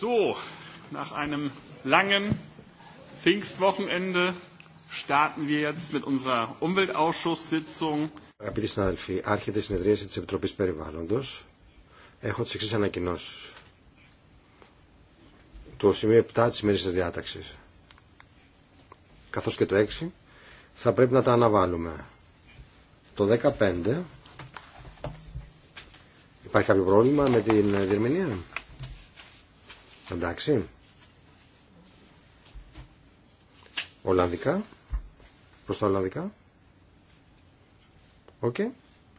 So, nach einem langen Pfingstwochenende starten wir jetzt mit unserer Umweltausschusssitzung. Αγαπητοί συνάδελφοι, άρχεται η συνεδρίαση της Επιτροπής Περιβάλλοντος. Έχω τις εξής ανακοινώσεις. Το σημείο 7 της ημερήσιας διάταξης, καθώς και το 6, θα πρέπει να τα αναβάλουμε. Το 15, υπάρχει κάποιο πρόβλημα με την διερμηνία. Εντάξει. Ολλανδικά. Προς τα Ολλανδικά. Οκ.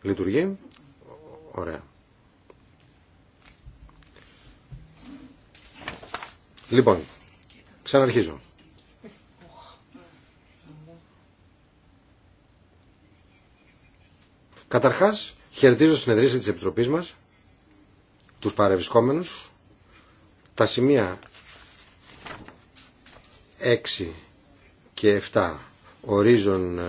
Λειτουργεί. Ωραία. Λοιπόν, ξαναρχίζω. Καταρχάς, χαιρετίζω συνεδρίαση της Επιτροπής μας, τους παρευρισκόμενους, τα σημεία 6 και 7 ορίζον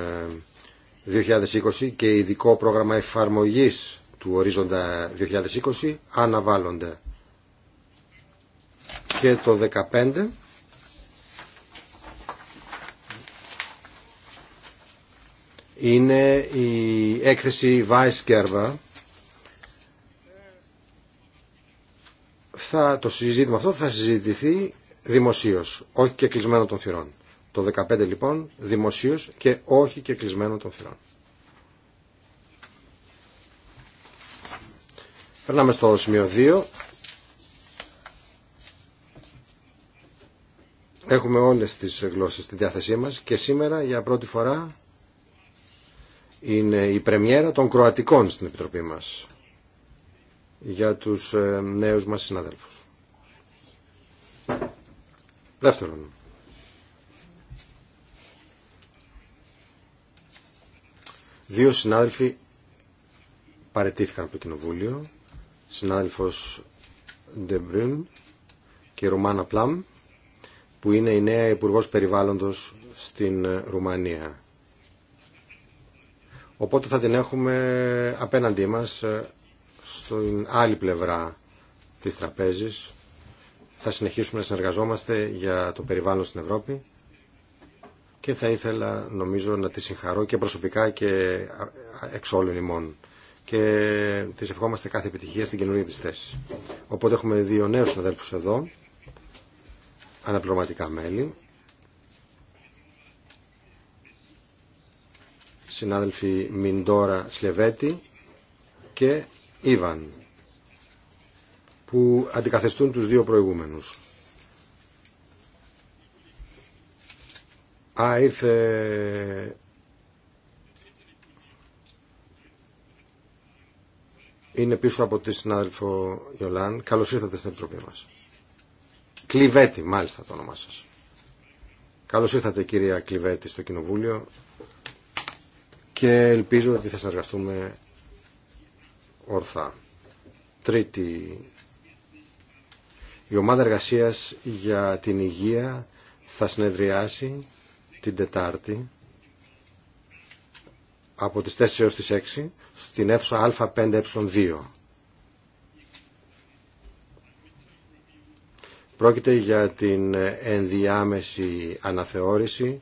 2020 και ειδικό πρόγραμμα εφαρμογής του ε, ορίζοντα 2020 αναβάλλονται. Και το 15 είναι η έκθεση Weisgerber θα, το συζήτημα αυτό θα συζητηθεί δημοσίως, όχι και κλεισμένο των θυρών. Το 15 λοιπόν δημοσίως και όχι και κλεισμένο των θυρών. Περνάμε στο σημείο 2. Έχουμε όλες τις γλώσσες στη διάθεσή μας και σήμερα για πρώτη φορά είναι η πρεμιέρα των Κροατικών στην Επιτροπή μας για τους ε, νέους μας συναδέλφους. Δεύτερον, δύο συνάδελφοι παρετήθηκαν από το Κοινοβούλιο, συνάδελφος Ντεμπριν και Ρουμάνα Ρωμάνα Πλάμ, που είναι η νέα Υπουργός Περιβάλλοντος στην ε, Ρουμανία. Οπότε θα την έχουμε απέναντί μας ε, στην άλλη πλευρά της τραπέζης. Θα συνεχίσουμε να συνεργαζόμαστε για το περιβάλλον στην Ευρώπη και θα ήθελα νομίζω να τη συγχαρώ και προσωπικά και εξ όλων ημών και τη ευχόμαστε κάθε επιτυχία στην καινούργια της θέση. Οπότε έχουμε δύο νέους αδέλφους εδώ, αναπληρωματικά μέλη. Συνάδελφοι Μιντόρα Σλεβέτη και Ήβαν που αντικαθεστούν τους δύο προηγούμενους. Α, ήρθε... Είναι πίσω από τη συνάδελφο Ιολάν. Καλώς ήρθατε στην Επιτροπή μας. Κλειβέτη, μάλιστα το όνομά σας. Καλώς ήρθατε κυρία Κλειβέτη στο Κοινοβούλιο και ελπίζω ότι θα συνεργαστούμε ορθά. Τρίτη, η ομάδα εργασίας για την υγεία θα συνεδριάσει την Τετάρτη από τις 4 έως τις 6 στην αίθουσα Α5Ε2. Πρόκειται για την ενδιάμεση αναθεώρηση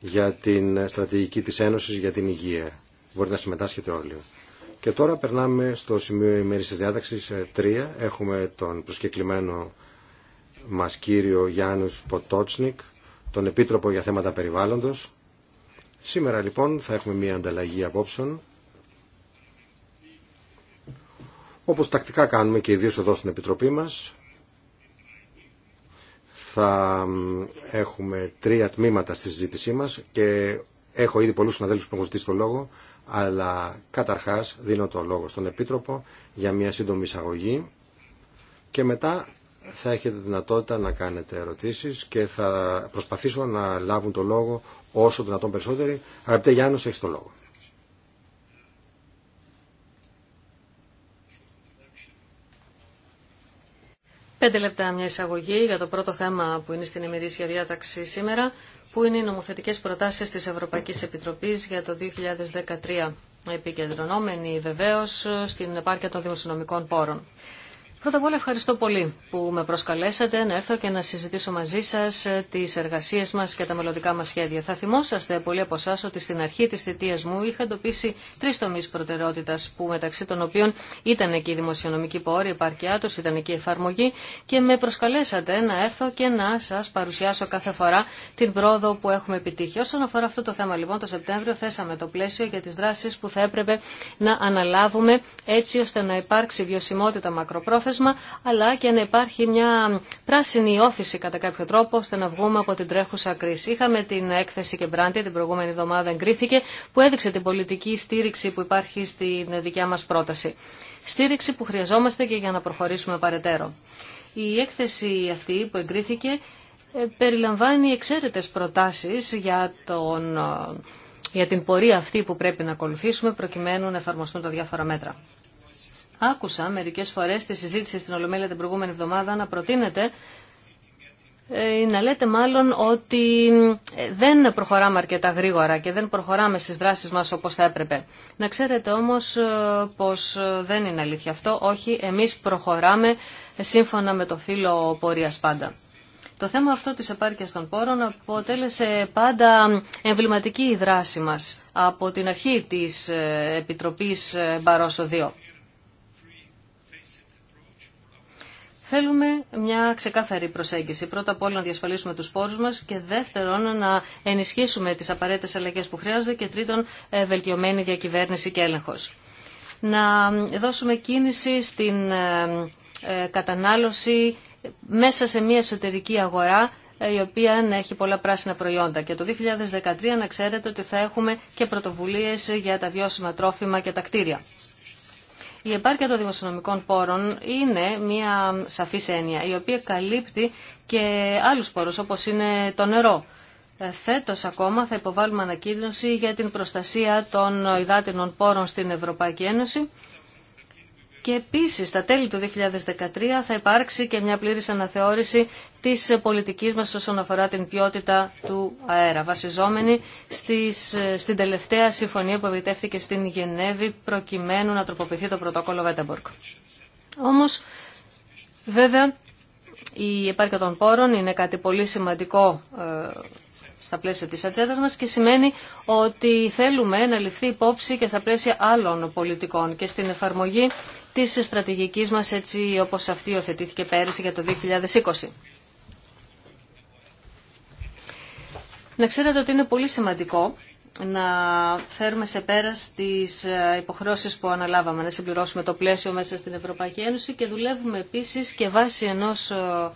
για την στρατηγική της Ένωσης για την Υγεία. Μπορείτε να συμμετάσχετε όλοι. Και τώρα περνάμε στο σημείο ημέρησης διάταξης 3. Ε, έχουμε τον προσκεκλημένο μας κύριο Γιάννους Ποτότσνικ, τον Επίτροπο για θέματα περιβάλλοντος. Σήμερα λοιπόν θα έχουμε μια ανταλλαγή απόψεων. Όπως τακτικά κάνουμε και ιδίως εδώ στην Επιτροπή μας, θα έχουμε τρία τμήματα στη συζήτησή μας και έχω ήδη πολλούς συναδέλφους που έχουν ζητήσει το λόγο αλλά καταρχάς δίνω το λόγο στον Επίτροπο για μια σύντομη εισαγωγή και μετά θα έχετε δυνατότητα να κάνετε ερωτήσεις και θα προσπαθήσω να λάβουν το λόγο όσο δυνατόν περισσότεροι. Αγαπητέ Γιάννου, έχεις το λόγο. Πέντε λεπτά μια εισαγωγή για το πρώτο θέμα που είναι στην ημερήσια διάταξη σήμερα, που είναι οι νομοθετικές προτάσεις της Ευρωπαϊκής Επιτροπής για το 2013, επικεντρωνόμενοι βεβαίως στην επάρκεια των δημοσιονομικών πόρων. Πρώτα απ' όλα ευχαριστώ πολύ που με προσκαλέσατε να έρθω και να συζητήσω μαζί σας ε, τις εργασίες μας και τα μελλοντικά μας σχέδια. Θα θυμόσαστε πολλοί από εσά ότι στην αρχή της θητείας μου είχα εντοπίσει τρεις τομείς προτεραιότητας που μεταξύ των οποίων ήταν και η δημοσιονομική πόρη, η επάρκειά τους, ήταν και η εφαρμογή και με προσκαλέσατε να έρθω και να σας παρουσιάσω κάθε φορά την πρόοδο που έχουμε επιτύχει. Όσον αφορά αυτό το θέμα λοιπόν το Σεπτέμβριο θέσαμε το πλαίσιο για τις δράσεις που θα έπρεπε να αναλάβουμε έτσι ώστε να υπάρξει βιωσιμότητα μακροπρόθεσμα αλλά και να υπάρχει μια πράσινη όθηση κατά κάποιο τρόπο, ώστε να βγούμε από την τρέχουσα κρίση. Είχαμε την έκθεση και μπράντι την προηγούμενη εβδομάδα εγκρίθηκε, που έδειξε την πολιτική στήριξη που υπάρχει στην δικιά μας πρόταση. Στήριξη που χρειαζόμαστε και για να προχωρήσουμε παρετέρω. Η έκθεση αυτή που εγκρίθηκε ε, περιλαμβάνει εξαίρετες προτάσεις για, τον, ε, για την πορεία αυτή που πρέπει να ακολουθήσουμε προκειμένου να εφαρμοστούν τα διάφορα μέτρα. Άκουσα μερικέ φορέ τη συζήτηση στην Ολομέλεια την προηγούμενη εβδομάδα να ε, να λέτε μάλλον ότι ε, δεν προχωράμε αρκετά γρήγορα και δεν προχωράμε στις δράσεις μας όπως θα έπρεπε. Να ξέρετε όμως ε, πως ε, δεν είναι αλήθεια αυτό. Όχι, εμείς προχωράμε σύμφωνα με το φύλλο πορείας πάντα. Το θέμα αυτό της επάρκειας των πόρων αποτέλεσε πάντα εμβληματική η δράση μας από την αρχή της Επιτροπής Μπαρόσο 2. Θέλουμε μια ξεκάθαρη προσέγγιση. Πρώτα απ' όλα να διασφαλίσουμε τους πόρους μας και δεύτερον να ενισχύσουμε τις απαραίτητες αλλαγές που χρειάζονται και τρίτον ε, βελτιωμένη διακυβέρνηση και έλεγχος. Να δώσουμε κίνηση στην ε, ε, κατανάλωση μέσα σε μια εσωτερική αγορά η οποία να έχει πολλά πράσινα προϊόντα. Και το 2013 να ξέρετε ότι θα έχουμε και πρωτοβουλίες για τα βιώσιμα τρόφιμα και τα κτίρια. Η επάρκεια των δημοσιονομικών πόρων είναι μια σαφής έννοια, η οποία καλύπτει και άλλους πόρους, όπως είναι το νερό. Ε, Φέτο ακόμα θα υποβάλουμε ανακοίνωση για την προστασία των υδάτινων πόρων στην Ευρωπαϊκή Ένωση και επίσης στα τέλη του 2013 θα υπάρξει και μια πλήρης αναθεώρηση της πολιτικής μας όσον αφορά την ποιότητα του αέρα, βασιζόμενη στις, στην τελευταία συμφωνία που επιτεύχθηκε στην Γενέβη προκειμένου να τροποποιηθεί το πρωτόκολλο Βέντεμπορκ. Όμως, βέβαια, η επάρκεια των πόρων είναι κάτι πολύ σημαντικό ε, στα πλαίσια της ατζέντα μας και σημαίνει ότι θέλουμε να ληφθεί υπόψη και στα πλαίσια άλλων πολιτικών και στην εφαρμογή της στρατηγικής μας έτσι όπως αυτή οθετήθηκε πέρυσι για το 2020. Να ξέρετε ότι είναι πολύ σημαντικό να φέρουμε σε πέρα τις ε, υποχρεώσεις που αναλάβαμε, να συμπληρώσουμε το πλαίσιο μέσα στην Ευρωπαϊκή Ένωση και δουλεύουμε επίσης και βάσει ενός ε,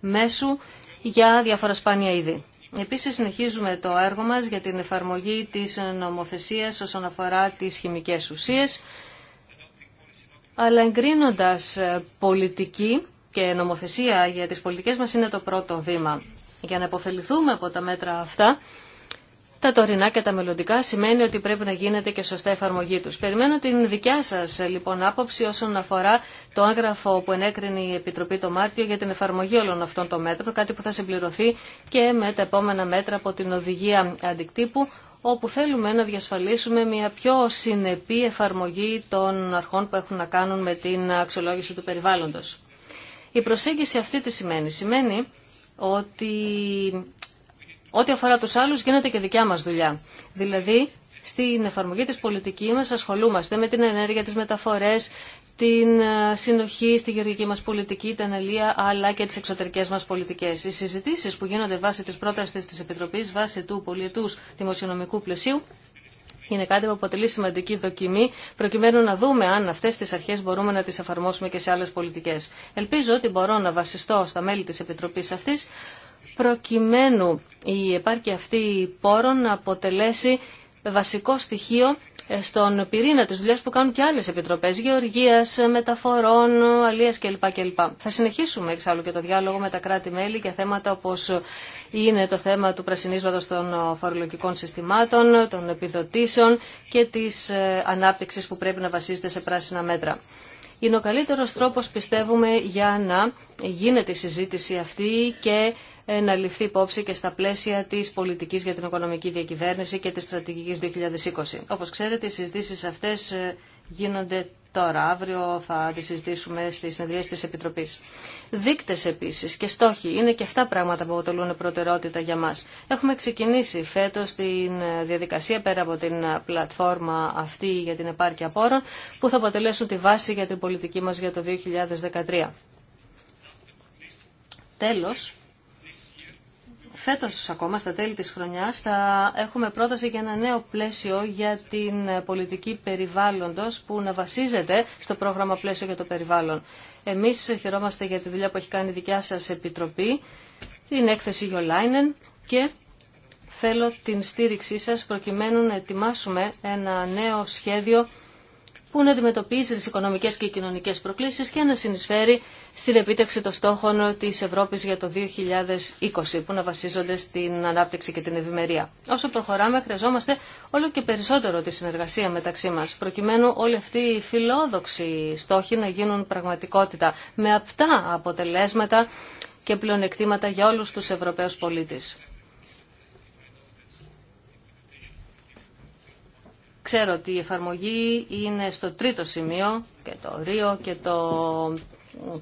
μέσου για διάφορα σπάνια είδη. Επίσης συνεχίζουμε το έργο μας για την εφαρμογή της νομοθεσίας όσον αφορά τις χημικές ουσίες αλλά εγκρίνοντας ε, πολιτική και νομοθεσία για τις πολιτικές μας είναι το πρώτο βήμα. Για να αποφεληθούμε από τα μέτρα αυτά, τα τωρινά και τα μελλοντικά σημαίνει ότι πρέπει να γίνεται και σωστά εφαρμογή τους. Περιμένω την δικιά σας ε, λοιπόν άποψη όσον αφορά το άγγραφο που ενέκρινε η Επιτροπή το Μάρτιο για την εφαρμογή όλων αυτών των μέτρων, κάτι που θα συμπληρωθεί και με τα επόμενα μέτρα από την οδηγία αντικτύπου, όπου θέλουμε να διασφαλίσουμε μια πιο συνεπή εφαρμογή των αρχών που έχουν να κάνουν με την αξιολόγηση του περιβάλλοντος. Η προσέγγιση αυτή τι σημαίνει. Σημαίνει ότι ό,τι αφορά τους άλλους γίνεται και δικιά μας δουλειά. Δηλαδή στην εφαρμογή της πολιτικής μας ασχολούμαστε με την ενέργεια, τις μεταφορές, την ε, συνοχή στη γεωργική μας πολιτική, την αναλία, αλλά και τις εξωτερικές μας πολιτικές. Οι συζητήσεις που γίνονται βάσει της πρότασης της Επιτροπής, βάσει του πολιτού δημοσιονομικού πλαισίου, είναι κάτι που αποτελεί σημαντική δοκιμή, προκειμένου να δούμε αν αυτέ τι αρχέ μπορούμε να τι εφαρμόσουμε και σε άλλε πολιτικέ. Ελπίζω ότι μπορώ να βασιστώ στα μέλη τη Επιτροπή αυτή, προκειμένου η επάρκεια αυτή πόρων να αποτελέσει βασικό στοιχείο ε, στον πυρήνα της δουλειάς που κάνουν και άλλες επιτροπές γεωργίας, ε, μεταφορών, αλίας κλπ. κλπ. Θα συνεχίσουμε εξάλλου και το διάλογο με τα κράτη-μέλη για θέματα όπως είναι το θέμα του πρασινίσματος των ε, φορολογικών συστημάτων, των επιδοτήσεων και της ανάπτυξης που πρέπει να βασίζεται σε πράσινα μέτρα. Είναι ο καλύτερος τρόπος, πιστεύουμε, για να γίνεται η συζήτηση αυτή και ε, να ληφθεί υπόψη και στα πλαίσια της πολιτικής για την οικονομική διακυβέρνηση και τη στρατηγική 2020. Όπω ξέρετε, οι συζητήσεις αυτές ε, γίνονται τώρα. Αύριο θα τι συζητήσουμε στι συνεδρίε τη Επιτροπή. Δείκτε επίση, και στόχοι είναι και αυτά πράγματα που αποτελούν προτεραιότητα για μα. Έχουμε ξεκινήσει φέτο την ε, διαδικασία πέρα από την πλατφόρμα αυτή για την επάρκεια πόρων που θα αποτελέσουν τη βάση για την πολιτική μα για το 2013. Τέλος, Φέτος ακόμα στα τέλη της χρονιάς θα έχουμε πρόταση για ένα νέο πλαίσιο για την πολιτική περιβάλλοντος που να βασίζεται στο πρόγραμμα πλαίσιο για το περιβάλλον. Εμείς χαιρόμαστε για τη δουλειά που έχει κάνει η δικιά σας επιτροπή, την έκθεση Γιολάινεν και θέλω την στήριξή σας προκειμένου να ετοιμάσουμε ένα νέο σχέδιο που να αντιμετωπίζει τις οικονομικές και κοινωνικές προκλήσεις και να συνεισφέρει στην επίτευξη των στόχων της Ευρώπης για το 2020 που να βασίζονται στην ανάπτυξη και την ευημερία. Όσο προχωράμε χρειαζόμαστε όλο και περισσότερο τη συνεργασία μεταξύ μας προκειμένου όλοι αυτοί οι φιλόδοξοι στόχοι να γίνουν πραγματικότητα με απτά αποτελέσματα και πλεονεκτήματα για όλους τους Ευρωπαίους πολίτες. Ξέρω ότι η εφαρμογή είναι στο τρίτο σημείο και το ρίο και το...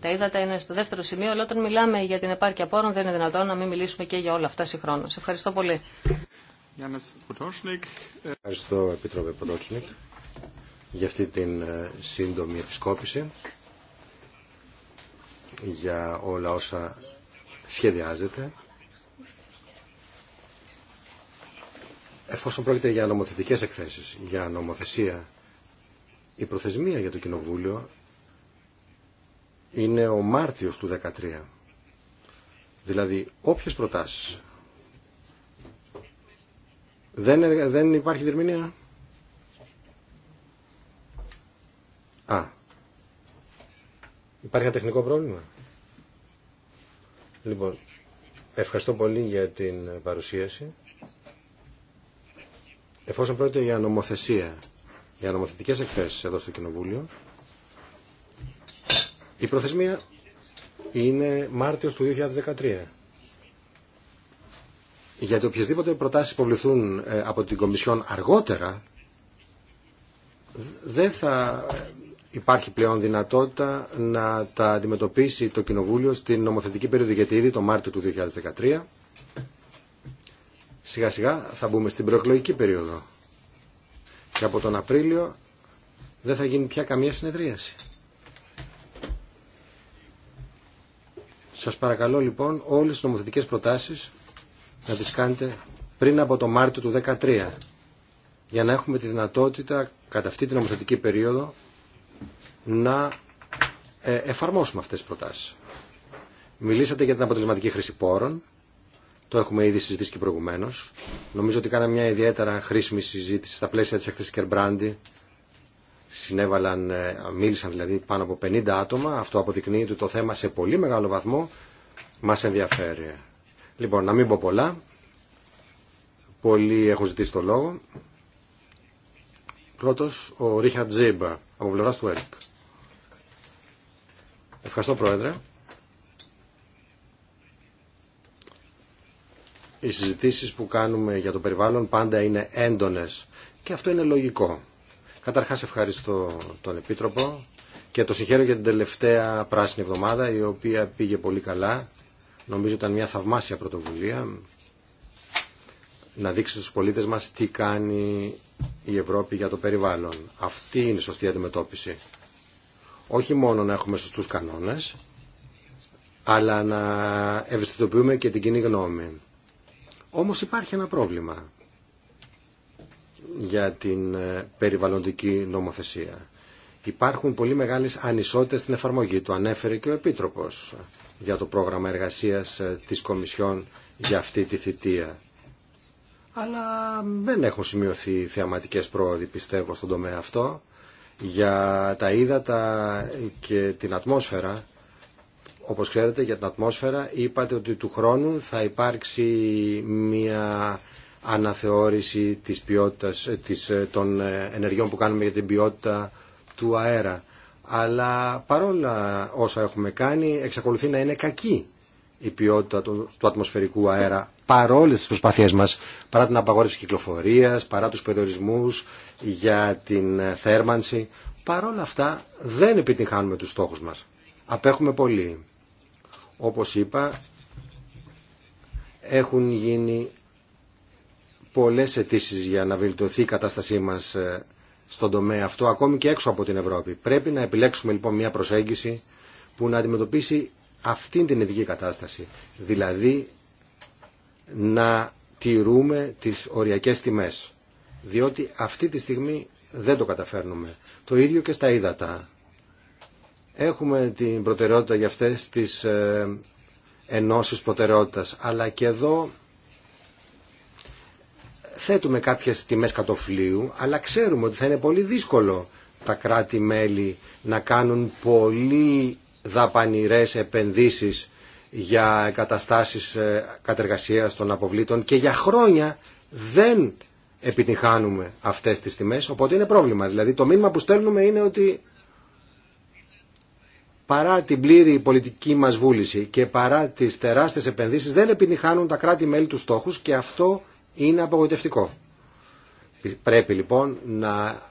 τα ύδατα είναι στο δεύτερο σημείο, αλλά όταν μιλάμε για την επάρκεια πόρων δεν είναι δυνατόν να μην μιλήσουμε και για όλα αυτά συγχρόνω. Σε ευχαριστώ πολύ. Ευχαριστώ Επίτροπε Ποτότσνικ για αυτή την ε, σύντομη επισκόπηση για όλα όσα σχεδιάζεται Εφόσον πρόκειται για νομοθετικές εκθέσεις, για νομοθεσία, η προθεσμία για το Κοινοβούλιο είναι ο Μάρτιος του 2013. Δηλαδή, όποιες προτάσεις. Δεν, δεν υπάρχει διερμηνία. Α. Υπάρχει ένα τεχνικό πρόβλημα. Λοιπόν, ευχαριστώ πολύ για την παρουσίαση εφόσον πρόκειται για νομοθεσία, για νομοθετικές εκθέσεις εδώ στο Κοινοβούλιο, η προθεσμία είναι Μάρτιος του 2013. Γιατί οποιασδήποτε προτάσεις υποβληθούν ε, από την Κομισιόν αργότερα, δεν θα υπάρχει πλέον δυνατότητα να τα αντιμετωπίσει το Κοινοβούλιο στην νομοθετική περίοδο, γιατί ήδη το Μάρτιο του 2013 Σιγά σιγά θα μπούμε στην προεκλογική περίοδο. Και από τον Απρίλιο δεν θα γίνει πια καμία συνεδρίαση. Σας παρακαλώ λοιπόν όλες τις νομοθετικές προτάσεις να τις κάνετε πριν από το Μάρτιο του 2013 για να έχουμε τη δυνατότητα κατά αυτή την νομοθετική περίοδο να ε, εφαρμόσουμε αυτές τις προτάσεις. Μιλήσατε για την αποτελεσματική χρήση πόρων. Το έχουμε ήδη συζητήσει και προηγουμένω. Νομίζω ότι κάναμε μια ιδιαίτερα χρήσιμη συζήτηση στα πλαίσια τη έκθεση Κερμπράντι. Συνέβαλαν, ε, μίλησαν δηλαδή πάνω από 50 άτομα. Αυτό αποδεικνύει ότι το θέμα σε πολύ μεγάλο βαθμό μα ενδιαφέρει. Λοιπόν, να μην πω πολλά. Πολλοί έχουν ζητήσει το λόγο. Πρώτο, ο Ρίχαρτ Τζέιμπα από πλευρά του ΕΛΚ. Ευχαριστώ, Πρόεδρε. οι συζητήσεις που κάνουμε για το περιβάλλον πάντα είναι έντονες και αυτό είναι λογικό. Καταρχάς ευχαριστώ τον Επίτροπο και το συγχαίρω για την τελευταία πράσινη εβδομάδα η οποία πήγε πολύ καλά. Νομίζω ήταν μια θαυμάσια πρωτοβουλία να δείξει στους πολίτες μας τι κάνει η Ευρώπη για το περιβάλλον. Αυτή είναι η σωστή αντιμετώπιση. Όχι μόνο να έχουμε σωστούς κανόνες, αλλά να ευαισθητοποιούμε και την κοινή γνώμη. Όμως υπάρχει ένα πρόβλημα για την ε, περιβαλλοντική νομοθεσία. Υπάρχουν πολύ μεγάλες ανισότητες στην εφαρμογή. του. ανέφερε και ο Επίτροπος για το πρόγραμμα εργασίας ε, της Κομισιόν για αυτή τη θητεία. Αλλά δεν έχουν σημειωθεί θεαματικές πρόοδοι, πιστεύω, στον τομέα αυτό. Για τα ύδατα και την ατμόσφαιρα όπως ξέρετε για την ατμόσφαιρα είπατε ότι του χρόνου θα υπάρξει μια αναθεώρηση της ποιότητας, ε, της, ε, των ε, ενεργειών που κάνουμε για την ποιότητα του αέρα. Αλλά παρόλα όσα έχουμε κάνει εξακολουθεί να είναι κακή η ποιότητα του, του ατμοσφαιρικού αέρα παρόλες τις προσπάθειές μας, παρά την απαγόρευση κυκλοφορίας, παρά τους περιορισμούς για την θέρμανση. Παρόλα αυτά δεν επιτυχάνουμε τους στόχους μας. Απέχουμε πολύ. Όπως είπα, έχουν γίνει πολλές αιτήσει για να βελτιωθεί η κατάστασή μας ε, στον τομέα αυτό, ακόμη και έξω από την Ευρώπη. Πρέπει να επιλέξουμε λοιπόν μια προσέγγιση που να αντιμετωπίσει αυτή την ειδική κατάσταση. Δηλαδή να τηρούμε τις οριακές τιμές. Διότι αυτή τη στιγμή δεν το καταφέρνουμε. Το ίδιο και στα ύδατα. Έχουμε την προτεραιότητα για αυτές τις ε, ενώσεις προτεραιότητας, αλλά και εδώ θέτουμε κάποιες τιμές κατοφλίου, αλλά ξέρουμε ότι θα είναι πολύ δύσκολο τα κράτη-μέλη να κάνουν πολύ δαπανηρές επενδύσεις για καταστάσεις ε, κατεργασίας των αποβλήτων και για χρόνια δεν επιτυχάνουμε αυτές τις τιμές, οπότε είναι πρόβλημα. Δηλαδή το μήνυμα που στέλνουμε είναι ότι παρά την πλήρη πολιτική μας βούληση και παρά τις τεράστιες επενδύσεις δεν επιτυχάνουν τα κράτη-μέλη τους στόχους και αυτό είναι απογοητευτικό. Πρέπει λοιπόν να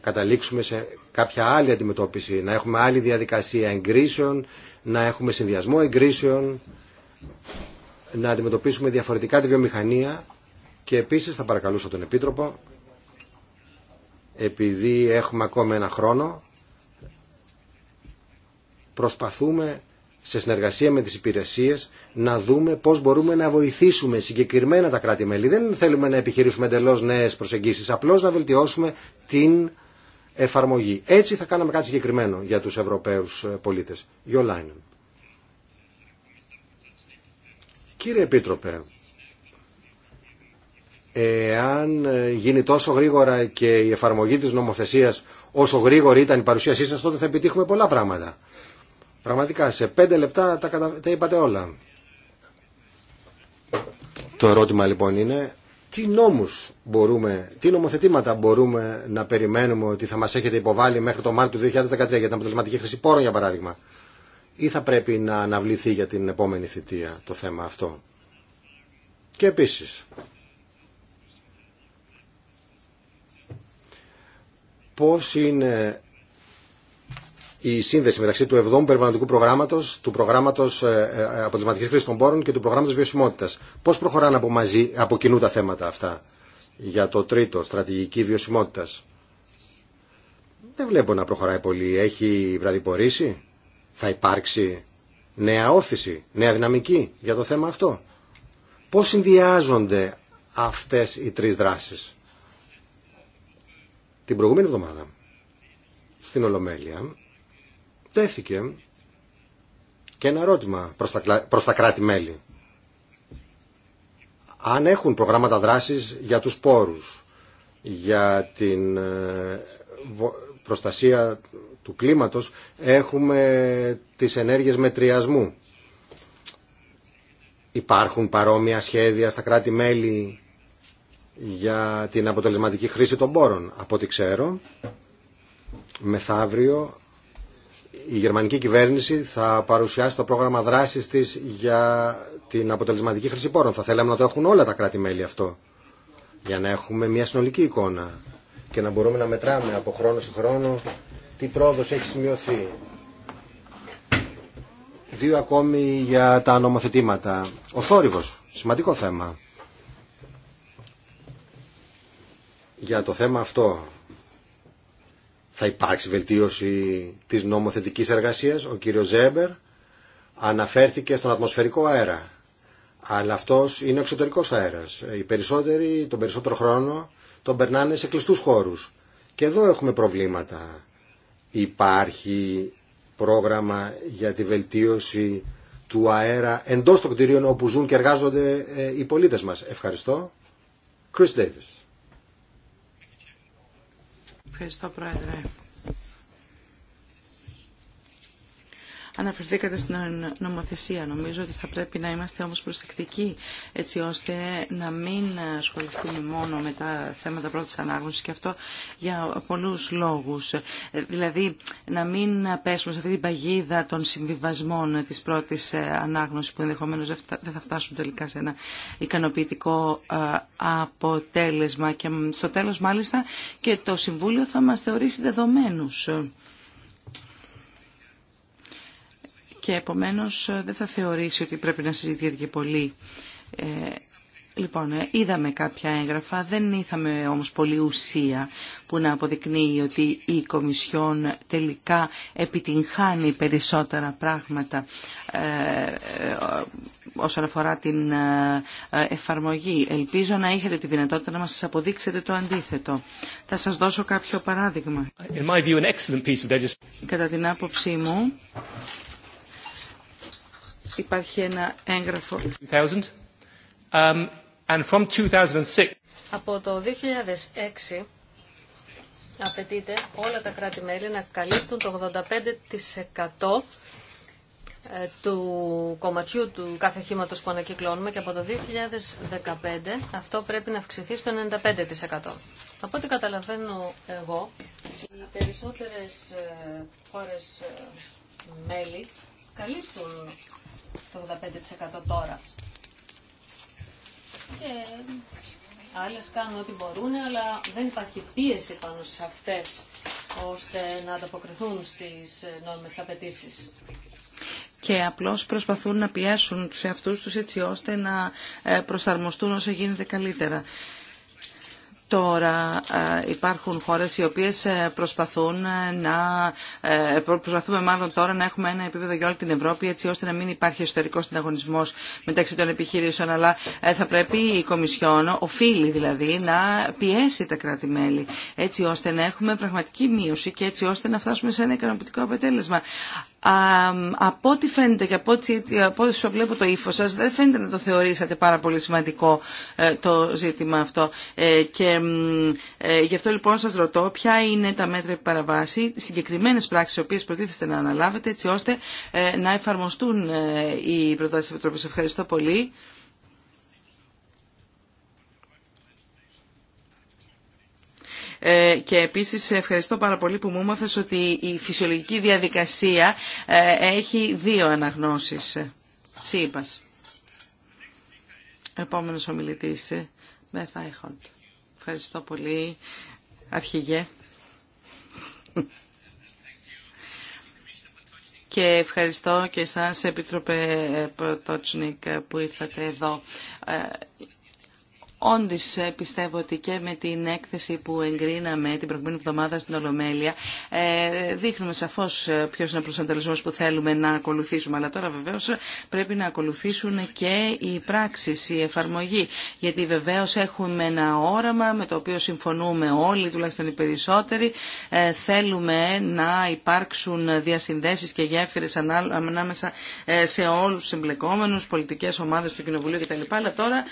καταλήξουμε σε κάποια άλλη αντιμετώπιση, να έχουμε άλλη διαδικασία εγκρίσεων, να έχουμε συνδυασμό εγκρίσεων, να αντιμετωπίσουμε διαφορετικά τη βιομηχανία και επίσης θα παρακαλούσα τον Επίτροπο, επειδή έχουμε ακόμα ένα χρόνο, προσπαθούμε σε συνεργασία με τις υπηρεσίες να δούμε πώς μπορούμε να βοηθήσουμε συγκεκριμένα τα κράτη-μέλη. Δεν θέλουμε να επιχειρήσουμε εντελώ νέες προσεγγίσεις, απλώς να βελτιώσουμε την εφαρμογή. Έτσι θα κάναμε κάτι συγκεκριμένο για τους Ευρωπαίους ε, πολίτες. Γιολάινεν. Κύριε Επίτροπε, εάν ε, γίνει τόσο γρήγορα και η εφαρμογή της νομοθεσίας όσο γρήγορη ήταν η παρουσίασή σας, τότε θα επιτύχουμε πολλά πράγματα. Πραγματικά, σε πέντε λεπτά τα, τα είπατε όλα. Το ερώτημα λοιπόν είναι τι νόμους μπορούμε, τι νομοθετήματα μπορούμε να περιμένουμε ότι θα μας έχετε υποβάλει μέχρι το Μάρτιο του 2013 για την αποτελεσματική χρήση πόρων για παράδειγμα ή θα πρέπει να αναβληθεί για την επόμενη θητεία το θέμα αυτό. Και επίσης, πώς είναι η σύνδεση μεταξύ του 7ου περιβαλλοντικού προγράμματο, του προγράμματο ε, ε, αποτελεσματική χρήση των πόρων και του προγράμματο βιωσιμότητα. Πώ προχωράνε από, μαζί, από κοινού τα θέματα αυτά για το τρίτο, στρατηγική βιωσιμότητα. Δεν βλέπω να προχωράει πολύ. Έχει βραδιπορήσει, θα υπάρξει νέα όθηση, νέα δυναμική για το θέμα αυτό. Πώς συνδυάζονται αυτές οι τρεις δράσεις. Την προηγούμενη εβδομάδα στην Ολομέλεια τέθηκε και ένα ερώτημα προς τα, προς κράτη-μέλη. Αν έχουν προγράμματα δράσης για τους πόρους, για την ε, προστασία του κλίματος, έχουμε τις ενέργειες μετριασμού. Υπάρχουν παρόμοια σχέδια στα κράτη-μέλη για την αποτελεσματική χρήση των πόρων. Από ό,τι ξέρω, μεθαύριο η γερμανική κυβέρνηση θα παρουσιάσει το πρόγραμμα δράσης της για την αποτελεσματική χρήση πόρων. Θα θέλαμε να το έχουν όλα τα κράτη-μέλη αυτό, για να έχουμε μια συνολική εικόνα και να μπορούμε να μετράμε από χρόνο σε χρόνο τι πρόοδος έχει σημειωθεί. Δύο ακόμη για τα νομοθετήματα. Ο θόρυβος, σημαντικό θέμα. Για το θέμα αυτό θα υπάρξει βελτίωση της νομοθετικής εργασίας. Ο κύριος Ζέμπερ αναφέρθηκε στον ατμοσφαιρικό αέρα. Αλλά αυτός είναι ο εξωτερικός αέρας. Οι περισσότεροι τον περισσότερο χρόνο τον περνάνε σε κλειστούς χώρους. Και εδώ έχουμε προβλήματα. Υπάρχει πρόγραμμα για τη βελτίωση του αέρα εντός των κτηρίων όπου ζουν και εργάζονται ε, οι πολίτες μας. Ευχαριστώ. Chris Ευχαριστώ, Πρόεδρε. Αναφερθήκατε στην νομοθεσία. Νομίζω ότι θα πρέπει να είμαστε όμως προσεκτικοί έτσι ώστε να μην ασχοληθούμε μόνο με τα θέματα πρώτης ανάγνωσης και αυτό για πολλούς λόγους. Δηλαδή να μην πέσουμε σε αυτή την παγίδα των συμβιβασμών της πρώτης ανάγνωσης που ενδεχομένως δεν θα φτάσουν τελικά σε ένα ικανοποιητικό ε, αποτέλεσμα και στο τέλος μάλιστα και το Συμβούλιο θα μας θεωρήσει δεδομένους. και επομένως ε, δεν θα θεωρήσει ότι πρέπει να συζητιέται και πολύ. Ε, λοιπόν, ε, είδαμε κάποια έγγραφα, δεν είδαμε όμως πολύ ουσία που να αποδεικνύει ότι η Κομισιόν τελικά επιτυγχάνει περισσότερα πράγματα ε, ε όσον αφορά την εφαρμογή. Ελπίζω να έχετε τη δυνατότητα να μας αποδείξετε το αντίθετο. Θα σας δώσω κάποιο παράδειγμα. Κατά την άποψή μου, υπάρχει ένα έγγραφο. 2000. 2006... Um, από το 2006 απαιτείται όλα τα κράτη-μέλη να καλύπτουν το 85% ε, του κομματιού του κάθε χήματος που ανακυκλώνουμε και από το 2015 αυτό πρέπει να αυξηθεί στο 95%. Από ό,τι καταλαβαίνω εγώ, οι περισσότερες ε, χώρες ε, μέλη καλύπτουν το 85% τώρα. Και άλλες κάνουν ό,τι μπορούν, αλλά δεν υπάρχει πίεση πάνω σε αυτές, ώστε να ανταποκριθούν στις νόμιμες απαιτήσει και απλώς προσπαθούν να πιέσουν τους εαυτούς τους έτσι ώστε να ε, προσαρμοστούν όσο γίνεται καλύτερα. Τώρα ε, υπάρχουν χώρες οι οποίες ε, προσπαθούν ε, να, προσπαθούμε μάλλον τώρα να έχουμε ένα επίπεδο για όλη την Ευρώπη έτσι ώστε να μην υπάρχει εσωτερικό συνταγωνισμό μεταξύ των επιχειρήσεων αλλά θα πρέπει η Κομισιόν, οφείλει δηλαδή, να πιέσει τα κράτη-μέλη έτσι ώστε να έχουμε πραγματική μείωση και έτσι ώστε να φτάσουμε σε ένα ικανοποιητικό αποτέλεσμα από ό,τι φαίνεται και από, ό,τι, από βλέπω το ύφο σας, δεν φαίνεται να το θεωρήσατε πάρα πολύ σημαντικό ε, το ζήτημα αυτό. Ε, και ε, γι' αυτό λοιπόν σας ρωτώ ποια είναι τα μέτρα παραβάση, συγκεκριμένες πράξεις οι οποίες προτίθεστε να αναλάβετε έτσι ώστε να εφαρμοστούν οι προτάσεις της Επιτροπής. Ευχαριστώ πολύ. Ε, και επίσης ευχαριστώ πάρα πολύ που μου έμαθες ότι η φυσιολογική διαδικασία ε, έχει δύο αναγνώσεις. Σύμπας. Επόμενος ομιλητής. Ε, Μπέστα Ευχαριστώ πολύ. Αρχηγέ. Και ευχαριστώ και εσάς, Επίτροπε Ποτότσνικ, που ήρθατε εδώ. Όντω ε, πιστεύω ότι και με την έκθεση που εγκρίναμε την προηγούμενη εβδομάδα στην Ολομέλεια ε, δείχνουμε σαφώ ε, ποιο είναι ο προσανατολισμό που θέλουμε να ακολουθήσουμε. Αλλά τώρα βεβαίω πρέπει να ακολουθήσουν και οι πράξει, η εφαρμογή. Γιατί βεβαίω έχουμε ένα όραμα με το οποίο συμφωνούμε όλοι, τουλάχιστον οι περισσότεροι. Θέλουμε να υπάρξουν διασυνδέσει και γέφυρε ανάμεσα σε όλου του εμπλεκόμενου, πολιτικέ ομάδε του Κοινοβουλίου κτλ. Αλλά τώρα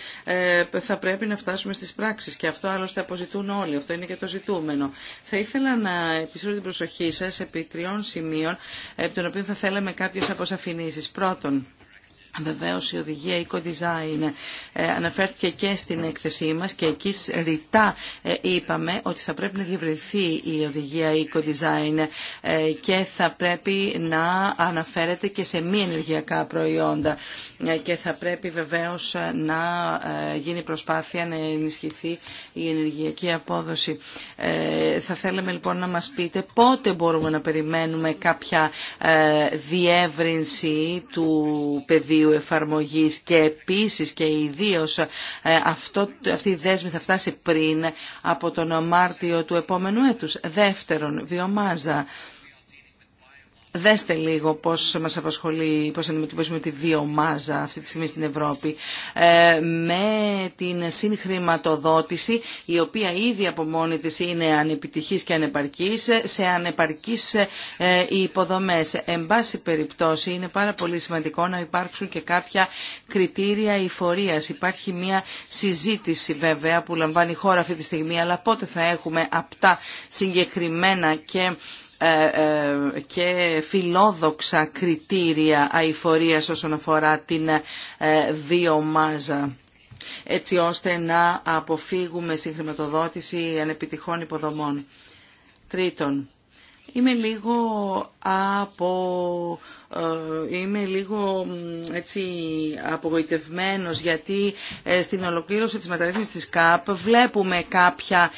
θα πρέπει πρέπει να φτάσουμε στις πράξεις και αυτό άλλωστε αποζητούν όλοι, αυτό είναι και το ζητούμενο. Θα ήθελα να επιστρέψω την προσοχή σας επί τριών σημείων, επί των οποίων θα θέλαμε κάποιες αποσαφηνήσει. Πρώτον, Βεβαίως η οδηγία ε, αναφέρθηκε και στην έκθεσή μας και εκεί ρητά ε, είπαμε ότι θα πρέπει να διευρυνθεί η οδηγία ε, και θα πρέπει να αναφέρεται και σε μη ενεργειακά προϊόντα και θα πρέπει βεβαίως να γίνει προσπάθεια να ενισχυθεί η ενεργειακή απόδοση. Θα θέλαμε λοιπόν να μας πείτε πότε μπορούμε να περιμένουμε κάποια διεύρυνση του πεδίου εφαρμογής και επίσης και ιδίως ε, αυτό, αυτή η δέσμη θα φτάσει πριν από τον Μάρτιο του επόμενου έτους. Δεύτερον, βιομάζα. Δέστε λίγο πώς μας απασχολεί, πώς αντιμετωπίζουμε τη βιομάζα αυτή τη στιγμή στην Ευρώπη ε, με την συγχρηματοδότηση η οποία ήδη από μόνη της είναι ανεπιτυχής και ανεπαρκής σε ανεπαρκής ε, υποδομές. Εν πάση περιπτώσει είναι πάρα πολύ σημαντικό να υπάρξουν και κάποια κριτήρια υφορίας. Υπάρχει μια συζήτηση βέβαια που λαμβάνει η χώρα αυτή τη στιγμή αλλά πότε θα έχουμε απτά συγκεκριμένα και ε, ε, και φιλόδοξα κριτήρια αηφορίας όσον αφορά την βιομάζα ε, έτσι ώστε να αποφύγουμε συγχρηματοδότηση ανεπιτυχών υποδομών. Τρίτον, είμαι λίγο από είμαι λίγο έτσι απογοητευμένος γιατί στην ολοκλήρωση της μεταρρύθμισης της ΚΑΠ βλέπουμε κάποια,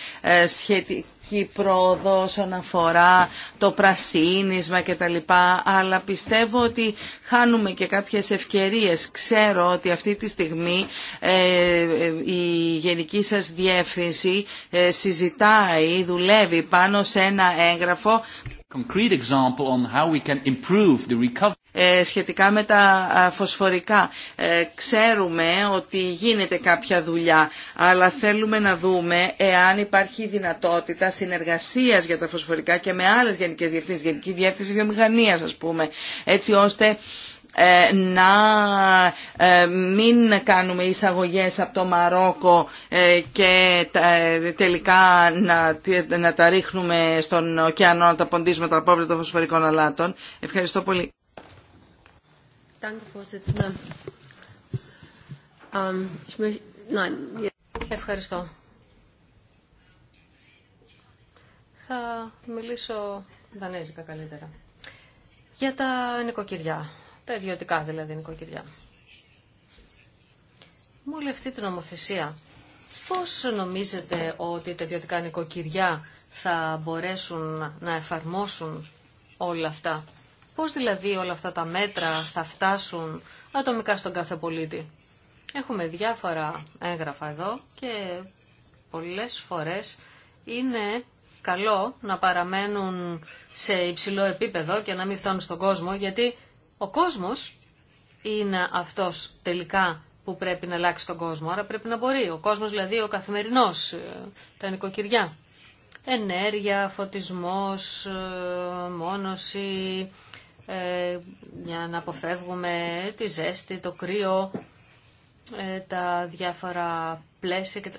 σχετικά υπάρχει πρόοδο όσον αφορά το πρασίνισμα και τα λοιπά, αλλά πιστεύω ότι χάνουμε και κάποιες ευκαιρίες. Ξέρω ότι αυτή τη στιγμή ε, ε, η γενική σας διεύθυνση ε, συζητάει, δουλεύει πάνω σε ένα έγγραφο ε, σχετικά με τα φωσφορικά. Ε, ξέρουμε ότι γίνεται κάποια δουλειά, αλλά θέλουμε να δούμε εάν υπάρχει δυνατότητα συνεργασίας για τα φωσφορικά και με άλλες γενικές διευθύνσεις, Γενική Διεύθυνση Βιομηχανίας ας πούμε, έτσι ώστε ε, να μην κάνουμε εισαγωγές από το Μαρόκο και τελικά να, να τα ρίχνουμε στον ωκεανό, να τα ποντίζουμε τα απόβλητα των φωσφορικών αλάτων. Ευχαριστώ πολύ. Ähm, Ευχαριστώ. Θα μιλήσω δανέζικα καλύτερα. Για τα νοικοκυριά, τα ιδιωτικά δηλαδή νοικοκυριά. Με όλη αυτή την νομοθεσία, πώς νομίζετε ότι τα ιδιωτικά νοικοκυριά θα μπορέσουν να εφαρμόσουν όλα αυτά Πώς δηλαδή όλα αυτά τα μέτρα θα φτάσουν ατομικά στον κάθε πολίτη. Έχουμε διάφορα έγγραφα εδώ και πολλές φορές είναι καλό να παραμένουν σε υψηλό επίπεδο και να μην φτάνουν στον κόσμο γιατί ο κόσμος είναι αυτός τελικά που πρέπει να αλλάξει τον κόσμο. Άρα πρέπει να μπορεί. Ο κόσμος δηλαδή ο καθημερινός, ε, τα νοικοκυριά. Ενέργεια, φωτισμός, ε, μόνωση, ε, για να αποφεύγουμε τη ζέστη, το κρύο, ε, τα διάφορα πλαίσια. Και...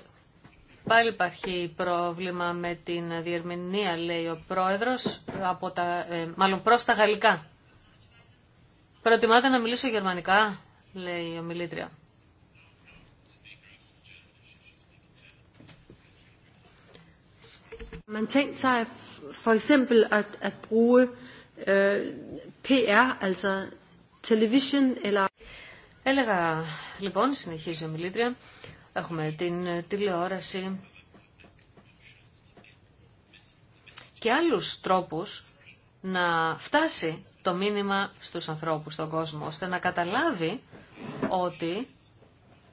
Πάλι υπάρχει πρόβλημα με την διερμηνία, λέει ο πρόεδρος, από τα, ε, μάλλον προς τα γαλλικά. Προτιμάτε να μιλήσω γερμανικά, λέει η ομιλήτρια. Man for eksempel øh, PR, television eller... Έλεγα λοιπόν, συνεχίζει η ομιλήτρια, έχουμε την τηλεόραση και άλλους τρόπους να φτάσει το μήνυμα στους ανθρώπους, στον κόσμο, ώστε να καταλάβει ότι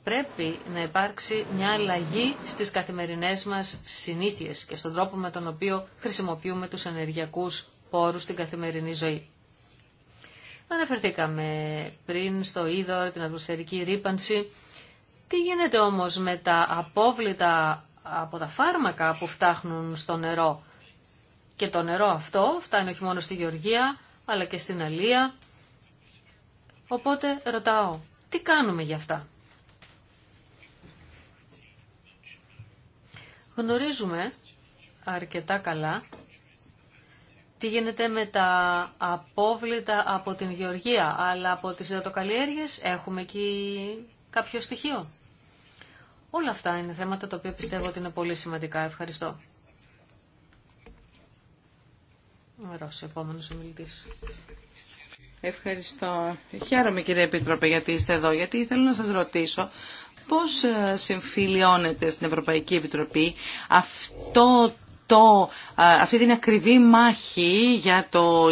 πρέπει να υπάρξει μια αλλαγή στις καθημερινές μας συνήθειες και στον τρόπο με τον οποίο χρησιμοποιούμε τους ενεργειακούς πόρους στην καθημερινή ζωή. Αναφερθήκαμε πριν στο είδωρ, την ατμοσφαιρική ρήπανση. Τι γίνεται όμως με τα απόβλητα από τα φάρμακα που φτάχνουν στο νερό. Και το νερό αυτό φτάνει όχι μόνο στη Γεωργία, αλλά και στην Αλία. Οπότε ρωτάω, τι κάνουμε γι' αυτά. Γνωρίζουμε αρκετά καλά τι γίνεται με τα απόβλητα από την γεωργία, αλλά από τις υδατοκαλλιέργειες έχουμε εκεί κάποιο στοιχείο. Όλα αυτά είναι θέματα τα οποία πιστεύω ότι είναι πολύ σημαντικά. Ευχαριστώ. Ρώσο, επόμενος ομιλητής. Ευχαριστώ. Χαίρομαι κύριε Επίτροπε γιατί είστε εδώ, γιατί θέλω να σας ρωτήσω πώς ε, συμφιλιώνεται στην Ευρωπαϊκή Επιτροπή αυτό αυτό, αυτή την ακριβή μάχη για το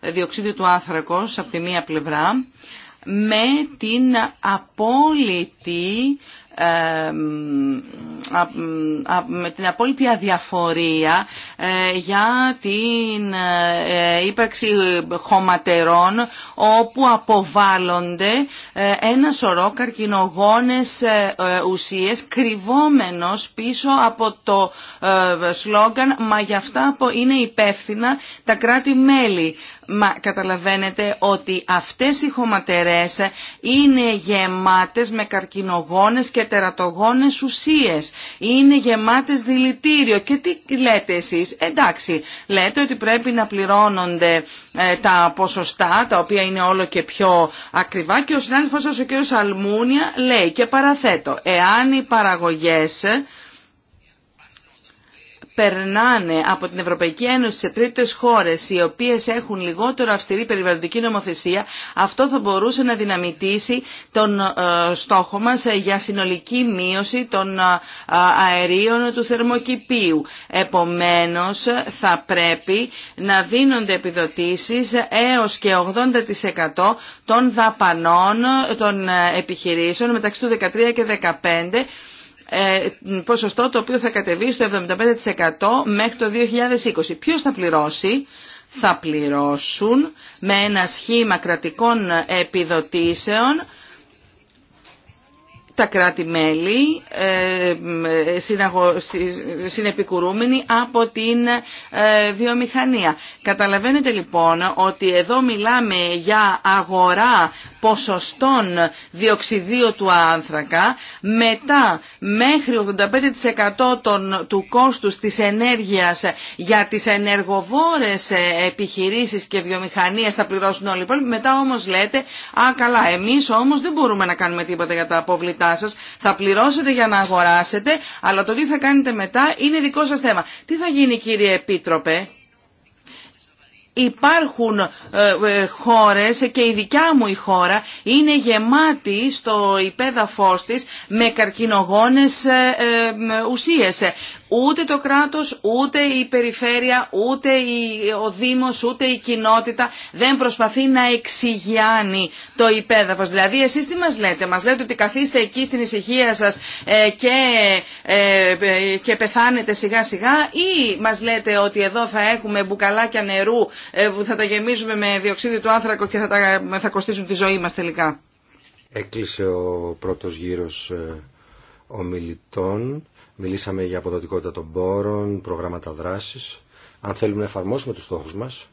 διοξίδιο του άνθρακος από τη μία πλευρά με την απόλυτη με την απόλυτη αδιαφορία ε, για την ε, ύπαρξη χωματερών όπου αποβάλλονται ε, ένα σωρό καρκινογόνες ουσίες κρυβόμενος πίσω από το σλόγγαν «Μα για αυτά που είναι υπεύθυνα τα κράτη-μέλη». Μα για αυτα ειναι ότι αυτές οι χωματερές είναι γεμάτες με καρκινογόνες και και τερατογόνες ουσίες, είναι γεμάτες δηλητήριο. Και τι λέτε εσείς, εντάξει, λέτε ότι πρέπει να πληρώνονται ε, τα ποσοστά, τα οποία είναι όλο και πιο ακριβά και ο συνάδελφος σας ο κ. Σαλμούνια λέει και παραθέτω, εάν οι παραγωγές περνάνε από την Ευρωπαϊκή Ένωση σε τρίτες χώρες οι οποίες έχουν λιγότερο αυστηρή περιβαλλοντική νομοθεσία, αυτό θα μπορούσε να δυναμητήσει τον ε, στόχο μας για συνολική μείωση των ε, αερίων του θερμοκηπίου. Επομένως, θα πρέπει να δίνονται επιδοτήσεις έως και 80% των δαπανών των ε, επιχειρήσεων μεταξύ του 13 και 15 ε, ποσοστό το οποίο θα κατεβεί στο 75% μέχρι το 2020. Ποιος θα πληρώσει θα πληρώσουν με ένα σχήμα κρατικών επιδοτήσεων τα κράτη-μέλη ε, ε, συνεπικουρούμενοι από την ε, βιομηχανία. Καταλαβαίνετε λοιπόν ότι εδώ μιλάμε για αγορά ποσοστών διοξιδίου του άνθρακα μετά μέχρι 85% του κόστους της ενέργειας για τις ενεργοβόρες επιχειρήσεις και βιομηχανίες θα πληρώσουν όλοι οι Μετά όμως λέτε, α καλά εμείς όμως δεν μπορούμε να κάνουμε τίποτα για τα αποβλητά λεφτά σα, θα πληρώσετε για να αγοράσετε, αλλά το τι θα κάνετε μετά είναι δικό σας θέμα. Τι θα γίνει κύριε Επίτροπε, Υπάρχουν ε, ε, χώρες και η δικιά μου η χώρα είναι γεμάτη στο υπέδαφος της με καρκινογόνες ε, ουσίες. Ούτε το κράτος, ούτε η περιφέρεια, ούτε ο Δήμος, ούτε η κοινότητα δεν προσπαθεί να εξηγιάνει το υπέδαφος. Δηλαδή εσείς τι μας λέτε, μας λέτε ότι καθίστε εκεί στην ησυχία σας και, και πεθάνετε σιγά σιγά ή μας λέτε ότι εδώ θα έχουμε μπουκαλάκια νερού ε, που θα τα γεμίζουμε με διοξίδιο του άνθρακο και θα, τα, ε, θα τη ζωή μας τελικά. Έκλεισε ο πρώτος γύρος ε, ομιλητών. Μιλήσαμε για αποδοτικότητα των πόρων, προγράμματα δράσης. Αν θέλουμε να εφαρμόσουμε τους στόχους μας,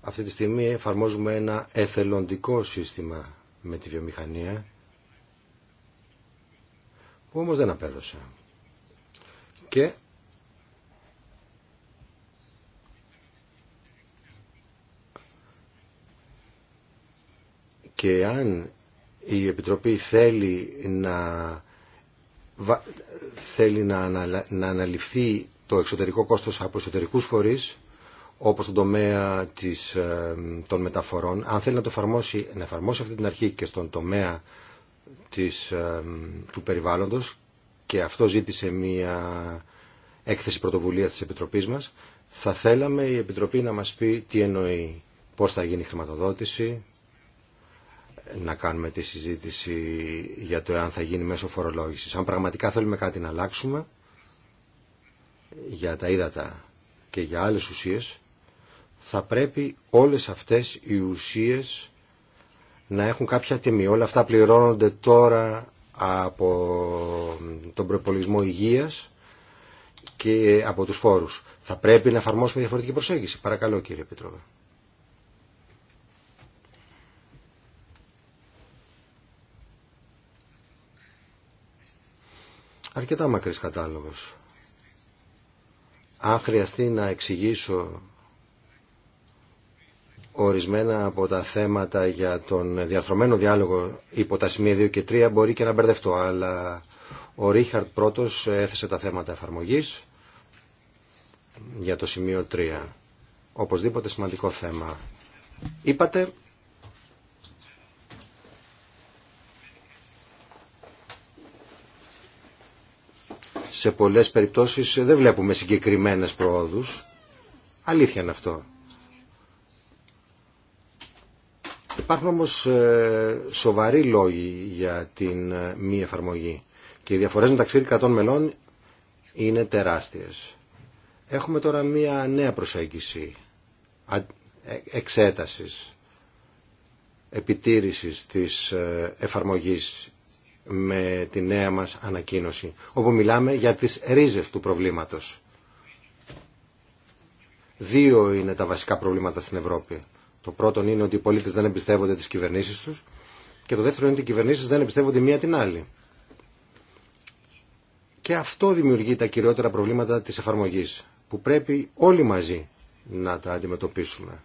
αυτή τη στιγμή εφαρμόζουμε ένα εθελοντικό σύστημα με τη βιομηχανία, που όμως δεν απέδωσε. Και και αν η Επιτροπή θέλει να, θέλει να, αναλυφθεί το εξωτερικό κόστος από εσωτερικούς φορείς, όπως τον τομέα της, ε, των μεταφορών, αν θέλει να το εφαρμόσει, να εφαρμόσει αυτή την αρχή και στον τομέα της, ε, του περιβάλλοντος, και αυτό ζήτησε μία έκθεση πρωτοβουλίας της Επιτροπής μας, θα θέλαμε η Επιτροπή να μας πει τι εννοεί, πώς θα γίνει η χρηματοδότηση, να κάνουμε τη συζήτηση για το εάν θα γίνει μέσω φορολόγησης. Αν πραγματικά θέλουμε κάτι να αλλάξουμε για τα ύδατα και για άλλες ουσίες, θα πρέπει όλες αυτές οι ουσίες να έχουν κάποια τιμή. Όλα αυτά πληρώνονται τώρα από τον προπολογισμό υγείας και από τους φόρους. Θα πρέπει να εφαρμόσουμε διαφορετική προσέγγιση. Παρακαλώ κύριε Επιτρόπε. αρκετά μακρύς κατάλογος. Αν χρειαστεί να εξηγήσω ορισμένα από τα θέματα για τον διαρθρωμένο διάλογο υπό τα σημεία 2 και 3 μπορεί και να μπερδευτώ, αλλά ο Ρίχαρτ πρώτος έθεσε τα θέματα εφαρμογής για το σημείο 3. Οπωσδήποτε σημαντικό θέμα. Είπατε σε πολλές περιπτώσεις δεν βλέπουμε συγκεκριμένες προόδους. Αλήθεια είναι αυτό. Υπάρχουν όμως ε, σοβαροί λόγοι για την ε, μη εφαρμογή και οι διαφορές μεταξύ 100 μελών είναι τεράστιες. Έχουμε τώρα μία νέα προσέγγιση ε, εξέτασης, επιτήρησης της εφαρμογής με τη νέα μας ανακοίνωση, όπου μιλάμε για τις ρίζες του προβλήματος. Δύο είναι τα βασικά προβλήματα στην Ευρώπη. Το πρώτο είναι ότι οι πολίτες δεν εμπιστεύονται τις κυβερνήσεις τους και το δεύτερο είναι ότι οι κυβερνήσεις δεν εμπιστεύονται μία την άλλη. Και αυτό δημιουργεί τα κυριότερα προβλήματα της εφαρμογής, που πρέπει όλοι μαζί να τα αντιμετωπίσουμε.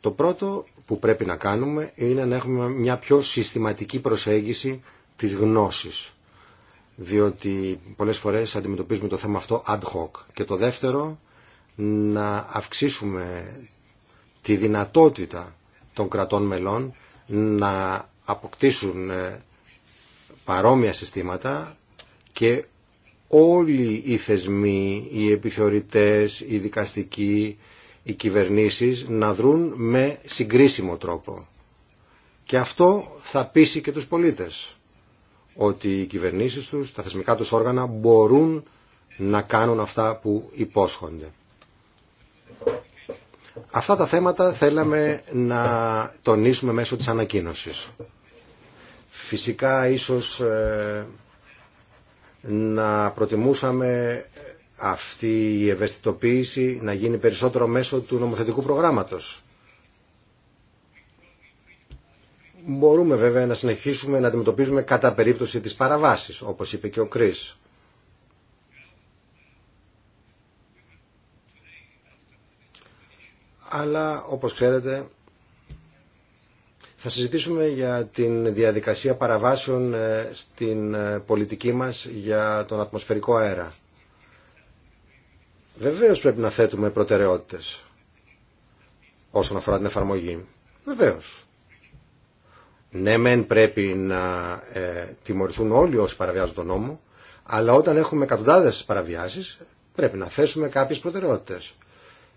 Το πρώτο που πρέπει να κάνουμε είναι να έχουμε μια πιο συστηματική προσέγγιση της γνώσης. Διότι πολλές φορές αντιμετωπίζουμε το θέμα αυτό ad hoc. Και το δεύτερο, να αυξήσουμε τη δυνατότητα των κρατών μελών να αποκτήσουν ε, παρόμοια συστήματα και όλοι οι θεσμοί, οι επιθεωρητές, οι δικαστικοί, οι κυβερνήσεις να δρουν με συγκρίσιμο τρόπο. Και αυτό θα πείσει και τους πολίτες ότι οι κυβερνήσεις τους, τα θεσμικά τους όργανα μπορούν να κάνουν αυτά που υπόσχονται. Αυτά τα θέματα θέλαμε να τονίσουμε μέσω της ανακοίνωσης. Φυσικά ίσως ε, να προτιμούσαμε αυτή η ευαισθητοποίηση να γίνει περισσότερο μέσω του νομοθετικού προγράμματος. Μπορούμε βέβαια να συνεχίσουμε να αντιμετωπίζουμε κατά περίπτωση τις παραβάσεις, όπως είπε και ο Κρίς. Αλλά, όπως ξέρετε, θα συζητήσουμε για την διαδικασία παραβάσεων ε, στην ε, πολιτική μας για τον ατμοσφαιρικό αέρα. Βεβαίω πρέπει να θέτουμε προτεραιότητε όσον αφορά την εφαρμογή. Βεβαίω. Ναι, μεν πρέπει να ε, τιμωρηθούν όλοι όσοι παραβιάζουν τον νόμο, αλλά όταν έχουμε εκατοντάδε παραβιάσει, πρέπει να θέσουμε κάποιε προτεραιότητε.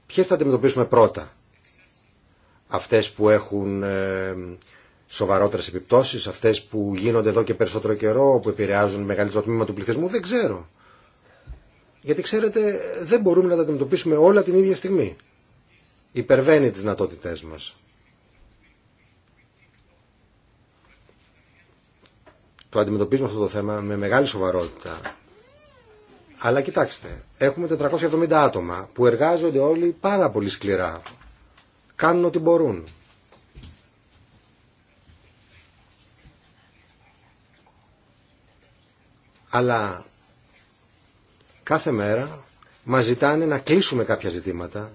Ποιε θα αντιμετωπίσουμε πρώτα, αυτέ που έχουν ε, σοβαρότερε επιπτώσει, αυτέ που γίνονται εδώ και περισσότερο καιρό, που επηρεάζουν μεγαλύτερο τμήμα του πληθυσμού, δεν ξέρω. Γιατί ξέρετε δεν μπορούμε να τα αντιμετωπίσουμε όλα την ίδια στιγμή. Υπερβαίνει τις δυνατότητέ μας. Το αντιμετωπίζουμε αυτό το θέμα με μεγάλη σοβαρότητα. Αλλά κοιτάξτε, έχουμε 470 άτομα που εργάζονται όλοι πάρα πολύ σκληρά. Κάνουν ό,τι μπορούν. Αλλά κάθε μέρα μας ζητάνε να κλείσουμε κάποια ζητήματα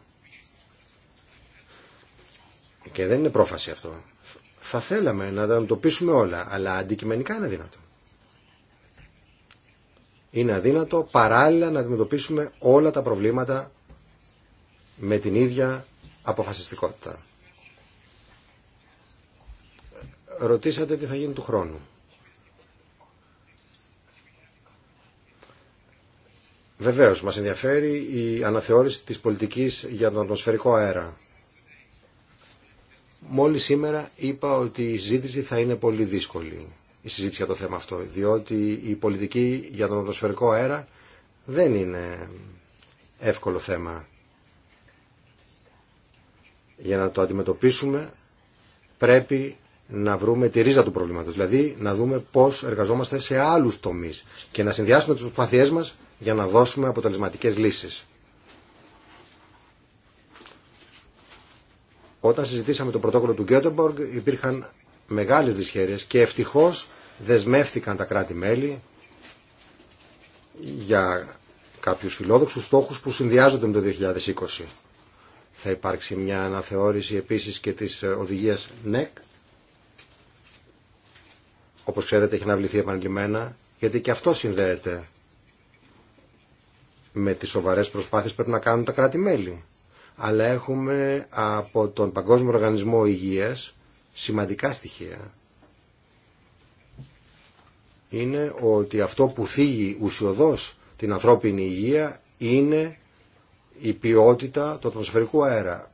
και δεν είναι πρόφαση αυτό. Θα θέλαμε να τα αντιμετωπίσουμε όλα, αλλά αντικειμενικά είναι αδύνατο. Είναι αδύνατο παράλληλα να αντιμετωπίσουμε όλα τα προβλήματα με την ίδια αποφασιστικότητα. Ρωτήσατε τι θα γίνει του χρόνου. Βεβαίω, μας ενδιαφέρει η αναθεώρηση της πολιτικής για τον ατμοσφαιρικό αέρα. Μόλις σήμερα είπα ότι η συζήτηση θα είναι πολύ δύσκολη, η συζήτηση για το θέμα αυτό, διότι η πολιτική για τον ατμοσφαιρικό αέρα δεν είναι εύκολο θέμα. Για να το αντιμετωπίσουμε πρέπει να βρούμε τη ρίζα του προβλήματος, δηλαδή να δούμε πώς εργαζόμαστε σε άλλους τομείς και να συνδυάσουμε τις προσπαθειές μας για να δώσουμε αποτελεσματικές λύσεις. Όταν συζητήσαμε το πρωτόκολλο του Γκέτεμποργκ υπήρχαν μεγάλες δυσχέρειες και ευτυχώς δεσμεύτηκαν τα κράτη-μέλη για κάποιους φιλόδοξους στόχους που συνδυάζονται με το 2020. Θα υπάρξει μια αναθεώρηση επίσης και της οδηγίας ΝΕΚ. Όπως ξέρετε έχει αναβληθεί επανειλημμένα γιατί και αυτό συνδέεται με τις σοβαρές προσπάθειες πρέπει να κάνουν τα κράτη-μέλη. Αλλά έχουμε από τον Παγκόσμιο Οργανισμό Υγείας σημαντικά στοιχεία. Είναι ότι αυτό που θίγει ουσιοδός την ανθρώπινη υγεία είναι η ποιότητα του ατμοσφαιρικού αέρα.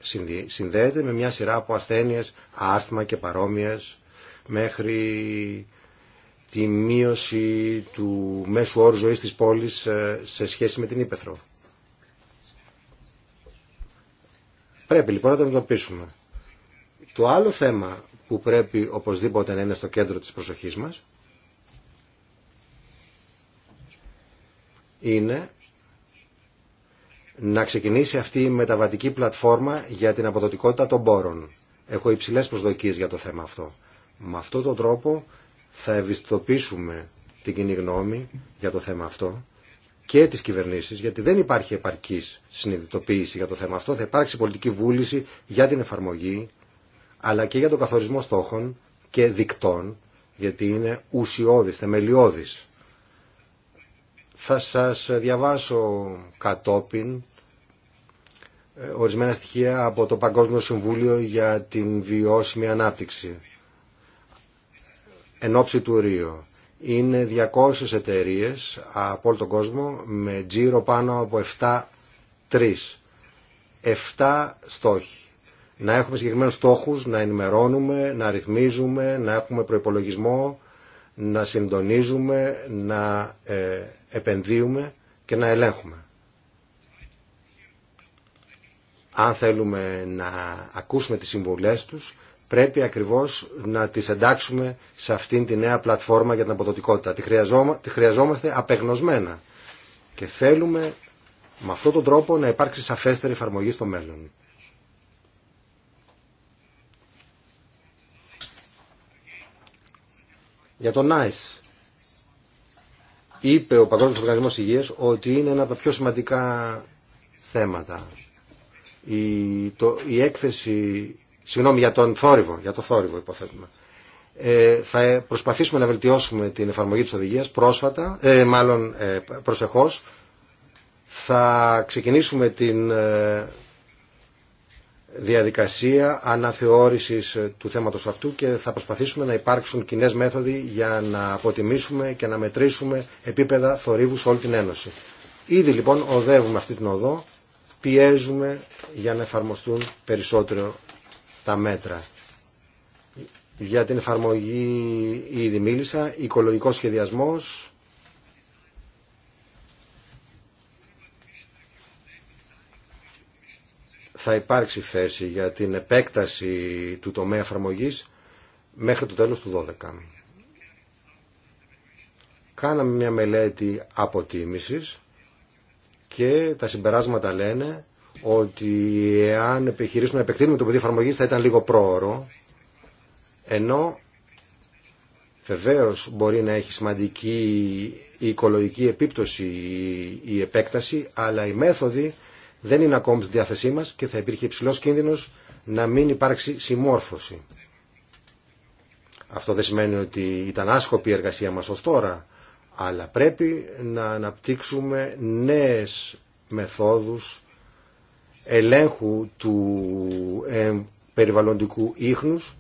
Συνδέεται με μια σειρά από ασθένειες, άσθμα και παρόμοιες, μέχρι τη μείωση του μέσου όρου ζωής της πόλης ε, σε σχέση με την Ήπεθρο. Πρέπει λοιπόν να το αντιμετωπίσουμε. Το άλλο θέμα που πρέπει οπωσδήποτε να είναι στο κέντρο της προσοχής μας είναι να ξεκινήσει αυτή η μεταβατική πλατφόρμα για την αποδοτικότητα των πόρων. Έχω υψηλές προσδοκίες για το θέμα αυτό. Με αυτόν τον τρόπο θα ευαισθητοποιήσουμε την κοινή γνώμη για το θέμα αυτό και τις κυβερνήσεις, γιατί δεν υπάρχει επαρκής συνειδητοποίηση για το θέμα αυτό, θα υπάρξει πολιτική βούληση για την εφαρμογή, αλλά και για τον καθορισμό στόχων και δικτών, γιατί είναι ουσιώδης, θεμελιώδης. Θα σας διαβάσω κατόπιν ε, ορισμένα στοιχεία από το Παγκόσμιο Συμβούλιο για την Βιώσιμη Ανάπτυξη εν ώψη του Ρίο. Είναι 200 εταιρείε από όλο τον κόσμο με τζίρο πάνω από 7-3. 7 στόχοι. Να έχουμε συγκεκριμένους στόχους, να ενημερώνουμε, να ρυθμίζουμε, να έχουμε προϋπολογισμό, να συντονίζουμε, να ε, επενδύουμε και να ελέγχουμε. Αν θέλουμε να ακούσουμε τις συμβουλές τους, πρέπει ακριβώς να τις εντάξουμε σε αυτήν τη νέα πλατφόρμα για την αποδοτικότητα. Τη, χρειαζόμα, τη χρειαζόμαστε απεγνωσμένα και θέλουμε με αυτόν τον τρόπο να υπάρξει σαφέστερη εφαρμογή στο μέλλον. Για τον ΝΑΙΣ, είπε ο Παγκόσμιος Οργανισμός Υγείας ότι είναι ένα από τα πιο σημαντικά θέματα. το, η έκθεση Συγγνώμη για τον θόρυβο, για το θόρυβο υποθέτουμε. Ε, θα προσπαθήσουμε να βελτιώσουμε την εφαρμογή της οδηγίας πρόσφατα, ε, μάλλον ε, προσεχώς. Θα ξεκινήσουμε την ε, διαδικασία αναθεώρησης ε, του θέματος αυτού και θα προσπαθήσουμε να υπάρξουν κοινέ μέθοδοι για να αποτιμήσουμε και να μετρήσουμε επίπεδα θορύβου σε όλη την Ένωση. Ήδη λοιπόν οδεύουμε αυτή την οδό, πιέζουμε για να εφαρμοστούν περισσότερο τα μέτρα. Για την εφαρμογή ήδη μίλησα, οικολογικό σχεδιασμός, θα υπάρξει θέση για την επέκταση του τομέα εφαρμογής μέχρι το τέλος του 12. Κάναμε μια μελέτη αποτίμησης και τα συμπεράσματα λένε ότι εάν επιχειρήσουμε να επεκτείνουμε το παιδί εφαρμογή θα ήταν λίγο πρόωρο, ενώ βεβαίω μπορεί να έχει σημαντική οικολογική επίπτωση η επέκταση, αλλά οι μέθοδοι δεν είναι ακόμη στη διάθεσή μας και θα υπήρχε υψηλός κίνδυνος να μην υπάρξει συμμόρφωση. Αυτό δεν σημαίνει ότι ήταν άσκοπη η εργασία μας ως τώρα, αλλά πρέπει να αναπτύξουμε νέες μεθόδους ελέγχου του ε, περιβαλλοντικού ίχνους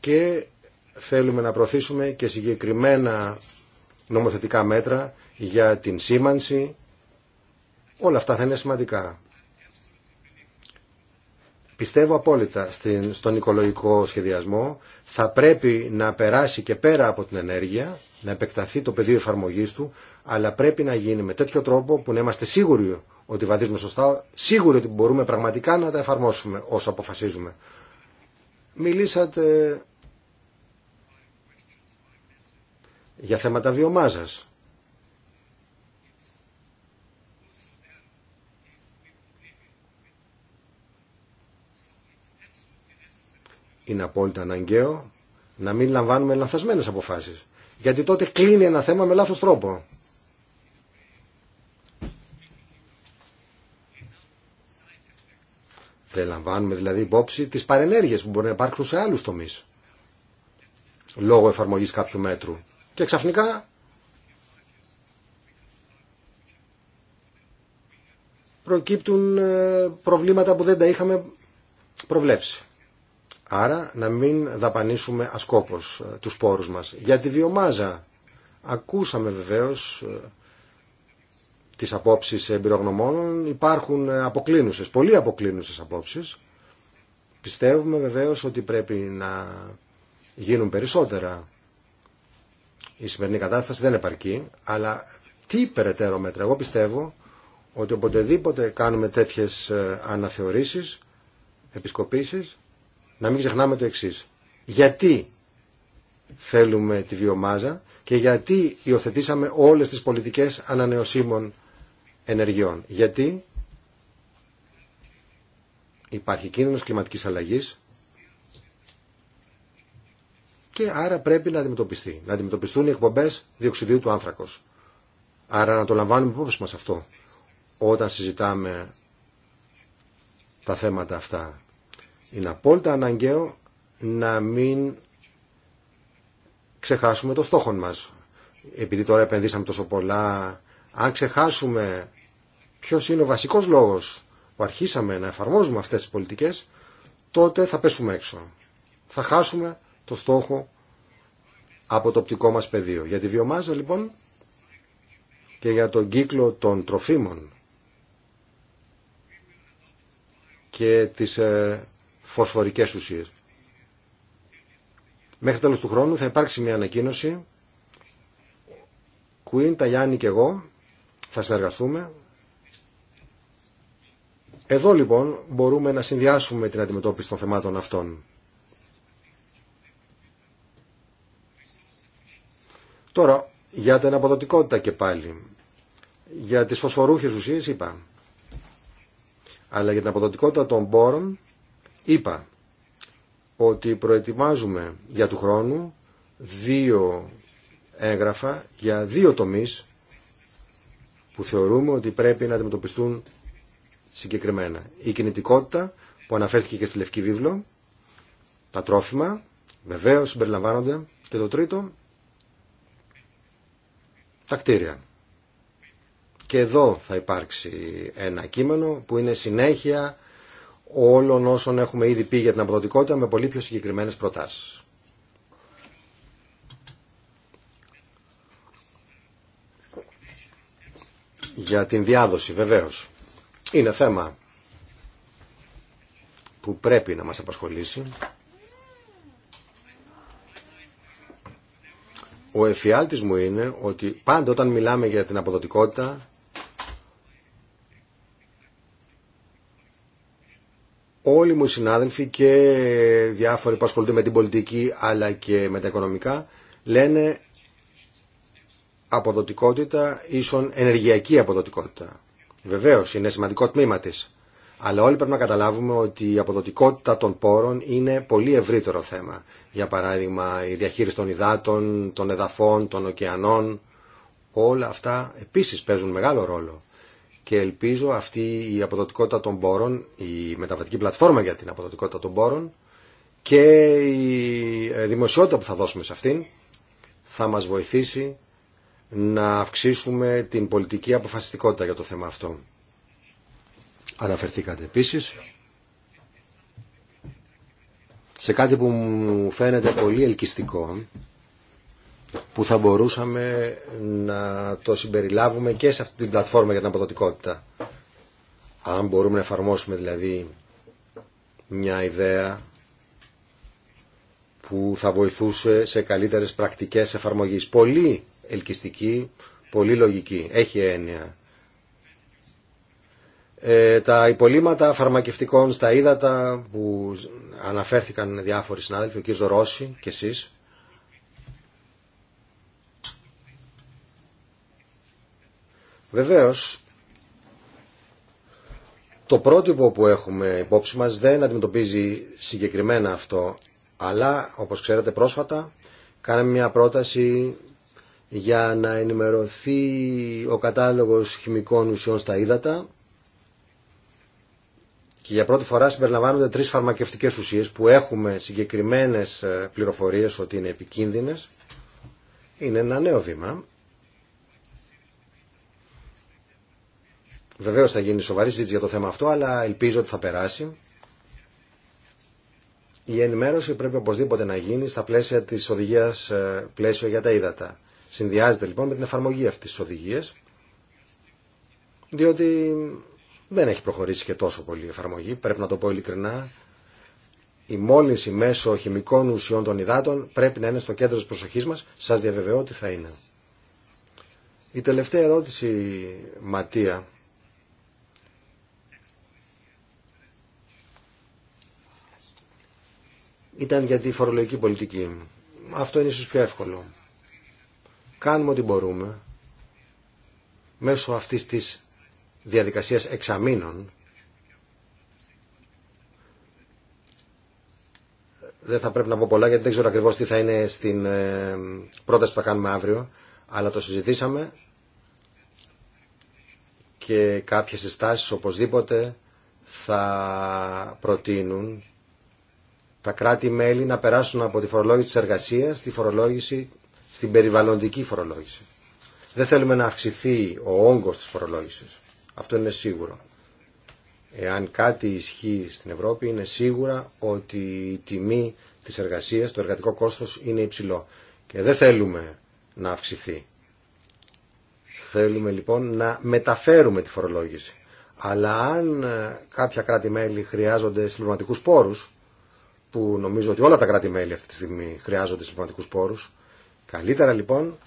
και θέλουμε να προωθήσουμε και συγκεκριμένα νομοθετικά μέτρα για την σήμανση. Όλα αυτά θα είναι σημαντικά. Πιστεύω απόλυτα στον οικολογικό σχεδιασμό. Θα πρέπει να περάσει και πέρα από την ενέργεια, να επεκταθεί το πεδίο εφαρμογής του, αλλά πρέπει να γίνει με τέτοιο τρόπο που να είμαστε σίγουροι ότι βαδίζουμε σωστά, σίγουροι ότι μπορούμε πραγματικά να τα εφαρμόσουμε όσο αποφασίζουμε. Μιλήσατε για θέματα βιομάζας. Είναι απόλυτα αναγκαίο να μην λαμβάνουμε λανθασμένες αποφάσεις. Γιατί τότε κλείνει ένα θέμα με λάθος τρόπο. Δεν λαμβάνουμε δηλαδή υπόψη τις παρενέργειες που μπορεί να υπάρξουν σε άλλους τομείς λόγω εφαρμογής κάποιου μέτρου. Και ξαφνικά προκύπτουν ε, προβλήματα που δεν τα είχαμε προβλέψει. Άρα να μην δαπανίσουμε ασκόπως ε, τους πόρους μας. Για τη βιομάζα ακούσαμε βεβαίως ε, τις απόψεις εμπειρογνωμόνων. Υπάρχουν ε, αποκλίνουσες, πολύ αποκλίνουσες απόψεις. Πιστεύουμε βεβαίως ότι πρέπει να γίνουν περισσότερα. Η σημερινή κατάσταση δεν επαρκεί, αλλά τι περαιτέρω μέτρα. Εγώ πιστεύω ότι οποτεδήποτε κάνουμε τέτοιες ε, αναθεωρήσεις, επισκοπήσεις, να μην ξεχνάμε το εξής. Γιατί θέλουμε τη βιομάζα και γιατί υιοθετήσαμε όλες τις πολιτικές ανανεωσίμων ενεργειών. Γιατί υπάρχει κίνδυνος κλιματικής αλλαγής και άρα πρέπει να αντιμετωπιστεί. Να αντιμετωπιστούν οι εκπομπές διοξιδίου του άνθρακος. Άρα να το λαμβάνουμε υπόψη μας αυτό όταν συζητάμε τα θέματα αυτά. Είναι απόλυτα αναγκαίο να μην ξεχάσουμε το στόχο μας. Επειδή τώρα επενδύσαμε τόσο πολλά, αν ξεχάσουμε Ποιο είναι ο βασικός λόγος που αρχίσαμε να εφαρμόζουμε αυτές τις πολιτικές, τότε θα πέσουμε έξω. Θα χάσουμε το στόχο από το οπτικό μας πεδίο. Για τη βιομάζα λοιπόν και για τον κύκλο των τροφίμων και τις ε, φωσφορικές ουσίες. Μέχρι τέλος του χρόνου θα υπάρξει μια ανακοίνωση. Κουίν, Ταγιάννη και εγώ θα συνεργαστούμε εδώ λοιπόν μπορούμε να συνδυάσουμε την αντιμετώπιση των θεμάτων αυτών. Τώρα, για την αποδοτικότητα και πάλι. Για τις φωσφορούχες ουσίες είπα. Αλλά για την αποδοτικότητα των πόρων είπα ότι προετοιμάζουμε για του χρόνου δύο έγγραφα για δύο τομείς που θεωρούμε ότι πρέπει να αντιμετωπιστούν συγκεκριμένα. Η κινητικότητα που αναφέρθηκε και στη Λευκή Βίβλο, τα τρόφιμα, βεβαίω συμπεριλαμβάνονται και το τρίτο, τα κτίρια. Και εδώ θα υπάρξει ένα κείμενο που είναι συνέχεια όλων όσων έχουμε ήδη πει για την αποδοτικότητα με πολύ πιο συγκεκριμένες προτάσεις. Για την διάδοση βεβαίως. Είναι θέμα που πρέπει να μας απασχολήσει. Ο εφιάλτης μου είναι ότι πάντα όταν μιλάμε για την αποδοτικότητα όλοι μου οι συνάδελφοι και διάφοροι που ασχολούνται με την πολιτική αλλά και με τα οικονομικά λένε αποδοτικότητα ίσον ενεργειακή αποδοτικότητα. Βεβαίω, είναι σημαντικό τμήμα τη. Αλλά όλοι πρέπει να καταλάβουμε ότι η αποδοτικότητα των πόρων είναι πολύ ευρύτερο θέμα. Για παράδειγμα, η διαχείριση των υδάτων, των εδαφών, των ωκεανών. Όλα αυτά επίση παίζουν μεγάλο ρόλο. Και ελπίζω αυτή η αποδοτικότητα των πόρων, η μεταβατική πλατφόρμα για την αποδοτικότητα των πόρων και η δημοσιότητα που θα δώσουμε σε αυτήν θα μας βοηθήσει να αυξήσουμε την πολιτική αποφασιστικότητα για το θέμα αυτό. Αναφερθήκατε επίσης σε κάτι που μου φαίνεται πολύ ελκυστικό που θα μπορούσαμε να το συμπεριλάβουμε και σε αυτή την πλατφόρμα για την αποδοτικότητα. Αν μπορούμε να εφαρμόσουμε δηλαδή μια ιδέα που θα βοηθούσε σε καλύτερες πρακτικές εφαρμογής. Πολλοί ελκυστική, πολύ λογική. Έχει έννοια. Ε, τα υπολείμματα φαρμακευτικών στα ύδατα που αναφέρθηκαν διάφοροι συνάδελφοι, ο κ. Ρώση και εσείς, Βεβαίως, το πρότυπο που έχουμε υπόψη μας δεν αντιμετωπίζει συγκεκριμένα αυτό, αλλά όπως ξέρετε πρόσφατα κάναμε μια πρόταση για να ενημερωθεί ο κατάλογος χημικών ουσιών στα ύδατα και για πρώτη φορά συμπεριλαμβάνονται τρεις φαρμακευτικές ουσίες που έχουμε συγκεκριμένες ε, πληροφορίες ότι είναι επικίνδυνες. Είναι ένα νέο βήμα. Βεβαίως θα γίνει σοβαρή συζήτηση για το θέμα αυτό, αλλά ελπίζω ότι θα περάσει. Η ενημέρωση πρέπει οπωσδήποτε να γίνει στα πλαίσια της οδηγίας ε, πλαίσιο για τα ύδατα. Συνδυάζεται λοιπόν με την εφαρμογή αυτής της οδηγίας, διότι δεν έχει προχωρήσει και τόσο πολύ η εφαρμογή, πρέπει να το πω ειλικρινά. Η μόλυνση μέσω χημικών ουσιών των υδάτων πρέπει να είναι στο κέντρο της προσοχής μας, σας διαβεβαιώ ότι θα είναι. Η τελευταία ερώτηση, Ματία, ήταν για τη φορολογική πολιτική. Αυτό είναι ίσως πιο εύκολο κάνουμε ό,τι μπορούμε μέσω αυτής της διαδικασίας εξαμήνων δεν θα πρέπει να πω πολλά γιατί δεν ξέρω ακριβώς τι θα είναι στην ε, πρόταση που θα κάνουμε αύριο αλλά το συζητήσαμε και κάποιες συστάσεις οπωσδήποτε θα προτείνουν τα κράτη-μέλη να περάσουν από τη φορολόγηση της εργασίας στη φορολόγηση στην περιβαλλοντική φορολόγηση. Δεν θέλουμε να αυξηθεί ο όγκος της φορολόγησης. Αυτό είναι σίγουρο. Εάν κάτι ισχύει στην Ευρώπη είναι σίγουρα ότι η τιμή της εργασίας, το εργατικό κόστος είναι υψηλό. Και δεν θέλουμε να αυξηθεί. Θέλουμε λοιπόν να μεταφέρουμε τη φορολόγηση. Αλλά αν ε, κάποια κράτη-μέλη χρειάζονται συμπληρωματικού πόρους, που νομίζω ότι όλα τα κράτη-μέλη αυτή τη στιγμή χρειάζονται συμπληρωματικού πόρους, Καλύτερα λοιπόν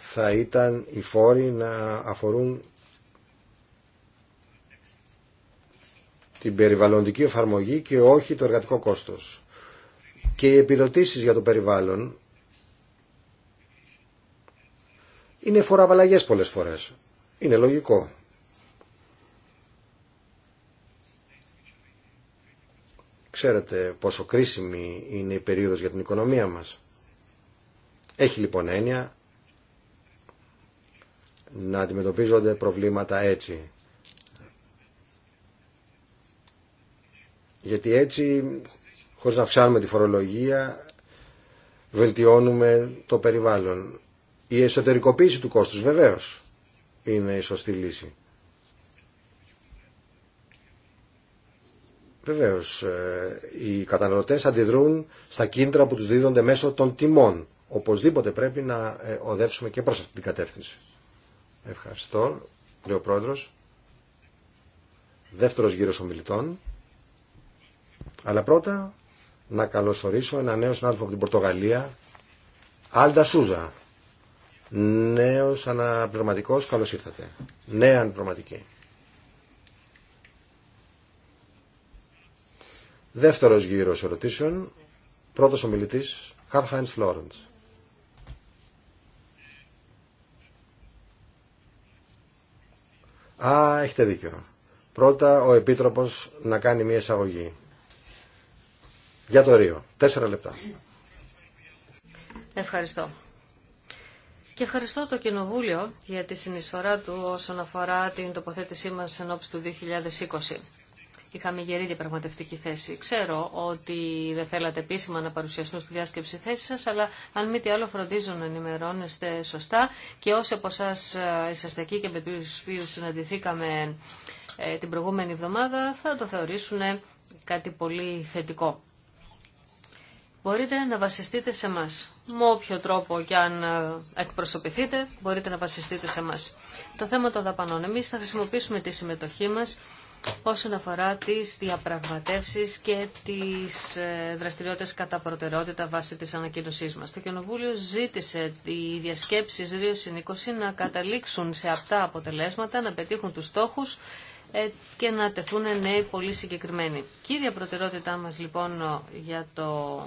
θα ήταν οι φόροι να αφορούν την περιβαλλοντική εφαρμογή και όχι το εργατικό κόστος. Και οι επιδοτήσεις για το περιβάλλον είναι φοραβαλλαγές πολλές φορές. Είναι λογικό. Ξέρετε πόσο κρίσιμη είναι η περίοδος για την οικονομία μας. Έχει λοιπόν έννοια να αντιμετωπίζονται προβλήματα έτσι. Γιατί έτσι, χωρίς να αυξάνουμε τη φορολογία, βελτιώνουμε το περιβάλλον. Η εσωτερικοποίηση του κόστους βεβαίως είναι η σωστή λύση. Βεβαίως, ε, οι καταναλωτές αντιδρούν στα κίνητρα που τους δίδονται μέσω των τιμών οπωσδήποτε πρέπει να ε, οδεύσουμε και προς αυτή την κατεύθυνση. Ευχαριστώ, λέει ο Πρόεδρος. Δεύτερος γύρος ομιλητών. Αλλά πρώτα να καλωσορίσω ένα νέο συνάδελφο από την Πορτογαλία, Άλτα Σούζα. Νέος αναπληρωματικός, καλώς ήρθατε. Νέα αναπληρωματική. Δεύτερος γύρος ερωτήσεων. Πρώτος ομιλητής, Χαρχάινς Φλόρεντς. Α, έχετε δίκιο. Πρώτα ο Επίτροπος να κάνει μια εισαγωγή. Για το Ρίο. Τέσσερα λεπτά. Ευχαριστώ. Και ευχαριστώ το Κοινοβούλιο για τη συνεισφορά του όσον αφορά την τοποθέτησή μας ενώπιση του 2020 είχαμε γερή διαπραγματευτική θέση. Ξέρω ότι δεν θέλατε επίσημα να παρουσιαστούν στη διάσκεψη θέση σα, αλλά αν μη τι άλλο φροντίζω να ενημερώνεστε σωστά και όσοι από εσά ε, είσαστε εκεί και με του οποίου συναντηθήκαμε ε, την προηγούμενη εβδομάδα θα το θεωρήσουν κάτι πολύ θετικό. Μπορείτε να βασιστείτε σε εμά. Με όποιο τρόπο και αν ε, εκπροσωπηθείτε, μπορείτε να βασιστείτε σε εμά. Το θέμα των δαπανών. Εμεί θα χρησιμοποιήσουμε τη συμμετοχή μα όσον αφορά τις διαπραγματεύσεις και τις ε, δραστηριότητες κατά προτεραιότητα βάσει της ανακοίνωσής μας. Το Κοινοβούλιο ζήτησε οι διασκέψεις Ρίο Συνήκωση να καταλήξουν σε αυτά αποτελέσματα, να πετύχουν τους στόχους ε, και να τεθούν νέοι πολύ συγκεκριμένοι. Κύρια προτεραιότητά μας λοιπόν για το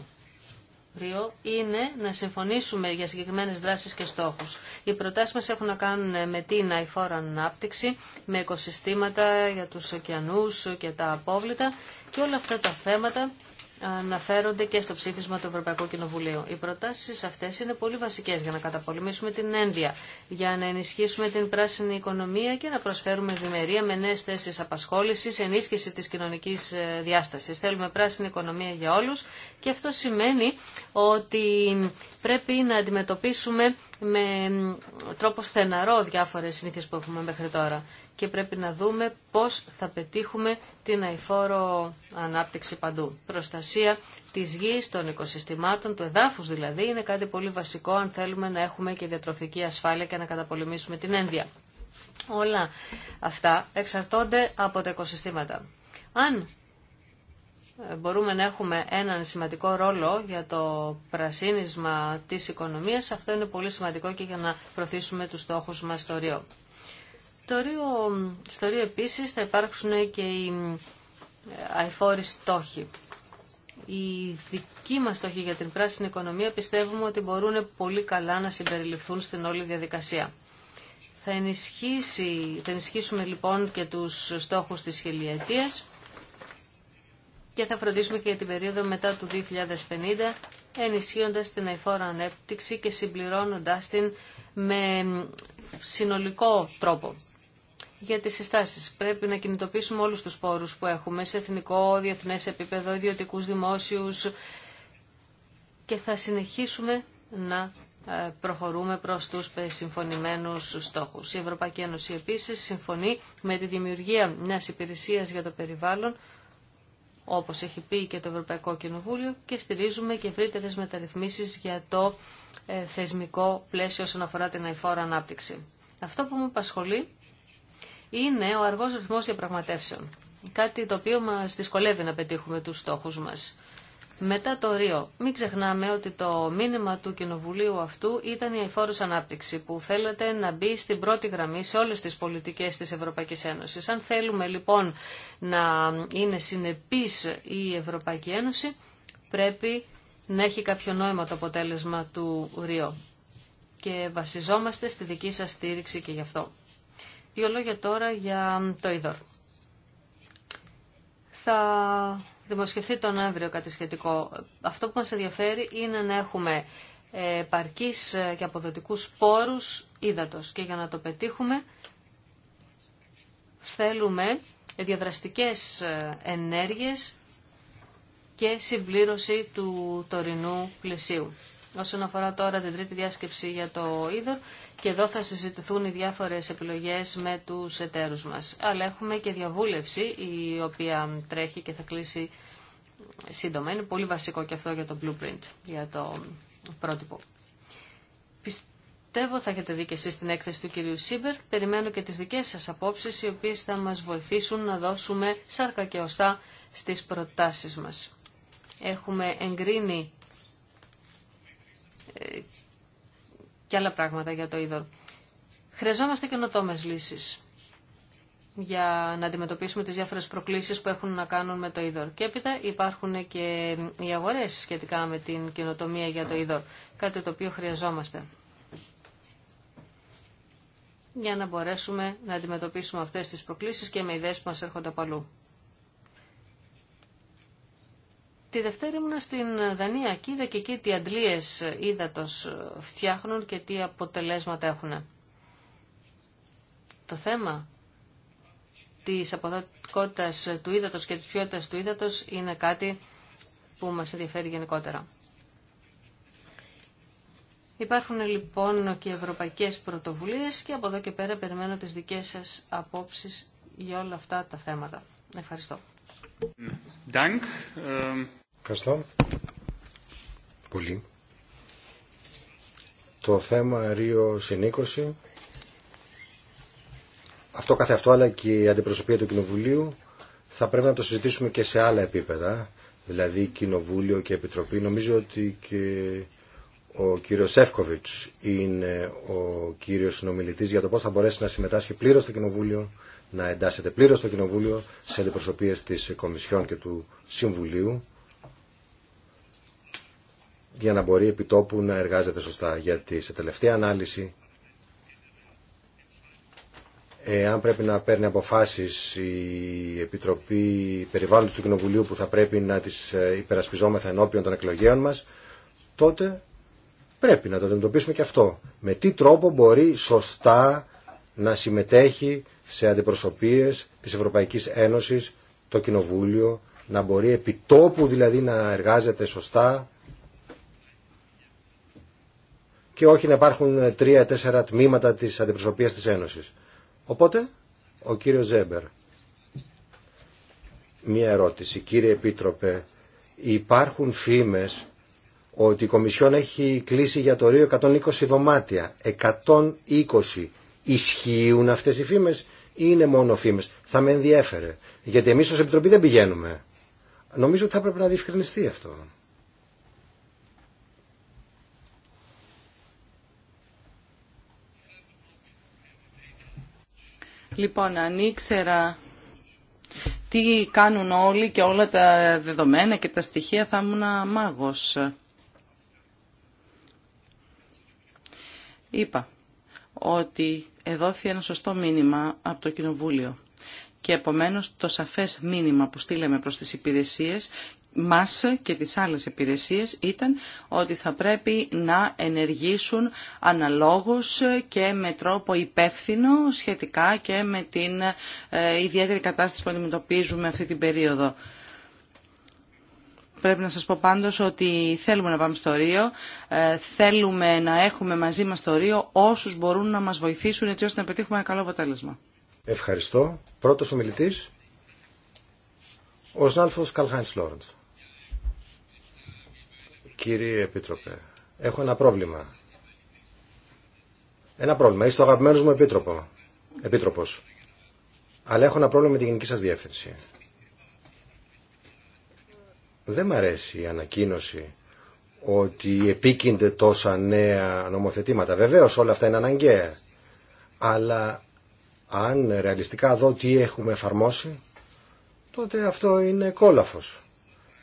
είναι να συμφωνήσουμε για συγκεκριμένε δράσει και στόχου. Οι προτάσει μα έχουν να κάνουν με την αηφόρα ανάπτυξη, με οικοσυστήματα για τους ωκεανού και τα απόβλητα και όλα αυτά τα θέματα αναφέρονται και στο ψήφισμα του Ευρωπαϊκού Κοινοβουλίου. Οι προτάσει αυτέ είναι πολύ βασικές για να καταπολεμήσουμε την ένδια, για να ενισχύσουμε την πράσινη οικονομία και να προσφέρουμε ευημερία με νέες θέσεις απασχόλησης, ενίσχυση της κοινωνικής ε, διάστασης. Θέλουμε πράσινη οικονομία για όλους και αυτό σημαίνει ότι πρέπει να αντιμετωπίσουμε με τρόπο στεναρό διάφορε συνήθειε που έχουμε μέχρι τώρα και πρέπει να δούμε πώς θα πετύχουμε την αηφόρο ανάπτυξη παντού. Προστασία της γης, των οικοσυστημάτων, του εδάφους δηλαδή, είναι κάτι πολύ βασικό αν θέλουμε να έχουμε και διατροφική ασφάλεια και να καταπολεμήσουμε την ένδια. Όλα αυτά εξαρτώνται από τα οικοσυστήματα. Αν ε, μπορούμε να έχουμε έναν σημαντικό ρόλο για το πρασίνισμα της οικονομίας, αυτό είναι πολύ σημαντικό και για να προωθήσουμε τους στόχους μας στο Ρίο. Το Ρίο, στο Ρίο επίσης θα υπάρξουν και οι ε, αεφόροι στόχοι. Οι δικοί μας στόχοι για την πράσινη οικονομία πιστεύουμε ότι μπορούν πολύ καλά να συμπεριληφθούν στην όλη διαδικασία. Θα, ενισχύσει, θα ενισχύσουμε λοιπόν και τους στόχους της χιλιετίας και θα φροντίσουμε και για την περίοδο μετά του 2050 ενισχύοντας την αηφόρα ανέπτυξη και συμπληρώνοντας την με συνολικό τρόπο για τι συστάσεις. Πρέπει να κινητοποιήσουμε όλου του πόρου που έχουμε σε εθνικό, διεθνέ επίπεδο, ιδιωτικού δημόσιου, και θα συνεχίσουμε να ε, προχωρούμε προ του συμφωνημένους στόχου. Η Ευρωπαϊκή Ένωση επίση συμφωνεί με τη δημιουργία μια υπηρεσία για το περιβάλλον όπως έχει πει και το Ευρωπαϊκό Κοινοβούλιο και στηρίζουμε και ευρύτερε μεταρρυθμίσεις για το ε, θεσμικό πλαίσιο όσον αφορά την αηφόρα ανάπτυξη. Αυτό που μου απασχολεί είναι ο αργός ρυθμός διαπραγματεύσεων. Κάτι το οποίο μας δυσκολεύει να πετύχουμε τους στόχους μας. Μετά το Ρίο, μην ξεχνάμε ότι το μήνυμα του Κοινοβουλίου αυτού ήταν η αηφόρος ανάπτυξη που θέλετε να μπει στην πρώτη γραμμή σε όλες τις πολιτικές της Ευρωπαϊκής Ένωσης. Αν θέλουμε λοιπόν να είναι συνεπής η Ευρωπαϊκή Ένωση, πρέπει να έχει κάποιο νόημα το αποτέλεσμα του Ρίο. Και βασιζόμαστε στη δική σας στήριξη και γι' αυτό. Δύο λόγια τώρα για το είδωρ. Θα δημοσιευθεί τον Νοέμβριο κάτι σχετικό. Αυτό που μας ενδιαφέρει είναι να έχουμε ε, παρκείς ε, και αποδοτικούς πόρους ύδατος. Και για να το πετύχουμε θέλουμε διαδραστικές ε, ενέργειες και συμπλήρωση του τωρινού πλαισίου. Όσον αφορά τώρα την τρίτη διάσκεψη για το είδωρ, και εδώ θα συζητηθούν οι διάφορες επιλογές με τους εταίρους μας. Αλλά έχουμε και διαβούλευση η οποία τρέχει και θα κλείσει σύντομα. Είναι πολύ βασικό και αυτό για το blueprint, για το πρότυπο. Πιστεύω θα έχετε δει και εσείς την έκθεση του κυρίου Σίμπερ. Περιμένω και τις δικές σας απόψεις οι οποίες θα μας βοηθήσουν να δώσουμε σάρκα και οστά στις προτάσεις μας. Έχουμε εγκρίνει ε, και άλλα πράγματα για το είδωρ. Χρειαζόμαστε καινοτόμε λύσει. για να αντιμετωπίσουμε τις διάφορε προκλήσεις που έχουν να κάνουν με το είδωρ. Και έπειτα υπάρχουν και οι αγορέ σχετικά με την καινοτομία για το είδωρ, κάτι το οποίο χρειαζόμαστε για να μπορέσουμε να αντιμετωπίσουμε αυτές τις προκλήσεις και με ιδέες που μας έρχονται από αλλού. Τη Δευτέρα ήμουνα στην Δανία και είδα και εκεί τι αντλίες ύδατος φτιάχνουν και τι αποτελέσματα έχουν. Το θέμα της αποδοτικότητας του ύδατος και της ποιότητας του ύδατος είναι κάτι που μας ενδιαφέρει γενικότερα. Υπάρχουν λοιπόν και ευρωπαϊκές πρωτοβουλίες και από εδώ και πέρα περιμένω τις δικές σας απόψεις για όλα αυτά τα θέματα. Ευχαριστώ. Dank. Ε, Ευχαριστώ πολύ. Το θέμα Ρίο συνήκωση Αυτό καθε αυτό, αλλά και η αντιπροσωπεία του Κοινοβουλίου θα πρέπει να το συζητήσουμε και σε άλλα επίπεδα, δηλαδή Κοινοβούλιο και Επιτροπή. Νομίζω ότι και ο κύριος Σεύκοβιτς είναι ο κύριος συνομιλητής για το πώς θα μπορέσει να συμμετάσχει πλήρως στο Κοινοβούλιο, να εντάσσεται πλήρως στο Κοινοβούλιο σε αντιπροσωπείες της Κομισιόν και του Συμβουλίου για να μπορεί επιτόπου να εργάζεται σωστά. Γιατί σε τελευταία ανάλυση, αν πρέπει να παίρνει αποφάσεις η Επιτροπή Περιβάλλοντος του Κοινοβουλίου που θα πρέπει να τις ε, υπερασπιζόμεθα ενώπιον των εκλογέων μας, τότε πρέπει να το αντιμετωπίσουμε και αυτό. Με τι τρόπο μπορεί σωστά να συμμετέχει σε αντιπροσωπείες της Ευρωπαϊκής Ένωσης το Κοινοβούλιο, να μπορεί επιτόπου δηλαδή να εργάζεται σωστά και όχι να υπάρχουν τρία-τέσσερα τμήματα της αντιπροσωπείας της Ένωσης. Οπότε, ο κύριος Ζέμπερ. Μία ερώτηση. Κύριε Επίτροπε, υπάρχουν φήμες ότι η Κομισιόν έχει κλείσει για το Ρίο 120 δωμάτια. 120. Ισχύουν αυτές οι φήμες ή είναι μόνο φήμες. Θα με ενδιέφερε. Γιατί εμείς ως Επιτροπή δεν πηγαίνουμε. Νομίζω ότι θα έπρεπε να διευκρινιστεί αυτό. Λοιπόν, αν ήξερα τι κάνουν όλοι και όλα τα δεδομένα και τα στοιχεία θα ήμουν μάγος. Είπα ότι εδόθη ένα σωστό μήνυμα από το Κοινοβούλιο και επομένως το σαφές μήνυμα που στείλαμε προς τις υπηρεσίες μας και τις άλλες υπηρεσίες ήταν ότι θα πρέπει να ενεργήσουν αναλόγως και με τρόπο υπεύθυνο σχετικά και με την ε, ιδιαίτερη κατάσταση που αντιμετωπίζουμε αυτή την περίοδο. Πρέπει να σας πω πάντως ότι θέλουμε να πάμε στο Ρίο, ε, θέλουμε να έχουμε μαζί μας το Ρίο όσους μπορούν να μας βοηθήσουν έτσι ώστε να πετύχουμε ένα καλό αποτέλεσμα. Ευχαριστώ. Πρώτος ομιλητής, ο Ζάλφος Καλχάινς Λόρεντς. Κύριε Επίτροπε, έχω ένα πρόβλημα. Ένα πρόβλημα. Είστε ο αγαπημένος μου επίτροπο. επίτροπος. Αλλά έχω ένα πρόβλημα με την γενική σας διεύθυνση. Δεν μ' αρέσει η ανακοίνωση ότι επίκυνται τόσα νέα νομοθετήματα. Βεβαίως όλα αυτά είναι αναγκαία. Αλλά αν ρεαλιστικά δω τι έχουμε εφαρμόσει, τότε αυτό είναι κόλαφος.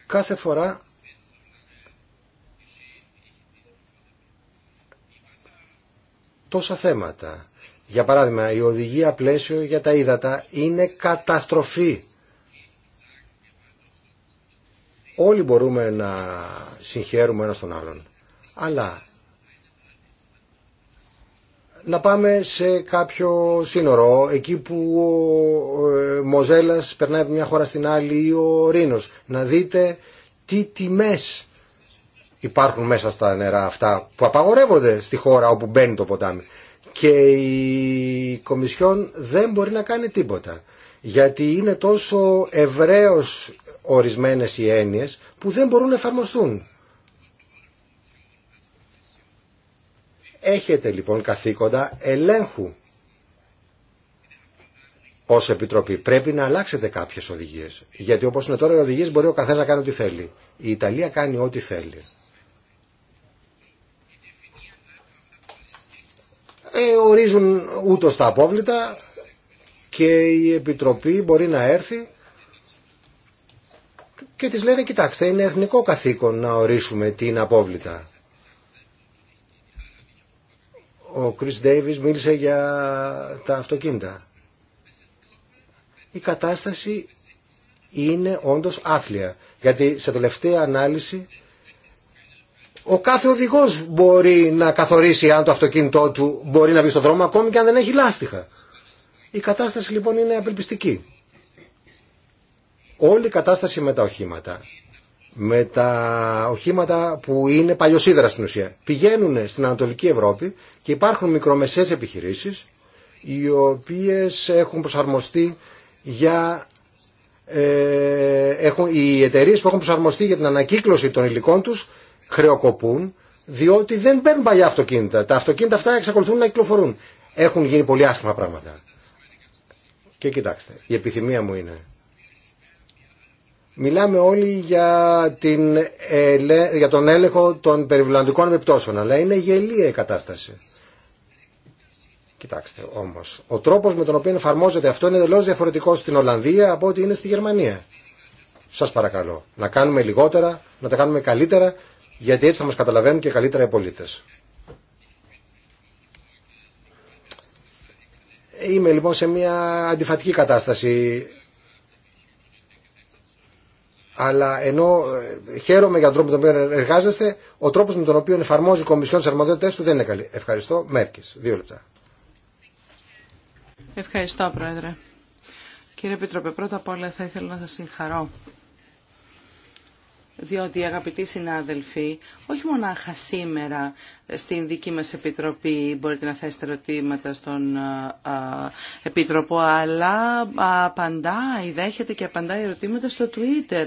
Κάθε φορά τόσα θέματα. Για παράδειγμα, η οδηγία πλαίσιο για τα ύδατα είναι καταστροφή. Όλοι μπορούμε να συγχαίρουμε ένα τον άλλον. Αλλά να πάμε σε κάποιο σύνορο, εκεί που ο ε, Μοζέλας περνάει από μια χώρα στην άλλη ή ο Ρήνος. Να δείτε τι τιμές υπάρχουν μέσα στα νερά αυτά που απαγορεύονται στη χώρα όπου μπαίνει το ποτάμι. Και η Κομισιόν δεν μπορεί να κάνει τίποτα. Γιατί είναι τόσο ευρέως ορισμένες οι έννοιες που δεν μπορούν να εφαρμοστούν. Έχετε λοιπόν καθήκοντα ελέγχου ως Επιτροπή. Πρέπει να αλλάξετε κάποιες οδηγίες. Γιατί όπως είναι τώρα οι οδηγίες μπορεί ο καθένας να κάνει ό,τι θέλει. Η Ιταλία κάνει ό,τι θέλει. Ε, ορίζουν ούτω τα απόβλητα και η Επιτροπή μπορεί να έρθει και της λένε κοιτάξτε είναι εθνικό καθήκον να ορίσουμε τι είναι απόβλητα. Ο Κρις Ντέιβις μίλησε για τα αυτοκίνητα. Η κατάσταση είναι όντως άθλια. Γιατί σε τελευταία ανάλυση ο κάθε οδηγός μπορεί να καθορίσει αν το αυτοκίνητό του μπορεί να βγει στον δρόμο ακόμη και αν δεν έχει λάστιχα. Η κατάσταση λοιπόν είναι απελπιστική. Όλη η κατάσταση με τα οχήματα, με τα οχήματα που είναι παλιοσίδρα στην ουσία, πηγαίνουν στην Ανατολική Ευρώπη και υπάρχουν μικρομεσαίες επιχειρήσεις οι οποίες έχουν προσαρμοστεί για ε, έχουν, οι εταιρείε που έχουν προσαρμοστεί για την ανακύκλωση των υλικών τους χρεοκοπούν διότι δεν παίρνουν παλιά αυτοκίνητα. Τα αυτοκίνητα αυτά εξακολουθούν να κυκλοφορούν. Έχουν γίνει πολύ άσχημα πράγματα. Και κοιτάξτε, η επιθυμία μου είναι. Μιλάμε όλοι για, την, για τον έλεγχο των περιβαλλοντικών επιπτώσεων, αλλά είναι γελία η κατάσταση. Κοιτάξτε όμω, ο τρόπο με τον οποίο εφαρμόζεται αυτό είναι εντελώ διαφορετικό στην Ολλανδία από ό,τι είναι στη Γερμανία. Σα παρακαλώ, να κάνουμε λιγότερα, να τα κάνουμε καλύτερα γιατί έτσι θα μας καταλαβαίνουν και καλύτερα οι πολίτες. Είμαι λοιπόν σε μια αντιφατική κατάσταση. Αλλά ενώ ε, χαίρομαι για τον τρόπο με τον οποίο εργάζεστε, ο τρόπος με τον οποίο εφαρμόζει η Κομισιόν τις αρμοδιότητες του δεν είναι καλή. Ευχαριστώ. Μέρκης. Δύο λεπτά. Ευχαριστώ, Πρόεδρε. Κύριε Επιτροπέ, πρώτα απ' όλα θα ήθελα να σας συγχαρώ διότι αγαπητοί συνάδελφοι, όχι μονάχα σήμερα στην δική μας Επιτροπή μπορείτε να θέσετε ερωτήματα στον Επίτροπο, αλλά απαντάει, δέχεται και απαντάει ερωτήματα στο Twitter.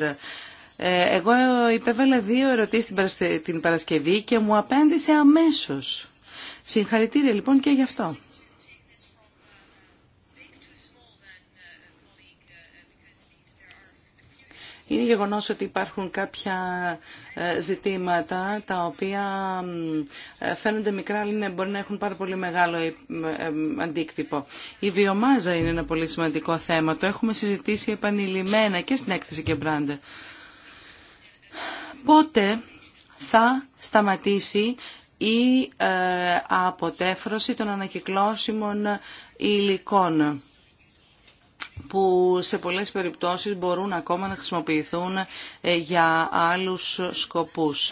Ε, εγώ υπέβαλα δύο ερωτήσεις την Παρασκευή και μου απέντησε αμέσως. Συγχαρητήρια λοιπόν και γι' αυτό. Είναι γεγονός ότι υπάρχουν κάποια ε, ζητήματα τα οποία ε, φαίνονται μικρά αλλά μπορεί να έχουν πάρα πολύ μεγάλο ε, αντίκτυπο. Η βιομάζα είναι ένα πολύ σημαντικό θέμα. Το έχουμε συζητήσει επανειλημμένα και στην έκθεση και μπράντε. Πότε θα σταματήσει η αποτέφρωση των ανακυκλώσιμων υλικών που σε πολλές περιπτώσεις μπορούν ακόμα να χρησιμοποιηθούν ε, για άλλους σκοπούς.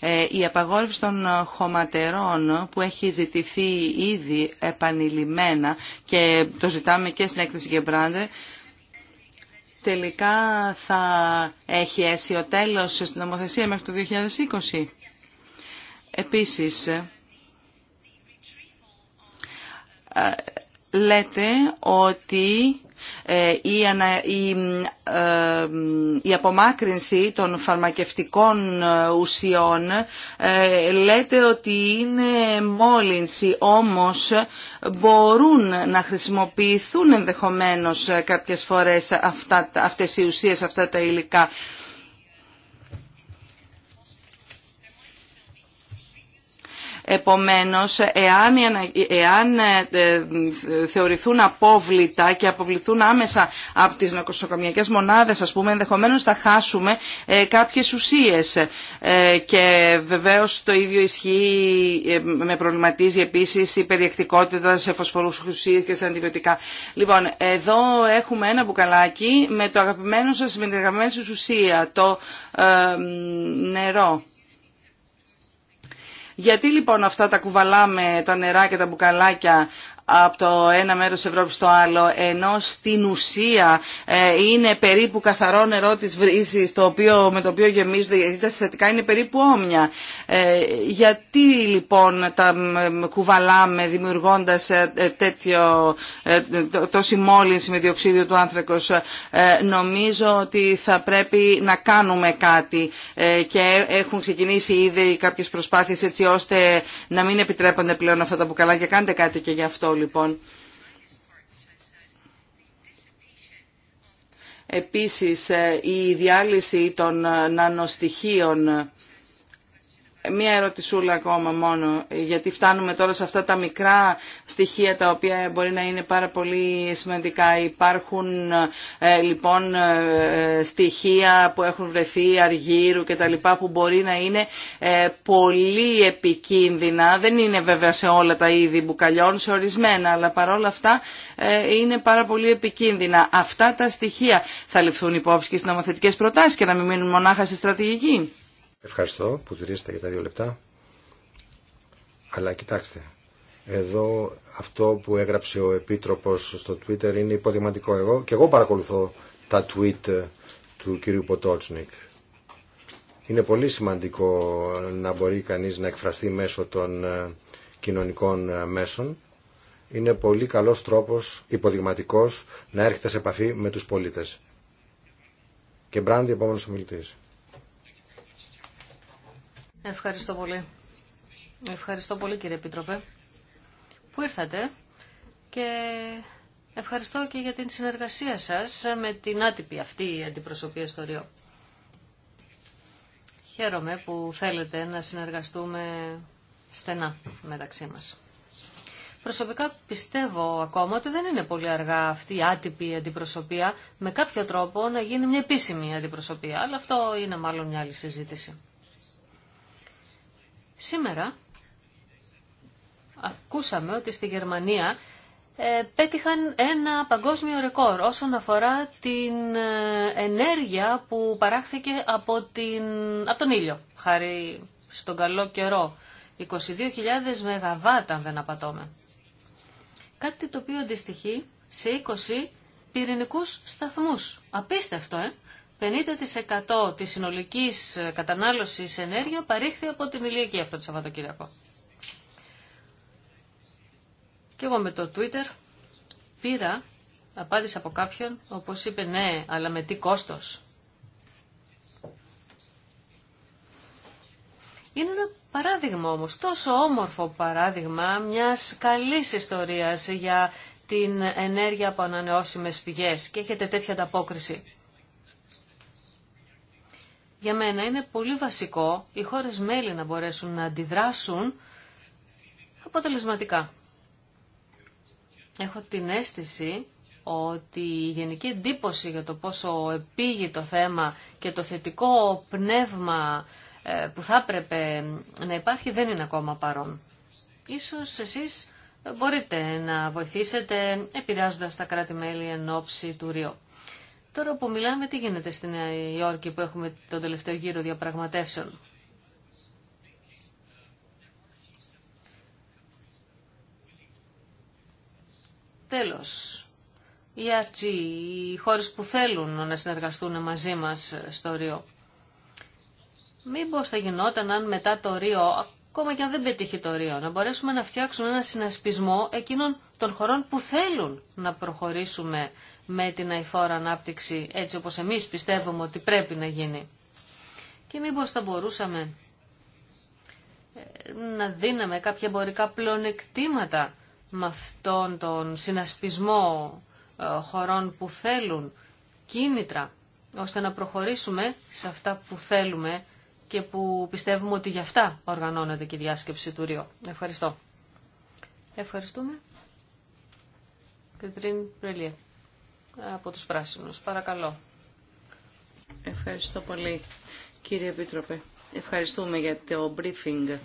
Ε, η απαγόρευση των χωματερών που έχει ζητηθεί ήδη επανειλημμένα και το ζητάμε και στην έκθεση Γεμπράντε, τελικά θα έχει ο τέλος στην νομοθεσία μέχρι το 2020. Επίσης, ε, λέτε ότι ε, ε, η απομάκρυνση των φαρμακευτικών ε, ουσιών λέτε ότι είναι μόλυνση, όμως μπορούν να χρησιμοποιηθούν ενδεχομένως κάποιες φορές αυτά, αυτές οι ουσίες, αυτά τα υλικά. Επομένως, εάν, εάν ε, ε, θεωρηθούν απόβλητα και αποβληθούν άμεσα από τις νοσοκομιακές μονάδες, ας πούμε, ενδεχομένως θα χάσουμε ε, κάποιες ουσίες. Και βεβαίως το ίδιο ισχύει, με προβληματίζει επίσης η περιεκτικότητα σε φωσφορούς ουσίες και σε αντιβιωτικά. Λοιπόν, εδώ έχουμε ένα μπουκαλάκι με το αγαπημένο σας, με την αγαπημένη σας ουσία, το νερό. Γιατί λοιπόν αυτά τα κουβαλάμε, τα νερά και τα μπουκαλάκια από το ένα μέρος της Ευρώπης στο άλλο, ενώ στην ουσία ε, είναι περίπου καθαρό νερό της βρύσης, οποίο, με το οποίο γεμίζονται, γιατί τα συστατικά είναι περίπου όμοια. Ε, γιατί λοιπόν τα κουβαλάμε δημιουργώντας ε, τέτοιο, τόση μόλυνση με διοξίδιο του άνθρακος. νομίζω ότι θα πρέπει να κάνουμε κάτι και έχουν ξεκινήσει ήδη κάποιες προσπάθειες έτσι ώστε να μην επιτρέπονται πλέον αυτά τα μπουκαλάκια. Κάντε κάτι και γι' αυτό λοιπόν λοιπόν. Επίσης, ε, η διάλυση των ε, νανοστοιχείων Μία ερωτησούλα ακόμα μόνο, γιατί φτάνουμε τώρα σε αυτά τα μικρά στοιχεία τα οποία μπορεί να είναι πάρα πολύ σημαντικά. Υπάρχουν ε, λοιπόν ε, στοιχεία που έχουν βρεθεί αργύρου και τα λοιπά που μπορεί να είναι ε, πολύ επικίνδυνα. Δεν είναι βέβαια σε όλα τα είδη μπουκαλιών, σε ορισμένα, αλλά παρόλα αυτά είναι πάρα πολύ επικίνδυνα. Αυτά τα στοιχεία θα ληφθούν υπόψη και στις νομοθετικές προτάσεις και να μην μείνουν μονάχα στη στρατηγική. Ευχαριστώ που τηρήσατε για τα δύο λεπτά. Αλλά κοιτάξτε, εδώ αυτό που έγραψε ο Επίτροπος στο Twitter είναι υποδηματικό εγώ και εγώ παρακολουθώ τα tweet ε, του κυρίου Ποτότσνικ. Είναι πολύ σημαντικό να μπορεί κανείς να εκφραστεί μέσω των ε, κοινωνικών ε, μέσων. Είναι πολύ καλός τρόπος, υποδειγματικός, να έρχεται σε επαφή με τους πολίτες. Και Μπράντι, επόμενος ομιλητής. Ευχαριστώ πολύ. Ευχαριστώ πολύ κύριε Επίτροπε που ήρθατε και ευχαριστώ και για την συνεργασία σας με την άτυπη αυτή η αντιπροσωπεία στο Ριό. Χαίρομαι που θέλετε να συνεργαστούμε στενά μεταξύ μας. Προσωπικά πιστεύω ακόμα ότι δεν είναι πολύ αργά αυτή η άτυπη αντιπροσωπεία με κάποιο τρόπο να γίνει μια επίσημη αντιπροσωπεία, αλλά αυτό είναι μάλλον μια άλλη συζήτηση. Σήμερα ακούσαμε ότι στη Γερμανία ε, πέτυχαν ένα παγκόσμιο ρεκόρ όσον αφορά την ε, ενέργεια που παράχθηκε από, την, από τον ήλιο, χάρη στον καλό καιρό. 22.000 ΜΒ αν δεν απατώμε. Κάτι το οποίο αντιστοιχεί σε 20 πυρηνικούς σταθμούς. Απίστευτο, ε! 50% της συνολικής κατανάλωσης ενέργεια παρήχθη από τη ηλίκη αυτό το Σαββατοκύριακο. Και εγώ με το Twitter πήρα απάντηση από κάποιον, όπως είπε ναι, αλλά με τι κόστος. Είναι ένα παράδειγμα όμως, τόσο όμορφο παράδειγμα μιας καλής ιστορίας για την ενέργεια από ανανεώσιμες πηγές και έχετε τέτοια ανταπόκριση για μένα είναι πολύ βασικό οι χώρες μέλη να μπορέσουν να αντιδράσουν αποτελεσματικά. Έχω την αίσθηση ότι η γενική εντύπωση για το πόσο επήγει το θέμα και το θετικό πνεύμα ε, που θα έπρεπε να υπάρχει δεν είναι ακόμα παρόν. Ίσως εσείς μπορείτε να βοηθήσετε επηρεάζοντας τα κράτη-μέλη εν ώψη του ριού. Τώρα που μιλάμε, τι γίνεται στη Νέα Υόρκη που έχουμε τον τελευταίο γύρο διαπραγματεύσεων. Τέλος, οι RG, οι χώρες που θέλουν να συνεργαστούν μαζί μας στο Ρίο. Μήπως θα γινόταν αν μετά το Ρίο, ακόμα και αν δεν πετύχει το Ρίο, να μπορέσουμε να φτιάξουμε ένα συνασπισμό εκείνων των χωρών που θέλουν να προχωρήσουμε με την αηφόρα ανάπτυξη έτσι όπως εμείς πιστεύουμε ότι πρέπει να γίνει. Και μήπως θα μπορούσαμε ε, να δίναμε κάποια εμπορικά πλονεκτήματα με αυτόν τον συνασπισμό ε, χωρών που θέλουν κίνητρα ώστε να προχωρήσουμε σε αυτά που θέλουμε και που πιστεύουμε ότι γι' αυτά οργανώνεται και η διάσκεψη του Ρίο. Ευχαριστώ. Ευχαριστούμε. Κατρίν από τους πράσινους. Παρακαλώ. Ευχαριστώ πολύ κύριε Επίτροπε. Ευχαριστούμε για το briefing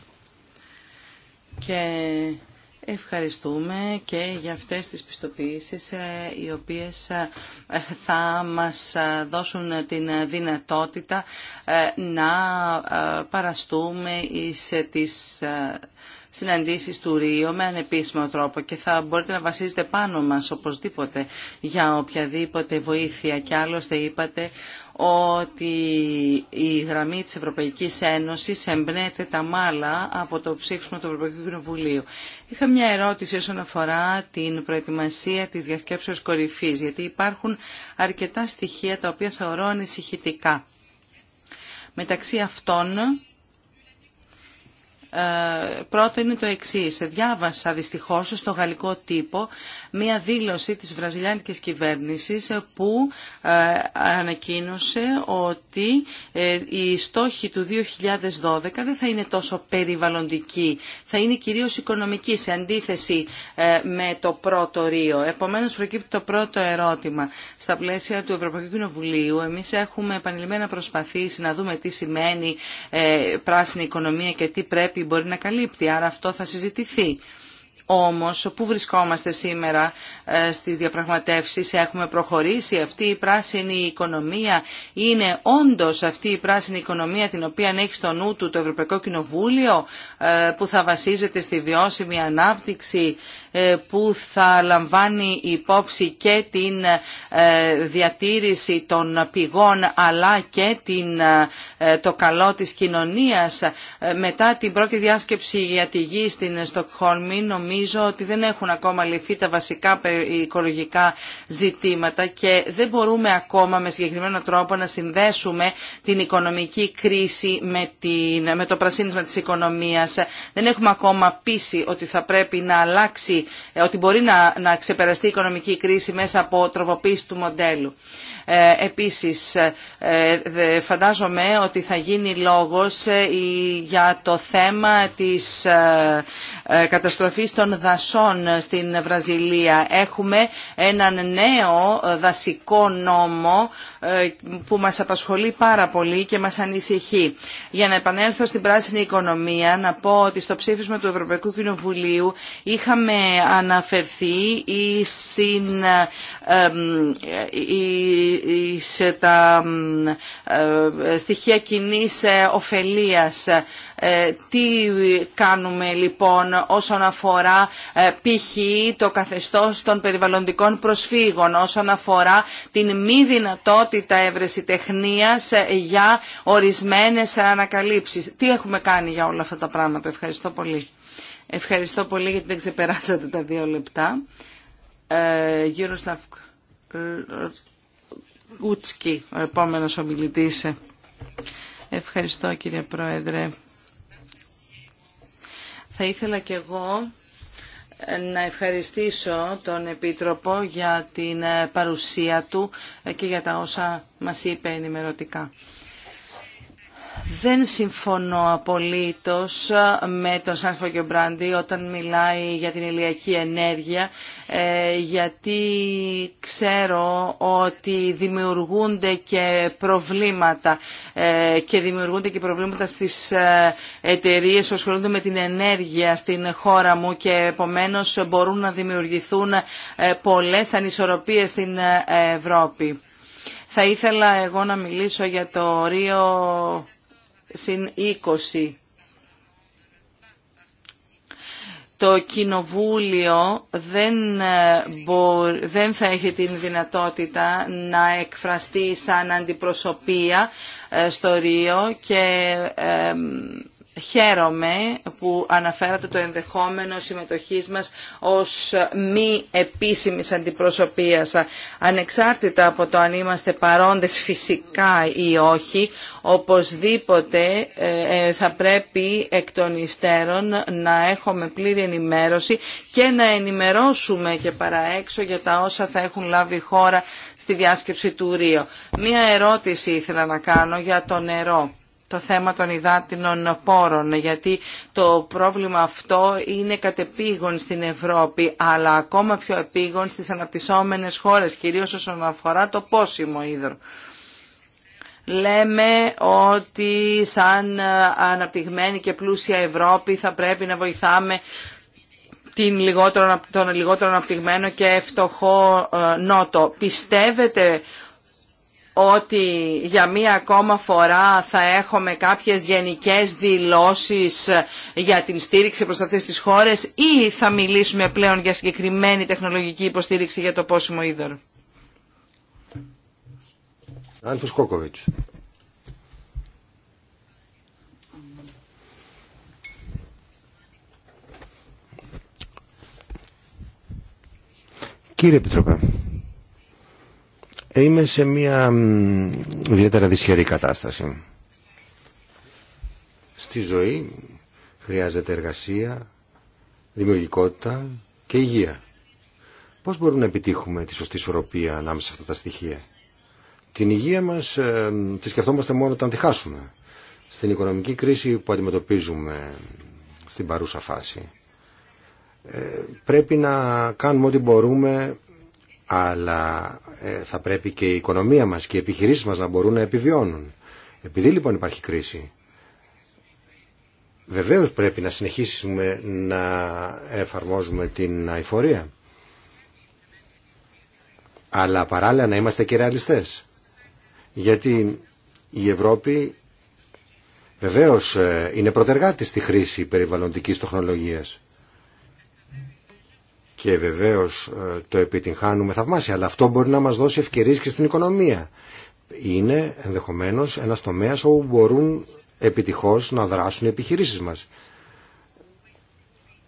και ευχαριστούμε και για αυτές τις πιστοποιήσεις ε, οι οποίες ε, θα μας ε, δώσουν την δυνατότητα να παραστούμε σε τις συναντήσεις του Ρίο με ανεπίσημο τρόπο και θα μπορείτε να βασίζετε πάνω μας οπωσδήποτε για οποιαδήποτε βοήθεια και άλλωστε είπατε ότι η γραμμή της Ευρωπαϊκής Ένωσης εμπνέεται τα μάλα από το ψήφισμα του Ευρωπαϊκού Κοινοβουλίου. Είχα μια ερώτηση όσον αφορά την προετοιμασία της διασκέψεως κορυφής, γιατί υπάρχουν αρκετά στοιχεία τα οποία θεωρώ ανησυχητικά. Μεταξύ αυτών ε, πρώτο είναι το εξής. Διάβασα δυστυχώς στο γαλλικό τύπο μία δήλωση της βραζιλιάνικης κυβέρνησης ε, που ε, ανακοίνωσε ότι οι στόχοι του 2012 δεν θα είναι τόσο περιβαλλοντικοί, θα είναι κυρίως οικονομική σε αντίθεση με το πρώτο ρίο. Επομένως προκύπτει το πρώτο ερώτημα. Στα πλαίσια του Ευρωπαϊκού Κοινοβουλίου εμείς έχουμε επανειλημμένα προσπαθήσει να δούμε τι σημαίνει πράσινη οικονομία και τι πρέπει μπορεί να καλύπτει, άρα αυτό θα συζητηθεί. Όμως, πού βρισκόμαστε σήμερα ε, στις διαπραγματεύσεις, έχουμε προχωρήσει, αυτή η πράσινη οικονομία είναι όντως αυτή η πράσινη οικονομία την οποία έχει στο νου του το Ευρωπαϊκό Κοινοβούλιο ε, που θα βασίζεται στη βιώσιμη ανάπτυξη, ε, που θα λαμβάνει υπόψη και την διατήρηση των πηγών αλλά και την, το καλό της κοινωνίας. Μετά την πρώτη διάσκεψη για τη γη στην νομίζω ότι δεν έχουν ακόμα λυθεί τα βασικά οικολογικά ζητήματα και δεν μπορούμε ακόμα με συγκεκριμένο τρόπο να συνδέσουμε την οικονομική κρίση με, την, το πρασίνισμα της οικονομίας. Δεν έχουμε ακόμα πείσει ότι θα πρέπει να αλλάξει, ε, ότι μπορεί να, να ξεπεραστεί η οικονομική κρίση μέσα από τροποποίηση του μοντέλου. Ε, επίσης, ε, φαντάζομαι ότι θα γίνει λόγος ε, για το θέμα της ε, καταστροφής των δασών στην Βραζιλία. Έχουμε έναν νέο ε, δασικό νόμο ε, που μας απασχολεί πάρα πολύ και μας ανησυχεί. Για να επανέλθω στην πράσινη οικονομία, να πω ότι στο ψήφισμα του Ευρωπαϊκού Κοινοβουλίου είχαμε αναφερθεί στην, σε τα στοιχεία κοινής ωφελίας τι κάνουμε λοιπόν όσον αφορά π.χ. το καθεστώς των περιβαλλοντικών προσφύγων, όσον αφορά την μη δυνατότητα τεχνίας για ορισμένες ανακαλύψεις. Τι έχουμε κάνει για όλα αυτά τα πράγματα. Ευχαριστώ πολύ. Ευχαριστώ πολύ γιατί δεν ξεπεράσατε τα δύο λεπτά. Ε, γύρω ο επόμενος ομιλητής. Ευχαριστώ κύριε Πρόεδρε. Θα ήθελα και εγώ ε, να ευχαριστήσω τον Επίτροπο για την ε, παρουσία του ε, και για τα όσα μας είπε ενημερωτικά. Δεν συμφωνώ απολύτως με τον Σάνχο Γιομπράντι όταν μιλάει για την ηλιακή ενέργεια ε, γιατί ξέρω ότι δημιουργούνται και προβλήματα ε, και δημιουργούνται και προβλήματα στις ε, εταιρείε που ασχολούνται με την ενέργεια στην χώρα μου και επομένως μπορούν να δημιουργηθούν πολλές ανισορροπίες στην Ευρώπη. Θα ήθελα εγώ να μιλήσω για το Ρίο συν 20. Το Κοινοβούλιο δεν, ε, δεν θα έχει την δυνατότητα να εκφραστεί σαν αντιπροσωπεία ε, στο Ρίο και ε, Χαίρομαι που αναφέρατε το ενδεχόμενο συμμετοχής μας ως μη επίσημης αντιπροσωπείας. Ανεξάρτητα από το αν είμαστε παρόντες φυσικά ή όχι, οπωσδήποτε ε, ε, θα πρέπει εκ των υστέρων να έχουμε πλήρη ενημέρωση και να ενημερώσουμε και παραέξω για τα όσα θα έχουν λάβει χώρα στη διάσκεψη του Ρίο. Μία ερώτηση ήθελα να κάνω για το νερό το θέμα των υδάτινων πόρων, γιατί το πρόβλημα αυτό είναι κατεπήγον στην Ευρώπη, αλλά ακόμα πιο επίγον στις αναπτυσσόμενες χώρες, κυρίως όσον αφορά το πόσιμο ύδρο. Λέμε ότι σαν αναπτυγμένη και πλούσια Ευρώπη θα πρέπει να βοηθάμε την λιγότερο, τον λιγότερο αναπτυγμένο και φτωχό ε, νότο. Πιστεύετε ότι για μία ακόμα φορά θα έχουμε κάποιες γενικές δηλώσεις για την στήριξη προς αυτές τις χώρες ή θα μιλήσουμε πλέον για συγκεκριμένη τεχνολογική υποστήριξη για το πόσιμο είδωρο. Άνθος Κόκοβιτς. Κύριε Επιτροπέ, Είμαι σε μια ιδιαίτερα δυσχερή κατάσταση. Στη ζωή χρειάζεται εργασία, δημιουργικότητα και υγεία. Πώς μπορούμε να επιτύχουμε τη σωστή ισορροπία ανάμεσα σε αυτά τα στοιχεία. Την υγεία μας ε, τη σκεφτόμαστε μόνο όταν τη χάσουμε. Στην οικονομική κρίση που αντιμετωπίζουμε στην παρούσα φάση. Ε, πρέπει να κάνουμε ό,τι μπορούμε αλλά ε, θα πρέπει και η οικονομία μας και οι επιχειρήσεις μας να μπορούν να επιβιώνουν. Επειδή λοιπόν υπάρχει κρίση, βεβαίως πρέπει να συνεχίσουμε να εφαρμόζουμε την αηφορία. Αλλά παράλληλα να είμαστε και ρεαλιστές. Γιατί η Ευρώπη βεβαίως ε, είναι προτεργάτη στη χρήση περιβαλλοντικής τεχνολογίας και βεβαίως ε, το επιτυγχάνουμε θαυμάσια, αλλά αυτό μπορεί να μας δώσει ευκαιρίες και στην οικονομία. Είναι ενδεχομένως ένας τομέας όπου μπορούν επιτυχώς να δράσουν οι επιχειρήσεις μας.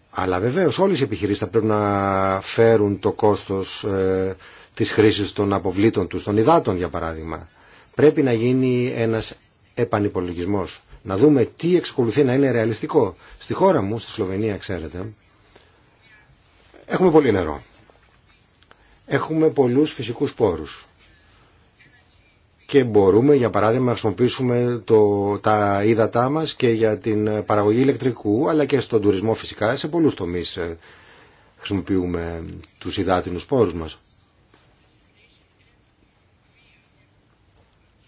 Αλλά βεβαίως όλες οι επιχειρήσεις θα πρέπει να φέρουν το κόστος ε, της χρήσης των αποβλήτων τους, των υδάτων για παράδειγμα. Πρέπει να γίνει ένας επανυπολογισμός. Να δούμε τι εξακολουθεί να είναι ρεαλιστικό. Στη χώρα μου, στη Σλοβενία ξέρετε, Έχουμε πολύ νερό. Έχουμε πολλούς φυσικούς πόρους. Και μπορούμε, για παράδειγμα, να χρησιμοποιήσουμε το, τα ύδατά μας και για την παραγωγή ηλεκτρικού, αλλά και στον τουρισμό φυσικά, σε πολλούς τομείς ε, χρησιμοποιούμε τους υδάτινους πόρους μας.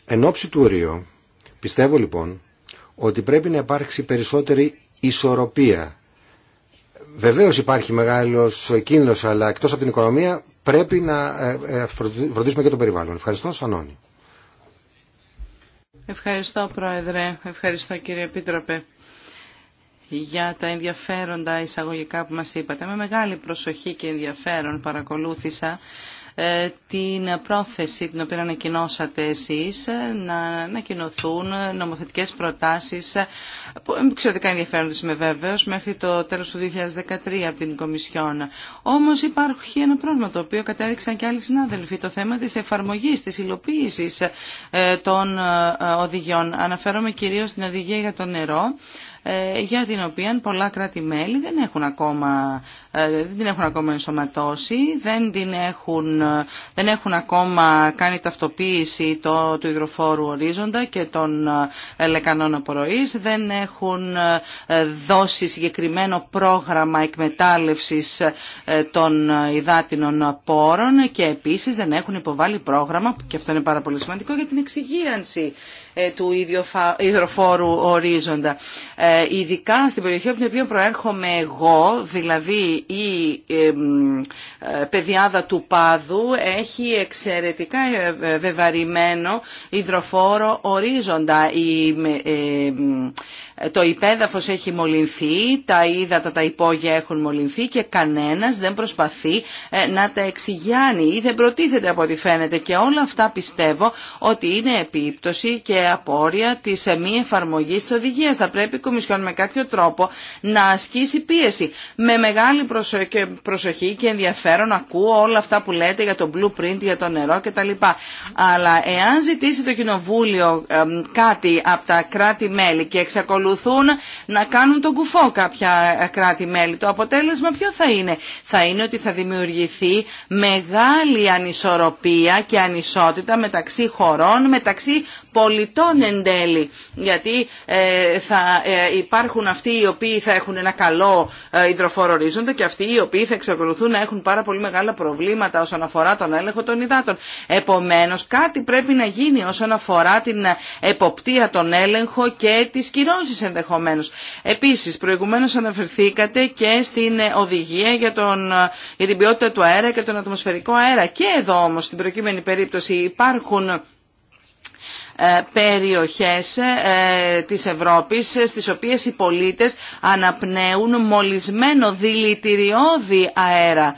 Εν ώψη του ορίου, πιστεύω λοιπόν ότι πρέπει να υπάρξει περισσότερη ισορροπία Βεβαίως υπάρχει μεγάλος κίνδυνος, αλλά εκτός από την οικονομία πρέπει να ε, ε, φροντίσουμε και το περιβάλλον. Ευχαριστώ, Σανώνη. Ευχαριστώ, Πρόεδρε. Ευχαριστώ, κύριε Επίτροπε για τα ενδιαφέροντα εισαγωγικά που μας είπατε. Με μεγάλη προσοχή και ενδιαφέρον παρακολούθησα ε, την πρόθεση την οποία ανακοινώσατε εσείς ε, να ανακοινωθούν νομοθετικές προτάσεις ε, που εξαιρετικά ενδιαφέροντες με βέβαιος μέχρι το τέλος του 2013 από την Κομισιόν. Όμως υπάρχει ένα πρόβλημα το οποίο κατέδειξαν και άλλοι συνάδελφοι, το θέμα της εφαρμογής, της υλοποίησης των οδηγιών. Αναφέρομαι κυρίως στην οδηγία για το νερό ε, για την οποία πολλά κράτη-μέλη δεν έχουν ακόμα ε, δεν την έχουν ακόμα ενσωματώσει, δεν, την έχουν, δεν έχουν ακόμα κάνει ταυτοποίηση το, του υδροφόρου ορίζοντα και των ε, λεκανών απορροής, δεν έχουν δώσει συγκεκριμένο πρόγραμμα εκμετάλλευσης των υδάτινων πόρων και επίσης δεν έχουν υποβάλει πρόγραμμα, και αυτό είναι πάρα πολύ σημαντικό, για την εξυγίανση ε, του υδροφόρου ορίζοντα. Ε, ειδικά στην περιοχή από την οποία προέρχομαι εγώ, δηλαδή η ε, παιδιάδα του Πάδου, έχει εξαιρετικά βεβαρημένο υδροφόρο ορίζοντα. Η το υπέδαφος έχει μολυνθεί, τα ύδατα τα υπόγεια έχουν μολυνθεί και κανένας δεν προσπαθεί ε, να τα εξηγιάνει ή δεν προτίθεται από ό,τι φαίνεται και όλα αυτά πιστεύω ότι είναι επίπτωση και απόρρια της ε, μη εφαρμογής της οδηγίας. Θα πρέπει η Κομισιόν με κάποιο τρόπο να ασκήσει πίεση. Με μεγάλη προσοχή και ενδιαφέρον ακούω όλα αυτά που λέτε για το blueprint, για το νερό κτλ. Αλλά εάν ζητήσει το Κοινοβούλιο κάτι από τα κράτη-μέλη και εξακολουθεί να κάνουν τον κουφό κάποια ε, κράτη-μέλη. Το αποτέλεσμα ποιο θα είναι. Θα είναι ότι θα δημιουργηθεί μεγάλη ανισορροπία και ανισότητα μεταξύ χωρών, μεταξύ πολιτών εν τέλει. Γιατί ε, θα ε, υπάρχουν αυτοί οι οποίοι θα έχουν ένα καλό ε, υδροφορορίζοντα και αυτοί οι οποίοι θα εξακολουθούν να έχουν πάρα πολύ μεγάλα προβλήματα όσον αφορά τον έλεγχο των υδάτων. Επομένως κάτι πρέπει να γίνει όσον αφορά την εποπτεία, τον έλεγχο και τις κυρώσεις Επίση, ενδεχομένως. Επίσης, προηγουμένως αναφερθήκατε και στην οδηγία για, τον, για την ποιότητα του αέρα και τον ατμοσφαιρικό αέρα. Και εδώ όμως, στην προκείμενη περίπτωση, υπάρχουν ε, περιοχές ε, της Ευρώπης ε, στις οποίες οι πολίτες αναπνέουν μολυσμένο δηλητηριώδη αέρα.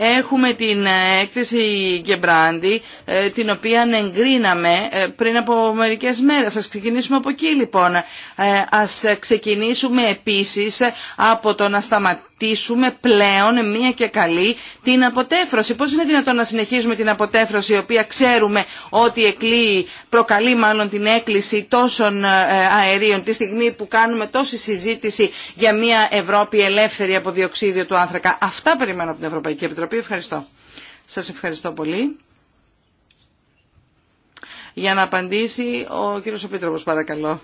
Έχουμε την ε, έκθεση Γκεμπράντι, ε, την οποία εγκρίναμε ε, πριν από μερικές μέρες. Ας ξεκινήσουμε από εκεί λοιπόν. Ας ξεκινήσουμε επίσης από το να σταματήσουμε πλέον μία και καλή την αποτέφρωση. Πώς είναι δυνατόν να συνεχίζουμε την αποτέφρωση η οποία ξέρουμε ότι εκλεί, προκαλεί μάλλον την έκκληση τόσων αερίων τη στιγμή που κάνουμε τόση συζήτηση για μία Ευρώπη ελεύθερη από διοξίδιο του άνθρακα. Αυτά περιμένω από την Ευρωπαϊκή Επιτροπή. Επιτροπή. Ευχαριστώ. Σας ευχαριστώ πολύ. Για να απαντήσει ο κύριος Επίτροπος, παρακαλώ.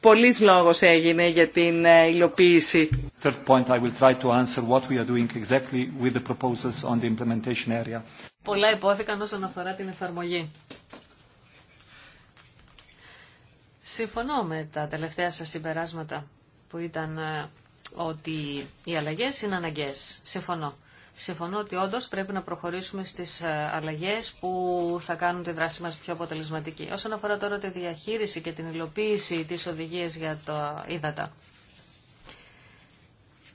Πολλής λόγος έγινε για την υλοποίηση. Πολλά υπόθηκαν όσον αφορά την εφαρμογή. Συμφωνώ με τα τελευταία σας συμπεράσματα που ήταν ε, ότι οι αλλαγέ είναι αναγκαίες. Συμφωνώ. Συμφωνώ ότι όντω πρέπει να προχωρήσουμε στι ε, αλλαγέ που θα κάνουν τη δράση μα πιο αποτελεσματική. Όσον αφορά τώρα τη διαχείριση και την υλοποίηση τη οδηγία για το ύδατα.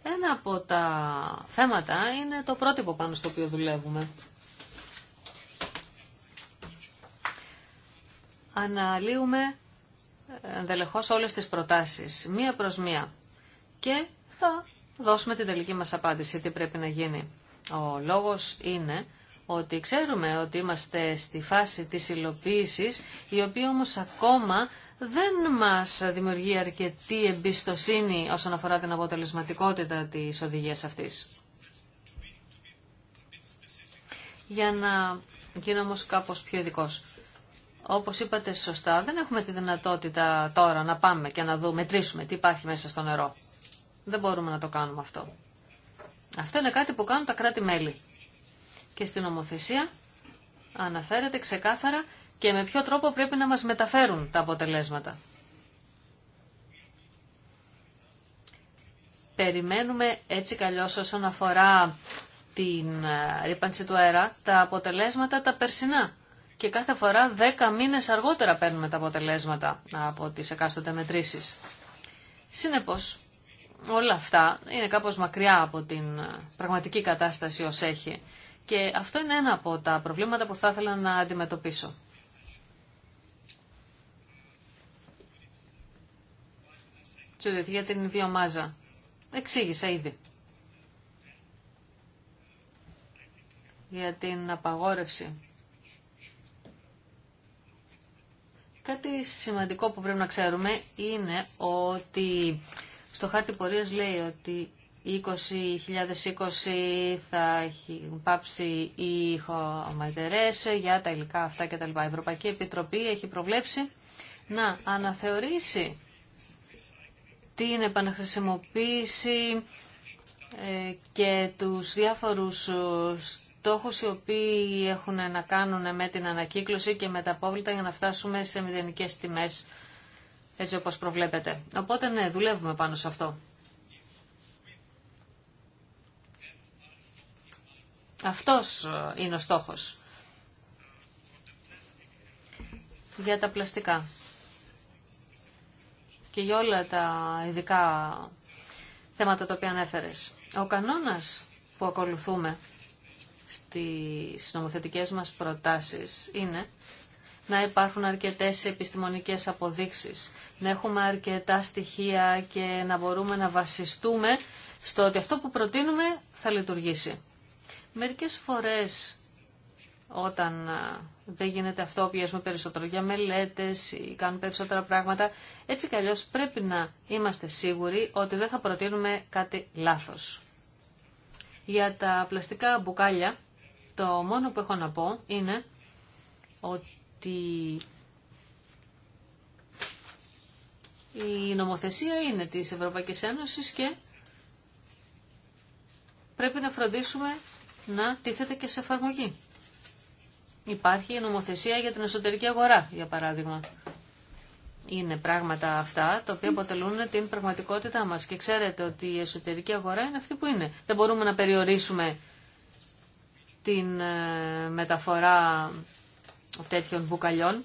Ένα από τα θέματα είναι το πρότυπο πάνω στο οποίο δουλεύουμε. Αναλύουμε ε, ενδελεχώς όλες τις προτάσεις, μία προς μία. Και θα δώσουμε την τελική μας απάντηση, τι πρέπει να γίνει. Ο λόγος είναι ότι ξέρουμε ότι είμαστε στη φάση της υλοποίησης, η οποία όμως ακόμα δεν μας δημιουργεί αρκετή εμπιστοσύνη όσον αφορά την αποτελεσματικότητα της οδηγίας αυτής. Για να γίνω όμως κάπως πιο ειδικό. Όπως είπατε σωστά, δεν έχουμε τη δυνατότητα τώρα να πάμε και να δούμε, μετρήσουμε τι υπάρχει μέσα στο νερό. Δεν μπορούμε να το κάνουμε αυτό. Αυτό είναι κάτι που κάνουν τα κράτη-μέλη. Και στην ομοθεσία αναφέρεται ξεκάθαρα και με ποιο τρόπο πρέπει να μας μεταφέρουν τα αποτελέσματα. Περιμένουμε έτσι καλώς όσον αφορά την ε, ρήπανση του αέρα, τα αποτελέσματα τα περσινά. Και κάθε φορά 10 μήνες αργότερα παίρνουμε τα αποτελέσματα από τις εκάστοτε μετρήσεις. Συνεπώς, όλα αυτά είναι κάπως μακριά από την ε, πραγματική κατάσταση ως έχει. Και αυτό είναι ένα από τα προβλήματα που θα ήθελα να αντιμετωπίσω. για την βιομάζα. Εξήγησα ήδη. Για την απαγόρευση. Κάτι σημαντικό που πρέπει να ξέρουμε είναι ότι στο χάρτη πορεία λέει ότι 2020 θα έχει πάψει οι χωματερέ για τα υλικά αυτά κτλ. Η Ευρωπαϊκή Επιτροπή έχει προβλέψει να αναθεωρήσει την επαναχρησιμοποίηση ε, και τους διάφορους ε, στόχους οι οποίοι έχουν να κάνουν με την ανακύκλωση και με τα απόβλητα για να φτάσουμε σε μηδενικές τιμές έτσι όπως προβλέπετε. Οπότε ναι, δουλεύουμε πάνω σε αυτό. Αυτός ε, είναι ο στόχος. Για τα πλαστικά και για όλα τα ειδικά θέματα τα οποία ανέφερες. Ο κανόνας που ακολουθούμε στις νομοθετικές μας προτάσεις είναι να υπάρχουν αρκετές επιστημονικές αποδείξεις, να έχουμε αρκετά στοιχεία και να μπορούμε να βασιστούμε στο ότι αυτό που προτείνουμε θα λειτουργήσει. Μερικές φορές όταν δεν γίνεται αυτό, πιέζουμε περισσότερο για μελέτες ή κάνουμε περισσότερα πράγματα. Έτσι κι πρέπει να είμαστε σίγουροι ότι δεν θα προτείνουμε κάτι λάθος. Για τα πλαστικά μπουκάλια, το μόνο που έχω να πω είναι ότι ότι η νομοθεσία είναι της Ευρωπαϊκής Ένωσης και πρέπει να φροντίσουμε να τίθεται και σε εφαρμογή. Υπάρχει η νομοθεσία για την εσωτερική αγορά, για παράδειγμα. Είναι πράγματα αυτά τα οποία αποτελούν την πραγματικότητά μας. Και ξέρετε ότι η εσωτερική αγορά είναι αυτή που είναι. Δεν μπορούμε να περιορίσουμε την ε, μεταφορά τέτοιων μπουκαλιών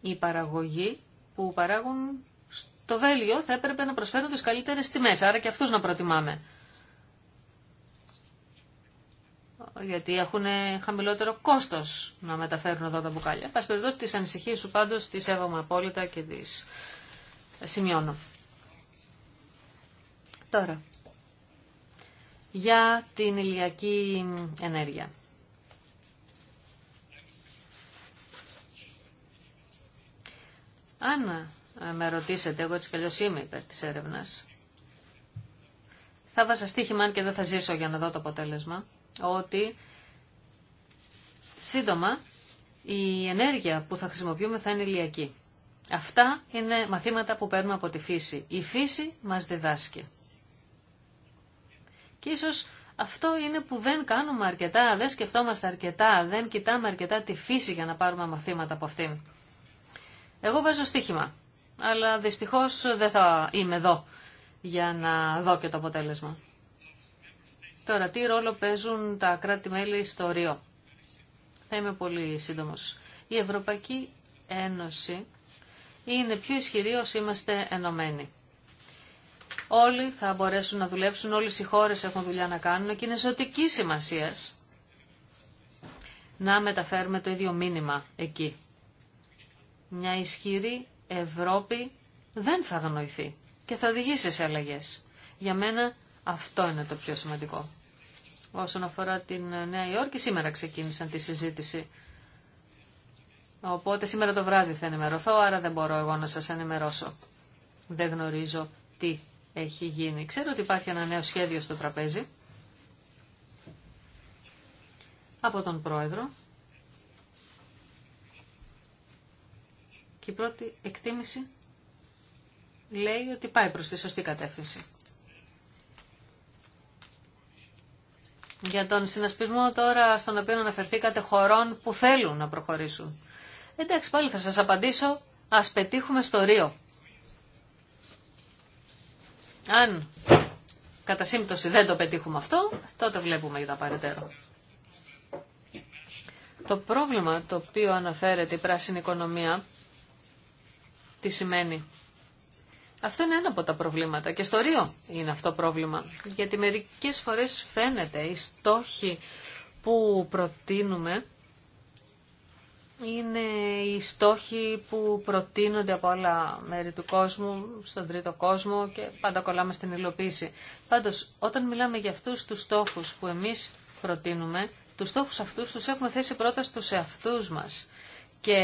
η παραγωγή που παράγουν στο Βέλιο θα έπρεπε να προσφέρουν τις καλύτερες τιμές, άρα και αυτούς να προτιμάμε. Γιατί έχουν χαμηλότερο κόστος να μεταφέρουν εδώ τα μπουκάλια. Πας περιπτώσει τις ανησυχίες σου πάντως τις σέβομαι απόλυτα και τις σημειώνω. Τώρα, για την ηλιακή ενέργεια. Αν με ρωτήσετε, εγώ έτσι καλώς είμαι υπέρ της έρευνας, θα βάζα στοίχημα, αν και δεν θα ζήσω για να δω το αποτέλεσμα, ότι σύντομα η ενέργεια που θα χρησιμοποιούμε θα είναι ηλιακή. Αυτά είναι μαθήματα που παίρνουμε από τη φύση. Η φύση μας διδάσκει. Και ίσως αυτό είναι που δεν κάνουμε αρκετά, δεν σκεφτόμαστε αρκετά, δεν κοιτάμε αρκετά τη φύση για να πάρουμε μαθήματα από αυτήν. Εγώ βάζω στοίχημα, αλλά δυστυχώς δεν θα είμαι εδώ για να δω και το αποτέλεσμα. Τώρα, τι ρόλο παίζουν τα κράτη-μέλη στο ΡΙΟ. Θα είμαι πολύ σύντομος. Η Ευρωπαϊκή Ένωση είναι πιο ισχυρή όσοι είμαστε ενωμένοι. Όλοι θα μπορέσουν να δουλέψουν, όλες οι χώρες έχουν δουλειά να κάνουν και είναι ζωτική σημασία να μεταφέρουμε το ίδιο μήνυμα εκεί μια ισχυρή Ευρώπη δεν θα αγνοηθεί και θα οδηγήσει σε αλλαγές. Για μένα αυτό είναι το πιο σημαντικό. Όσον αφορά την Νέα Υόρκη, σήμερα ξεκίνησαν τη συζήτηση. Οπότε σήμερα το βράδυ θα ενημερωθώ, άρα δεν μπορώ εγώ να σας ενημερώσω. Δεν γνωρίζω τι έχει γίνει. Ξέρω ότι υπάρχει ένα νέο σχέδιο στο τραπέζι από τον πρόεδρο Και η πρώτη εκτίμηση λέει ότι πάει προς τη σωστή κατεύθυνση. Για τον συνασπισμό τώρα στον οποίο αναφερθήκατε χωρών που θέλουν να προχωρήσουν. Εντάξει, πάλι θα σας απαντήσω, ας πετύχουμε στο Ρίο. Αν κατά σύμπτωση δεν το πετύχουμε αυτό, τότε βλέπουμε για τα παρετέρω. Το πρόβλημα το οποίο αναφέρεται η πράσινη οικονομία τι σημαίνει. Αυτό είναι ένα από τα προβλήματα και στο Ρίο είναι αυτό πρόβλημα. Γιατί μερικές φορές φαίνεται οι στόχοι που προτείνουμε είναι οι στόχοι που προτείνονται από όλα μέρη του κόσμου, στον τρίτο κόσμο και πάντα κολλάμε στην υλοποίηση. Πάντως, όταν μιλάμε για αυτούς τους στόχους που εμείς προτείνουμε, τους στόχους αυτούς τους έχουμε θέσει πρώτα στους εαυτούς μας. Και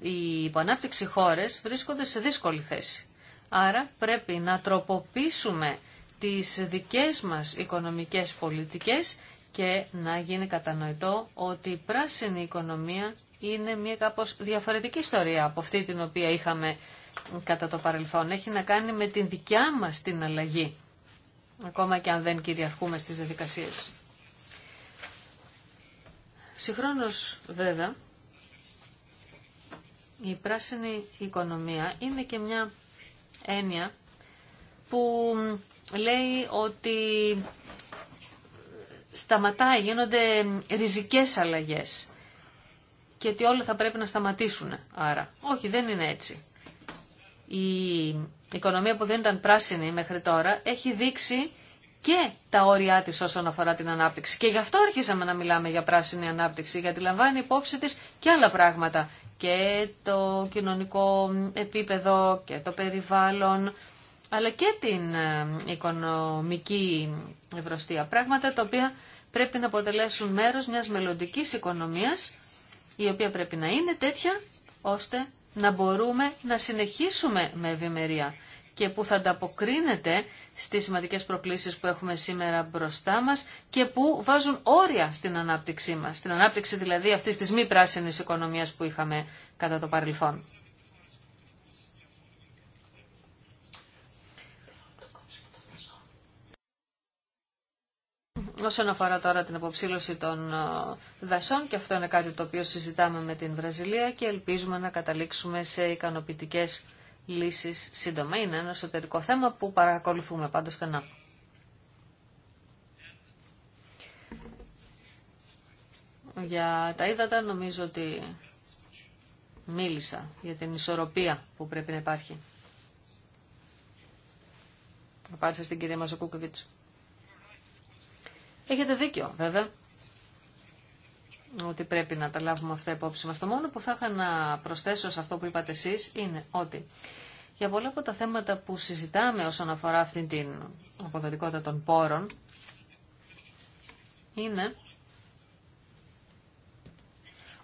οι υποανάπτυξη χώρες βρίσκονται σε δύσκολη θέση. Άρα πρέπει να τροποποιήσουμε τις δικές μας οικονομικές πολιτικές και να γίνει κατανοητό ότι η πράσινη οικονομία είναι μια κάπως διαφορετική ιστορία από αυτή την οποία είχαμε κατά το παρελθόν. Έχει να κάνει με την δικιά μας την αλλαγή, ακόμα και αν δεν κυριαρχούμε στις διαδικασίες. Συγχρόνως βέβαια, η πράσινη οικονομία είναι και μια έννοια που λέει ότι σταματάει, γίνονται ριζικές αλλαγές και ότι όλα θα πρέπει να σταματήσουν. Άρα, όχι, δεν είναι έτσι. Η οικονομία που δεν ήταν πράσινη μέχρι τώρα έχει δείξει και τα όρια της όσον αφορά την ανάπτυξη. Και γι' αυτό αρχίσαμε να μιλάμε για πράσινη ανάπτυξη, γιατί λαμβάνει υπόψη της και άλλα πράγματα και το κοινωνικό επίπεδο και το περιβάλλον αλλά και την ε, οικονομική ευρωστία. Πράγματα τα οποία πρέπει να αποτελέσουν μέρος μιας μελλοντικής οικονομίας η οποία πρέπει να είναι τέτοια ώστε να μπορούμε να συνεχίσουμε με ευημερία και που θα ανταποκρίνεται στις σημαντικές προκλήσεις που έχουμε σήμερα μπροστά μας και που βάζουν όρια στην ανάπτυξή μας, στην ανάπτυξη δηλαδή αυτής της μη πράσινης οικονομίας που είχαμε κατά το παρελθόν. Όσον αφορά τώρα την αποψήλωση των ε, δασών, και αυτό είναι κάτι το οποίο συζητάμε με την Βραζιλία και ελπίζουμε να καταλήξουμε σε ικανοποιητικές λύσεις σύντομα. Είναι ένα εσωτερικό θέμα που παρακολουθούμε πάντως στενά. Για τα ύδατα νομίζω ότι μίλησα για την ισορροπία που πρέπει να υπάρχει. Απάντησα στην κυρία Μαζοκούκοβιτς. Έχετε δίκιο βέβαια ότι πρέπει να τα λάβουμε αυτά υπόψη μας. Το μόνο που θα είχα να προσθέσω σε αυτό που είπατε εσείς είναι ότι για πολλά από τα θέματα που συζητάμε όσον αφορά αυτή την αποδοτικότητα των πόρων είναι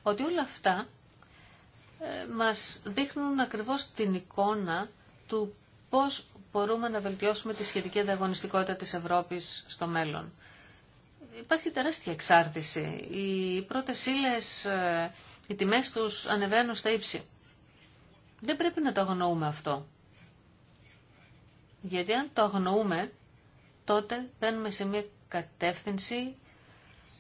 ότι όλα αυτά ε, μας δείχνουν ακριβώς την εικόνα του πώς μπορούμε να βελτιώσουμε τη σχετική ανταγωνιστικότητα της Ευρώπης στο μέλλον υπάρχει τεράστια εξάρτηση. Οι πρώτε ύλε, ε, οι τιμέ του ανεβαίνουν στα ύψη. Δεν πρέπει να το αγνοούμε αυτό. Γιατί αν το αγνοούμε, τότε μπαίνουμε σε μια κατεύθυνση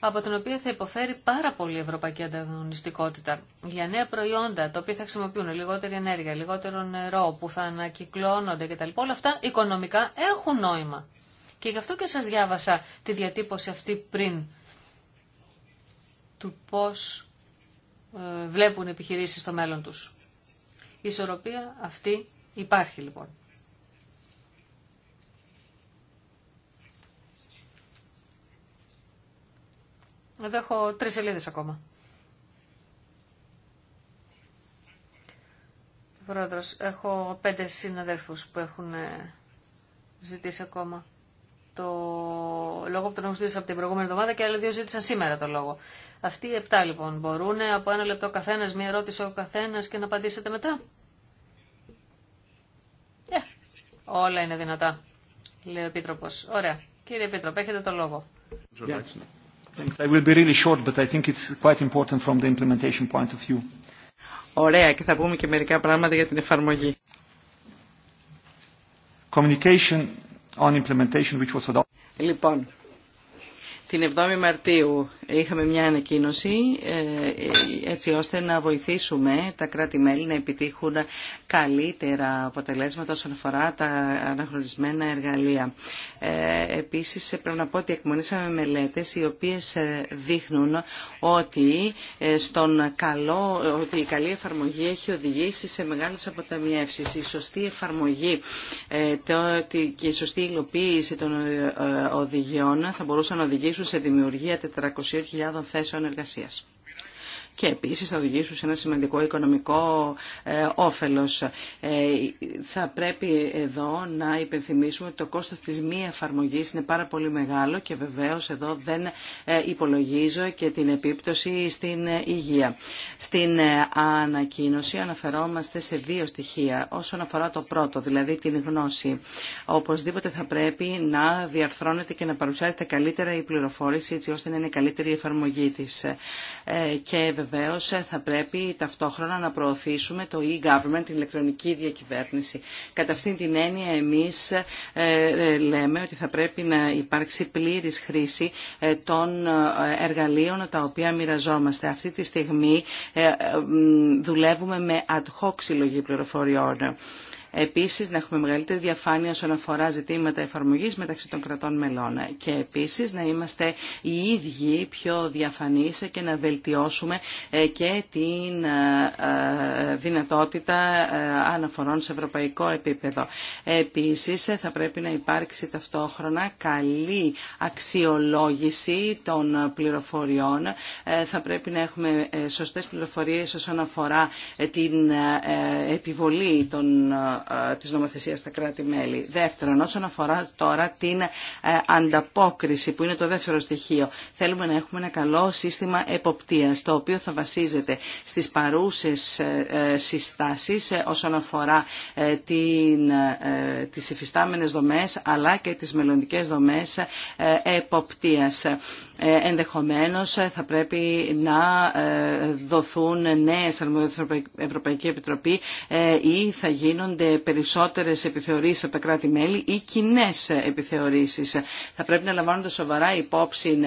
από την οποία θα υποφέρει πάρα πολύ η ευρωπαϊκή ανταγωνιστικότητα. Για νέα προϊόντα, τα οποία θα χρησιμοποιούν λιγότερη ενέργεια, λιγότερο νερό, που θα ανακυκλώνονται κτλ. Όλα αυτά οικονομικά έχουν νόημα. Και γι' αυτό και σας διάβασα τη διατύπωση αυτή πριν του πώς ε, βλέπουν οι επιχειρήσεις στο μέλλον τους. Η ισορροπία αυτή υπάρχει λοιπόν. Εδώ έχω τρεις σελίδες ακόμα. Πρόεδρος, έχω πέντε συναδέλφους που έχουν ε, ζητήσει ακόμα το λόγο που τον έχω ζητήσει από την προηγούμενη εβδομάδα και άλλοι δύο ζήτησαν σήμερα το λόγο. Αυτοί οι επτά λοιπόν μπορούν από ένα λεπτό καθένα, μία ερώτηση ο καθένα και να απαντήσετε μετά. Ε, όλα είναι δυνατά, λέει ο Επίτροπο. Ωραία. Κύριε Επίτροπο, έχετε το λόγο. Ωραία και θα πούμε και μερικά πράγματα για την εφαρμογή. Communication on implementation which was adopted. Λοιπόν, την 7η Μαρτίου είχαμε μια ανακοίνωση ε, έτσι ώστε να βοηθήσουμε τα κράτη-μέλη να επιτύχουν καλύτερα αποτελέσματα όσον αφορά τα αναχρονισμένα εργαλεία. Ε, επίσης πρέπει να πω ότι εκμονήσαμε μελέτες οι οποίες ε, δείχνουν ότι, στον καλό, ότι η καλή εφαρμογή έχει οδηγήσει σε μεγάλες αποταμιεύσεις. Η σωστή εφαρμογή και η σωστή υλοποίηση των οδηγιών θα μπορούσαν να οδηγήσουν οδηγήσουν σε δημιουργία 400.000 θέσεων εργασίας και επίσης θα οδηγήσουν σε ένα σημαντικό οικονομικό ε, όφελος. Ε, θα πρέπει εδώ να υπενθυμίσουμε ότι το κόστος της μη εφαρμογής είναι πάρα πολύ μεγάλο και βεβαίως εδώ δεν ε, υπολογίζω και την επίπτωση στην υγεία. Στην ανακοίνωση αναφερόμαστε σε δύο στοιχεία όσον αφορά το πρώτο, δηλαδή την γνώση. Οπωσδήποτε θα πρέπει να διαρθρώνεται και να παρουσιάζεται καλύτερα η πληροφόρηση έτσι ώστε να είναι καλύτερη η εφαρμογή της. Βεβαίω, ε, θα πρέπει ταυτόχρονα να προωθήσουμε το e-government, την ηλεκτρονική διακυβέρνηση. Κατά αυτήν την έννοια εμείς ε, ε, λέμε ότι θα πρέπει να υπάρξει πλήρης χρήση των εργαλείων τα οποία μοιραζόμαστε. Αυτή τη στιγμή δουλεύουμε με ad hoc συλλογή πληροφοριών. Επίσης, να έχουμε μεγαλύτερη διαφάνεια όσον αφορά ζητήματα εφαρμογής μεταξύ των κρατών μελών. Και επίσης, να είμαστε οι ίδιοι πιο διαφανείς και να βελτιώσουμε ε, και την ε, ε, δυνατότητα αναφορών σε ευρωπαϊκό επίπεδο. Επίσης, θα πρέπει να υπάρξει ταυτόχρονα καλή αξιολόγηση των πληροφοριών. Θα πρέπει να έχουμε σωστές πληροφορίες όσον αφορά την επιβολή των ε, Τη νομοθεσία στα κράτη-μέλη. Δεύτερον, όσον αφορά τώρα την ε, ανταπόκριση που είναι το δεύτερο στοιχείο, θέλουμε να έχουμε ένα καλό σύστημα εποπτείας το οποίο θα βασίζεται στις παρούσες ε, συστάσεις όσον αφορά την, τις υφιστάμενες δομές αλλά και τις μελλοντικές δομές εποπτείας. Ε, ενδεχομένως ε, θα πρέπει να ε, δοθούν νέες αρμοδιότητες Ευρωπαϊκή Επιτροπή ή θα γίνονται περισσότερες επιθεωρήσεις από τα κράτη-μέλη ή κοινέ επιθεωρήσεις. Θα πρέπει να λαμβάνονται σοβαρά υπόψη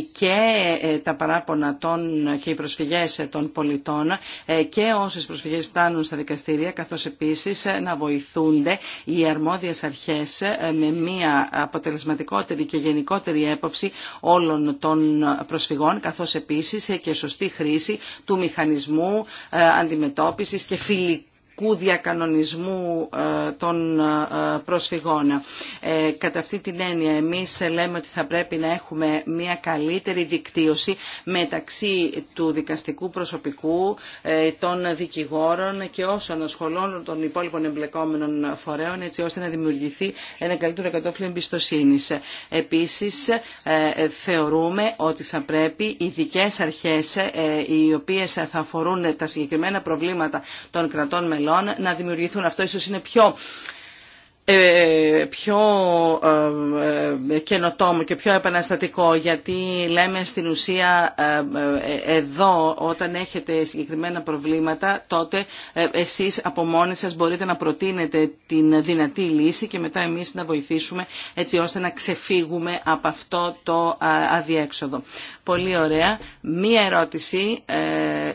και ε, τα παράπονα των, και οι προσφυγές ε, των πολιτών ε, και όσες προσφυγές φτάνουν στα δικαστήρια καθώς επίσης να βοηθούνται οι αρμόδιες αρχές με μια αποτελεσματικότερη και γενικότερη έποψη όλων των προσφυγών καθώς επίσης και σωστή χρήση του μηχανισμού αντιμετώπισης και φιλικού κύδια διακανονισμού ε, των ε, προσφυγών. Ε, κατά αυτή την έννοια εμείς λέμε ότι θα πρέπει να έχουμε μια καλύτερη δικτύωση μεταξύ του δικαστικού προσωπικού, των δικηγόρων και όσων ασχολών των υπόλοιπων εμπλεκόμενων φορέων έτσι ώστε να δημιουργηθεί ένα καλύτερο κατόφλιο εμπιστοσύνη. Επίσης θεωρούμε ότι θα πρέπει οι δικές αρχές οι οποίες θα αφορούν τα συγκεκριμένα προβλήματα των κρατών μελών να δημιουργηθούν. Αυτό ίσως είναι πιο ε, πιο ε, ε, καινοτόμο και πιο επαναστατικό γιατί λέμε στην ουσία εδώ όταν έχετε συγκεκριμένα προβλήματα τότε εσείς από μόνοι σας μπορείτε να προτείνετε την δυνατή λύση και μετά εμείς να βοηθήσουμε έτσι ώστε να ξεφύγουμε από αυτό το αδιέξοδο. Πολύ ωραία. Μία ερώτηση,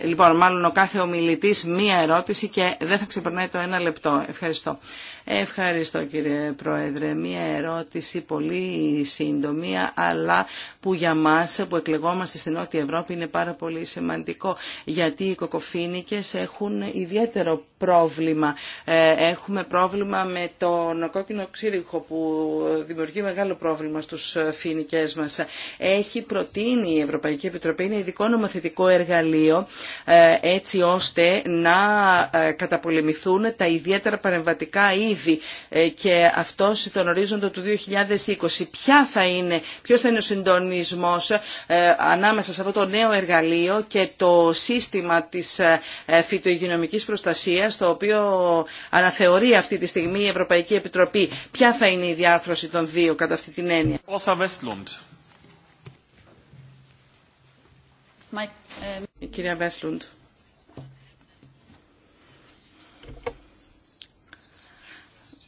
λοιπόν μάλλον ο κάθε ομιλητής μία ερώτηση και δεν θα ξεπερνάει το ένα λεπτό. Ευχαριστώ. Ευχαριστώ κύριε Πρόεδρε. Μία ερώτηση πολύ σύντομη, αλλά που για μας που εκλεγόμαστε στην Νότια Ευρώπη είναι πάρα πολύ σημαντικό, γιατί οι κοκοφίνικες έχουν ιδιαίτερο πρόβλημα. Ε, έχουμε πρόβλημα με τον κόκκινο ξύριχο που δημιουργεί μεγάλο πρόβλημα στους ε, φοινικές μας. Έχει προτείνει η Ευρωπαϊκή Επιτροπή ένα ειδικό νομοθετικό εργαλείο ε, έτσι ώστε να καταπολεμηθούν τα ιδιαίτερα παρεμβατικά είδη και αυτό σε τον ορίζοντα του 2020. Ποια θα είναι, ποιος θα είναι ο συντονισμός ανάμεσα σε αυτό το νέο εργαλείο και το σύστημα της φυτογενομικής προστασίας στο το οποίο αναθεωρεί αυτή τη στιγμή η Ευρωπαϊκή Επιτροπή. Ποια θα είναι η διάρθρωση των δύο κατά αυτή την έννοια. Ε, κυρία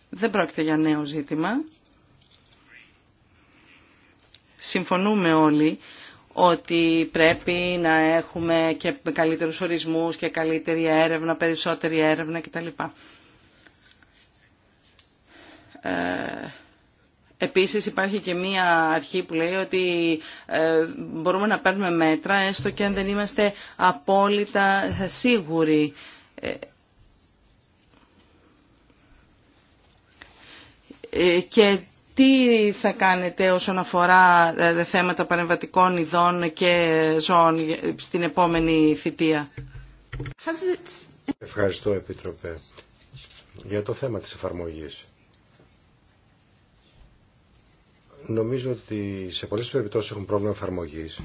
Δεν πρόκειται για νέο ζήτημα. Συμφωνούμε όλοι ότι πρέπει να έχουμε και καλύτερους ορισμούς και καλύτερη έρευνα, περισσότερη έρευνα κτλ. Ε, επίσης υπάρχει και μία αρχή που λέει ότι ε, μπορούμε να παίρνουμε μέτρα έστω και αν δεν είμαστε απόλυτα σίγουροι. Ε, και τι θα κάνετε όσον αφορά ε, θέματα παρεμβατικών ειδών και ζώων στην επόμενη θητεία. Ευχαριστώ, Επίτροπε, για το θέμα της εφαρμογής. Νομίζω ότι σε πολλές περιπτώσεις έχουν πρόβλημα εφαρμογής,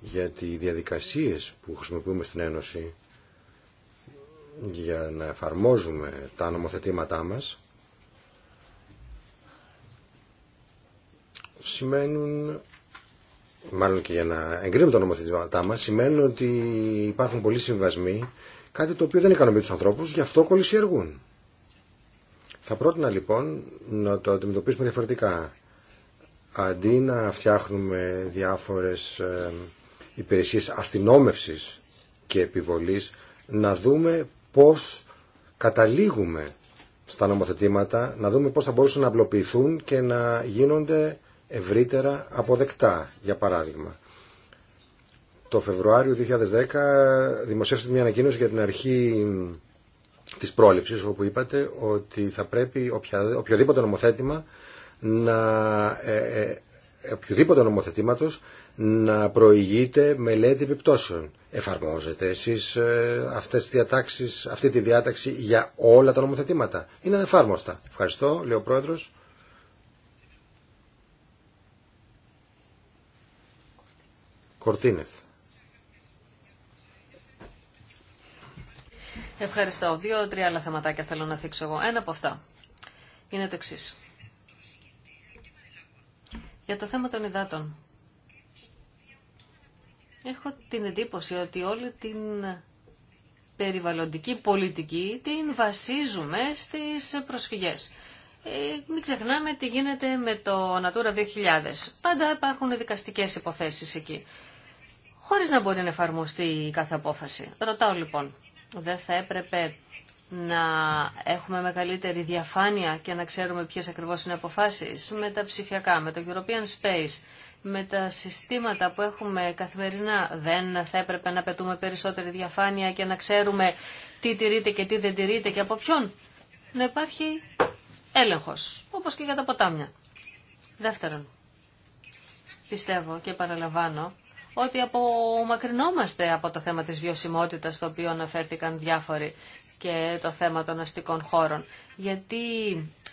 γιατί οι διαδικασίες που χρησιμοποιούμε στην Ένωση για να εφαρμόζουμε τα νομοθετήματά μας σημαίνουν μάλλον και για να εγκρίνουμε τα νομοθετήματά μας σημαίνουν ότι υπάρχουν πολλοί συμβασμοί κάτι το οποίο δεν ικανοποιεί τους ανθρώπους γι' αυτό κολλησιεργούν θα πρότεινα λοιπόν να το αντιμετωπίσουμε διαφορετικά αντί να φτιάχνουμε διάφορες ε, υπηρεσίες αστυνόμευσης και επιβολής να δούμε πώς καταλήγουμε στα νομοθετήματα, να δούμε πώς θα μπορούσαν να απλοποιηθούν και να γίνονται ευρύτερα αποδεκτά, για παράδειγμα. Το Φεβρουάριο 2010 δημοσίευσε μια ανακοίνωση για την αρχή της πρόληψης, όπου είπατε ότι θα πρέπει οποιοδήποτε νομοθέτημα να, ε, ε, ε, οποιοδήποτε νομοθετήματος να προηγείται μελέτη επιπτώσεων. Εφαρμόζετε εσείς ε, αυτές τις διατάξεις, αυτή τη διάταξη για όλα τα νομοθετήματα. Είναι ανεφάρμοστα. Ευχαριστώ, λέει ο Πρόεδρος. Κορτίνεθ. Ευχαριστώ. Δύο-τρία άλλα θεματάκια θέλω να θίξω εγώ. Ένα από αυτά είναι το εξή. Για το θέμα των υδάτων. Έχω την εντύπωση ότι όλη την περιβαλλοντική πολιτική την βασίζουμε στις προσφυγές. Ε, μην ξεχνάμε τι γίνεται με το Natura 2000. Πάντα υπάρχουν δικαστικές υποθέσεις εκεί χωρίς να μπορεί να εφαρμοστεί κάθε απόφαση. Ρωτάω λοιπόν, δεν θα έπρεπε να έχουμε μεγαλύτερη διαφάνεια και να ξέρουμε ποιες ακριβώς είναι αποφάσεις με τα ψηφιακά, με το European Space, με τα συστήματα που έχουμε καθημερινά. Δεν θα έπρεπε να πετούμε περισσότερη διαφάνεια και να ξέρουμε τι τηρείται και τι δεν τηρείται και από ποιον. Να υπάρχει έλεγχος, όπως και για τα ποτάμια. Δεύτερον, πιστεύω και παραλαμβάνω ότι απομακρυνόμαστε από το θέμα της βιωσιμότητας στο οποίο αναφέρθηκαν διάφοροι και το θέμα των αστικών χώρων. Γιατί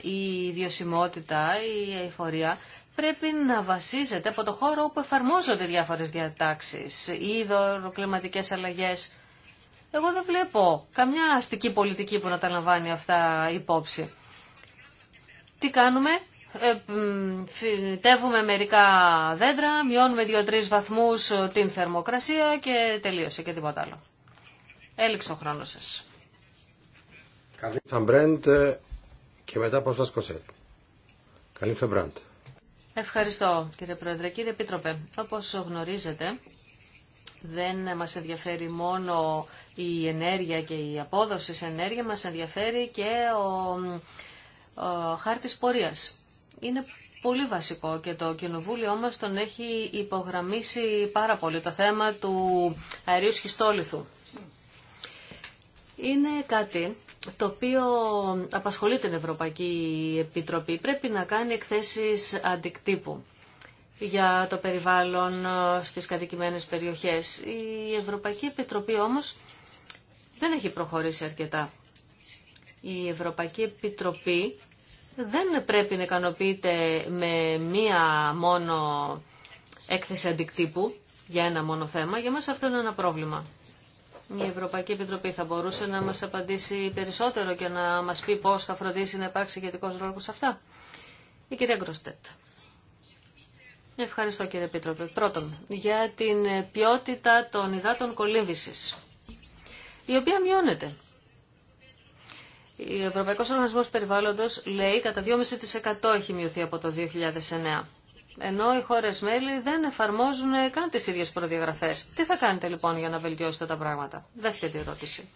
η βιωσιμότητα, η εφορία πρέπει να βασίζεται από το χώρο όπου εφαρμόζονται διάφορες διατάξεις, ήδο, κλιματικές αλλαγές. Εγώ δεν βλέπω καμιά αστική πολιτική που να τα λαμβάνει αυτά υπόψη. Τι κάνουμε, ε, φυτεύουμε μερικά δέντρα, μειώνουμε 2-3 βαθμούς την θερμοκρασία και τελείωσε και τίποτα άλλο. Έληξε ο χρόνος σας. Καλή Φαμπρέντ και μετά πώς θα Καλή Φαμπρέντ. Ευχαριστώ κύριε Πρόεδρε. Κύριε Επίτροπε, όπως γνωρίζετε δεν μας ενδιαφέρει μόνο η ενέργεια και η απόδοση σε ενέργεια, μας ενδιαφέρει και ο, ο χάρτης πορείας είναι πολύ βασικό και το κοινοβούλιο μας τον έχει υπογραμμίσει πάρα πολύ το θέμα του αερίου σχιστόλιθου. Είναι κάτι το οποίο απασχολεί την Ευρωπαϊκή Επιτροπή. Πρέπει να κάνει εκθέσεις αντικτύπου για το περιβάλλον στις κατοικημένες περιοχές. Η Ευρωπαϊκή Επιτροπή όμως δεν έχει προχωρήσει αρκετά. Η Ευρωπαϊκή Επιτροπή δεν πρέπει να ικανοποιείται με μία μόνο έκθεση αντικτύπου για ένα μόνο θέμα. Για μας αυτό είναι ένα πρόβλημα. Η Ευρωπαϊκή Επιτροπή θα μπορούσε να μας απαντήσει περισσότερο και να μας πει πώς θα φροντίσει να υπάρξει ηγετικός ρόλος σε αυτά. Η κυρία Γκροστέτ. Ευχαριστώ κύριε Επίτροπε. Πρώτον, για την ποιότητα των υδάτων κολύμβησης, η οποία μειώνεται ο Ευρωπαϊκό Οργανισμό Περιβάλλοντο λέει κατά 2,5% έχει μειωθεί από το 2009. Ενώ οι χώρε μέλη δεν εφαρμόζουν καν τι ίδιε προδιαγραφέ. Τι θα κάνετε λοιπόν για να βελτιώσετε τα πράγματα. Δεύτερη ερώτηση.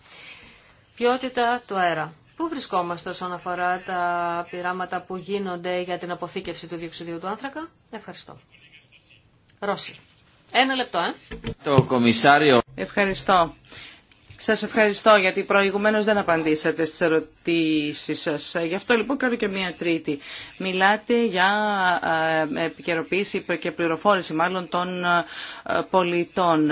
Ποιότητα του αέρα. Πού βρισκόμαστε όσον αφορά τα πειράματα που γίνονται για την αποθήκευση του διοξιδίου του άνθρακα. Ευχαριστώ. Ρώση. Ένα λεπτό, ε. Το κομισάριο. Ευχαριστώ. Σα ευχαριστώ γιατί προηγουμένως δεν απαντήσατε στις ερωτήσει σας. Γι' αυτό λοιπόν κάνω και μία τρίτη. Μιλάτε για ε, επικαιροποίηση και πληροφόρηση μάλλον των ε, πολιτών.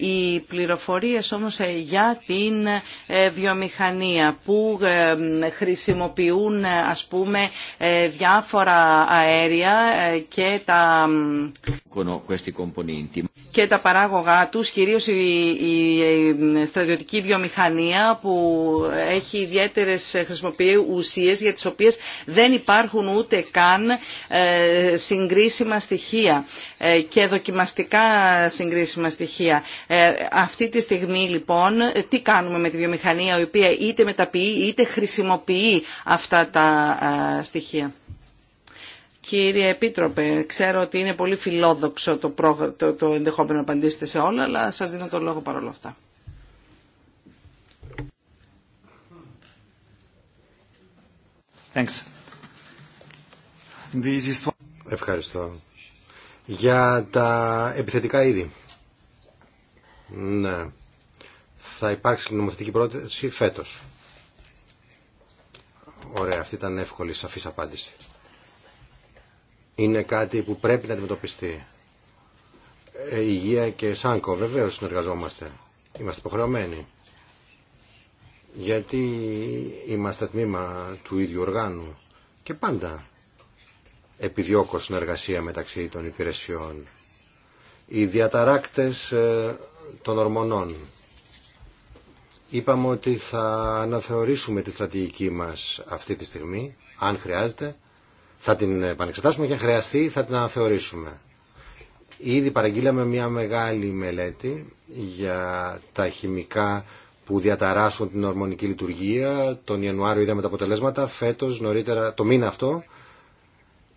Οι πληροφορίες όμως ε, για την ε, βιομηχανία που ε, χρησιμοποιούν ας πούμε διάφορα αέρια και τα, και τα παράγωγά τους, κυρίως η στρατιωτική βιομηχανία που έχει ιδιαίτερες χρησιμοποιεί ουσίες για τις οποίες δεν υπάρχουν ούτε καν συγκρίσιμα στοιχεία και δοκιμαστικά συγκρίσιμα στοιχεία. Ε, αυτή τη στιγμή λοιπόν τι κάνουμε με τη βιομηχανία η οποία είτε μεταποιεί είτε χρησιμοποιεί αυτά τα ε, στοιχεία. Κύριε Επίτροπε, ξέρω ότι είναι πολύ φιλόδοξο το, προ... το, ενδεχόμενο να απαντήσετε σε όλα, αλλά σας δίνω το λόγο παρόλα αυτά. Ευχαριστώ. Για τα επιθετικά είδη. Ναι. Θα υπάρξει νομοθετική πρόταση φέτος. Ωραία, αυτή ήταν εύκολη, σαφή απάντηση. Είναι κάτι που πρέπει να αντιμετωπιστεί. Ε, υγεία και ΣΑΝΚΟ, βεβαίω συνεργαζόμαστε. Είμαστε υποχρεωμένοι. Γιατί είμαστε τμήμα του ίδιου οργάνου και πάντα επιδιώκω συνεργασία μεταξύ των υπηρεσιών. Οι διαταράκτες ε, των ορμονών. Είπαμε ότι θα αναθεωρήσουμε τη στρατηγική μας αυτή τη στιγμή, αν χρειάζεται. Θα την επανεξετάσουμε και αν χρειαστεί θα την αναθεωρήσουμε. Ήδη παραγγείλαμε μια μεγάλη μελέτη για τα χημικά που διαταράσσουν την ορμονική λειτουργία. Τον Ιανουάριο είδαμε τα αποτελέσματα. Φέτος, νωρίτερα, το μήνα αυτό,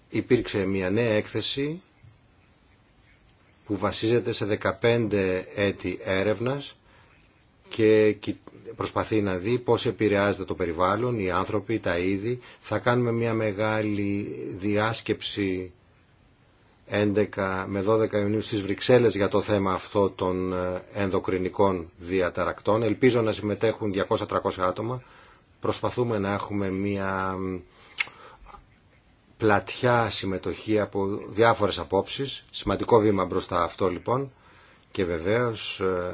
υπήρξε μια νέα έκθεση που βασίζεται σε 15 έτη έρευνας και προσπαθεί να δει πώς επηρεάζεται το περιβάλλον, οι άνθρωποι, τα είδη. Θα κάνουμε μια μεγάλη διάσκεψη 11 με 12 Ιουνίου στις Βρυξέλλες για το θέμα αυτό των ε, ενδοκρινικών διαταρακτών. Ελπίζω να συμμετέχουν 200-300 άτομα. Προσπαθούμε να έχουμε μια πλατιά συμμετοχή από διάφορες απόψεις. Σημαντικό βήμα μπροστά αυτό λοιπόν. Και βεβαίως ε,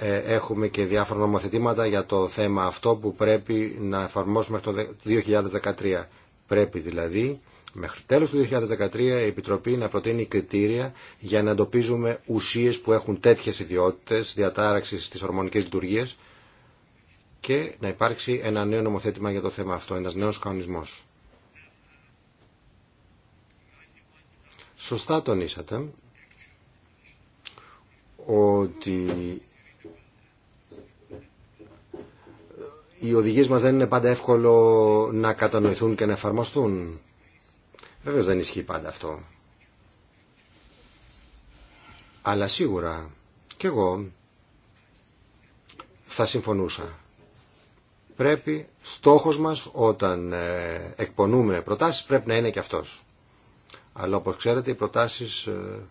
ε, ε, έχουμε και διάφορα νομοθετήματα για το θέμα αυτό που πρέπει να εφαρμόσουμε το 2013. Πρέπει δηλαδή μέχρι τέλος του 2013 η Επιτροπή να προτείνει κριτήρια για να εντοπίζουμε ουσίες που έχουν τέτοιες ιδιότητες διατάραξης στις ορμονικές λειτουργίες και να υπάρξει ένα νέο νομοθέτημα για το θέμα αυτό, ένας νέος κανονισμός. Σωστά τονίσατε ότι οι οδηγίες μας δεν είναι πάντα εύκολο να κατανοηθούν και να εφαρμοστούν. Βέβαια δεν ισχύει πάντα αυτό. Αλλά σίγουρα και εγώ θα συμφωνούσα. Πρέπει στόχος μας όταν ε, εκπονούμε προτάσεις πρέπει να είναι και αυτός. Αλλά όπως ξέρετε οι προτάσεις ε,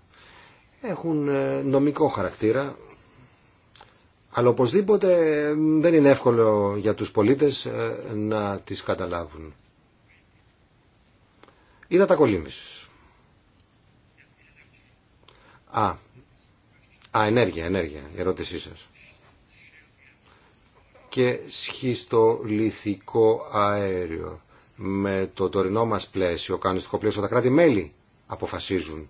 έχουν ε, νομικό χαρακτήρα. Αλλά οπωσδήποτε ε, δεν είναι εύκολο για τους πολίτες να τις καταλάβουν. Είδα τα κολύμβησης. Α, α, ενέργεια, ενέργεια, η ερώτησή σας. Και σχιστολιθικό αέριο με το τωρινό μας πλαίσιο, κανονιστικό πλαίσιο, τα κράτη-μέλη αποφασίζουν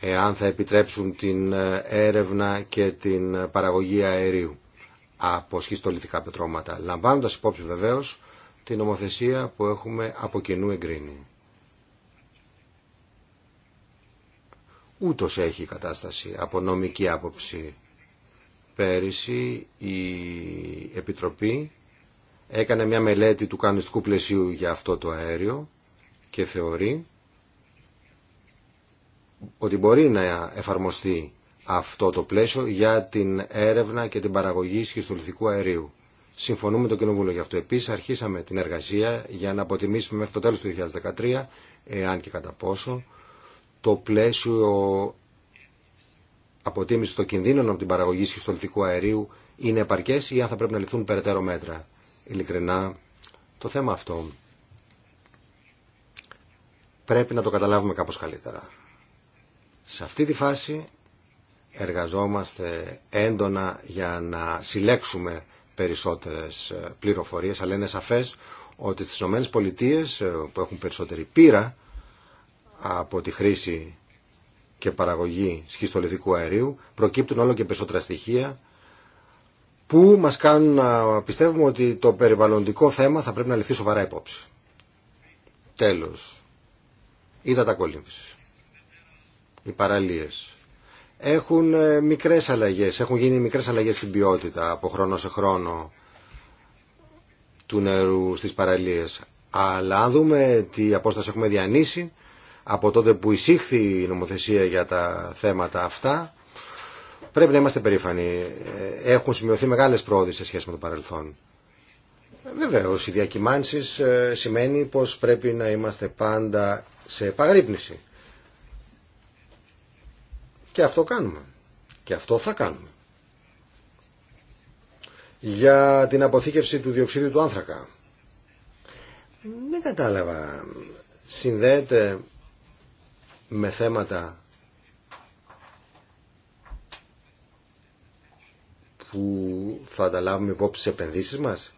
εάν θα επιτρέψουν την ε, έρευνα και την παραγωγή αερίου από σχιστολιθικά πετρώματα, λαμβάνοντας υπόψη βεβαίως την νομοθεσία που έχουμε από κοινού εγκρίνει. Ούτως έχει η κατάσταση από νομική άποψη. Πέρυσι η Επιτροπή έκανε μια μελέτη του κανονιστικού πλαισίου για αυτό το αέριο και θεωρεί ότι μπορεί να εφαρμοστεί αυτό το πλαίσιο για την έρευνα και την παραγωγή σχιστολιθικού αερίου. Συμφωνούμε με το Κοινοβούλιο γι' αυτό. Επίση, αρχίσαμε την εργασία για να αποτιμήσουμε μέχρι το τέλο του 2013, εάν και κατά πόσο, το πλαίσιο αποτίμηση των κινδύνων από την παραγωγή σχιστολιθικού αερίου είναι επαρκέ ή αν θα πρέπει να ληφθούν περαιτέρω μέτρα ειλικρινά το θέμα αυτό πρέπει να το καταλάβουμε κάπως καλύτερα. Σε αυτή τη φάση εργαζόμαστε έντονα για να συλλέξουμε περισσότερες ε, πληροφορίες, αλλά είναι σαφές ότι στις Ηνωμένες Πολιτείες ε, που έχουν περισσότερη πείρα από τη χρήση και παραγωγή σχιστολιθικού αερίου προκύπτουν όλο και περισσότερα στοιχεία που μας κάνουν να πιστεύουμε ότι το περιβαλλοντικό θέμα θα πρέπει να ληφθεί σοβαρά υπόψη. Τέλος. Είδα τα κολύμψη. Οι παραλίες. Έχουν ε, μικρές αλλαγές. Έχουν γίνει μικρές αλλαγές στην ποιότητα από χρόνο σε χρόνο του νερού στις παραλίες. Αλλά αν δούμε τι απόσταση έχουμε διανύσει από τότε που εισήχθη η νομοθεσία για τα θέματα αυτά, Πρέπει να είμαστε περήφανοι. Ε, έχουν σημειωθεί μεγάλες πρόοδοι σε σχέση με το παρελθόν. Βεβαίω, οι διακυμάνσει ε, σημαίνει πως πρέπει να είμαστε πάντα σε επαγρύπνηση. Και αυτό κάνουμε. Και αυτό θα κάνουμε. Για την αποθήκευση του διοξίδιου του άνθρακα. Δεν κατάλαβα. Συνδέεται με θέματα που θα τα λάβουμε υπόψη στις επενδύσεις μας.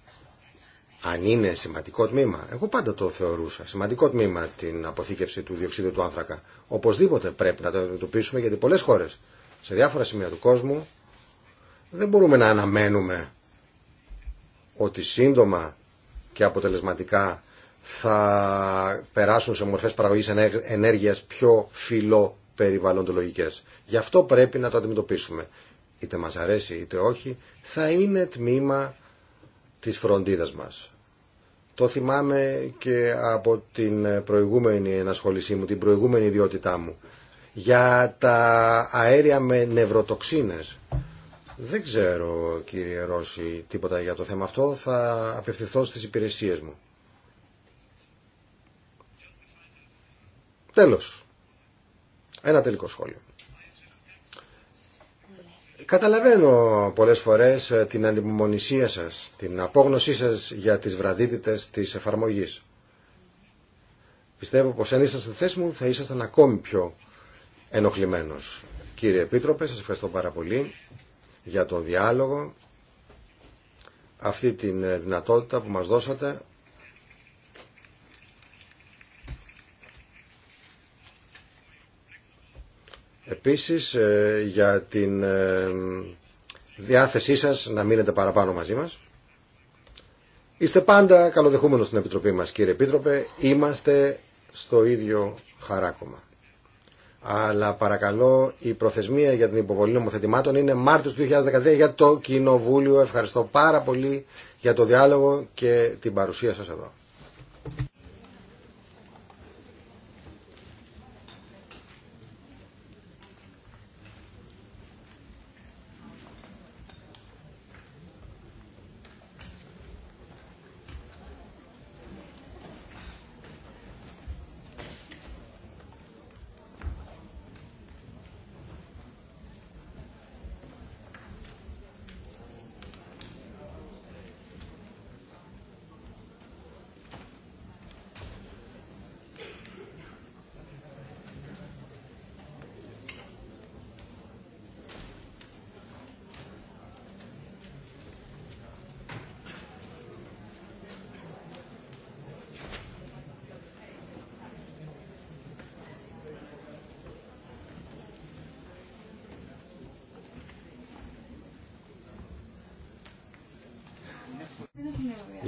Αν είναι σημαντικό τμήμα, εγώ πάντα το θεωρούσα, σημαντικό τμήμα την αποθήκευση του διοξίδιου του άνθρακα. Οπωσδήποτε πρέπει να το αντιμετωπίσουμε γιατί πολλέ χώρε σε διάφορα σημεία του κόσμου δεν μπορούμε να αναμένουμε ότι σύντομα και αποτελεσματικά θα περάσουν σε μορφές παραγωγής ενέργεια πιο φιλοπεριβαλλοντολογικές. Γι' αυτό πρέπει να το αντιμετωπίσουμε είτε μας αρέσει είτε όχι, θα είναι τμήμα της φροντίδας μας. Το θυμάμαι και από την προηγούμενη ενασχόλησή μου, την προηγούμενη ιδιότητά μου. Για τα αέρια με νευροτοξίνες. Δεν ξέρω κύριε Ρώση τίποτα για το θέμα αυτό. Θα απευθυνθώ στις υπηρεσίες μου. Τέλος. Ένα τελικό σχόλιο. Καταλαβαίνω πολλές φορές ε, την ανυπομονησία σας, την απόγνωσή σας για τις βραδίτητες της εφαρμογής. Πιστεύω πως αν ήσασταν θέση μου θα ήσασταν ακόμη πιο ενοχλημένος. Κύριε Επίτροπε, σας ευχαριστώ πάρα πολύ για τον διάλογο, αυτή την ε, δυνατότητα που μας δώσατε Επίσης ε, για την ε, διάθεσή σας να μείνετε παραπάνω μαζί μας. Είστε πάντα καλοδεχούμενος στην Επιτροπή μας κύριε Επίτροπε. Είμαστε στο ίδιο χαράκομα. Αλλά παρακαλώ η προθεσμία για την υποβολή νομοθετημάτων είναι Μάρτιος του 2013 για το Κοινοβούλιο. Ευχαριστώ πάρα πολύ για το διάλογο και την παρουσία σας εδώ.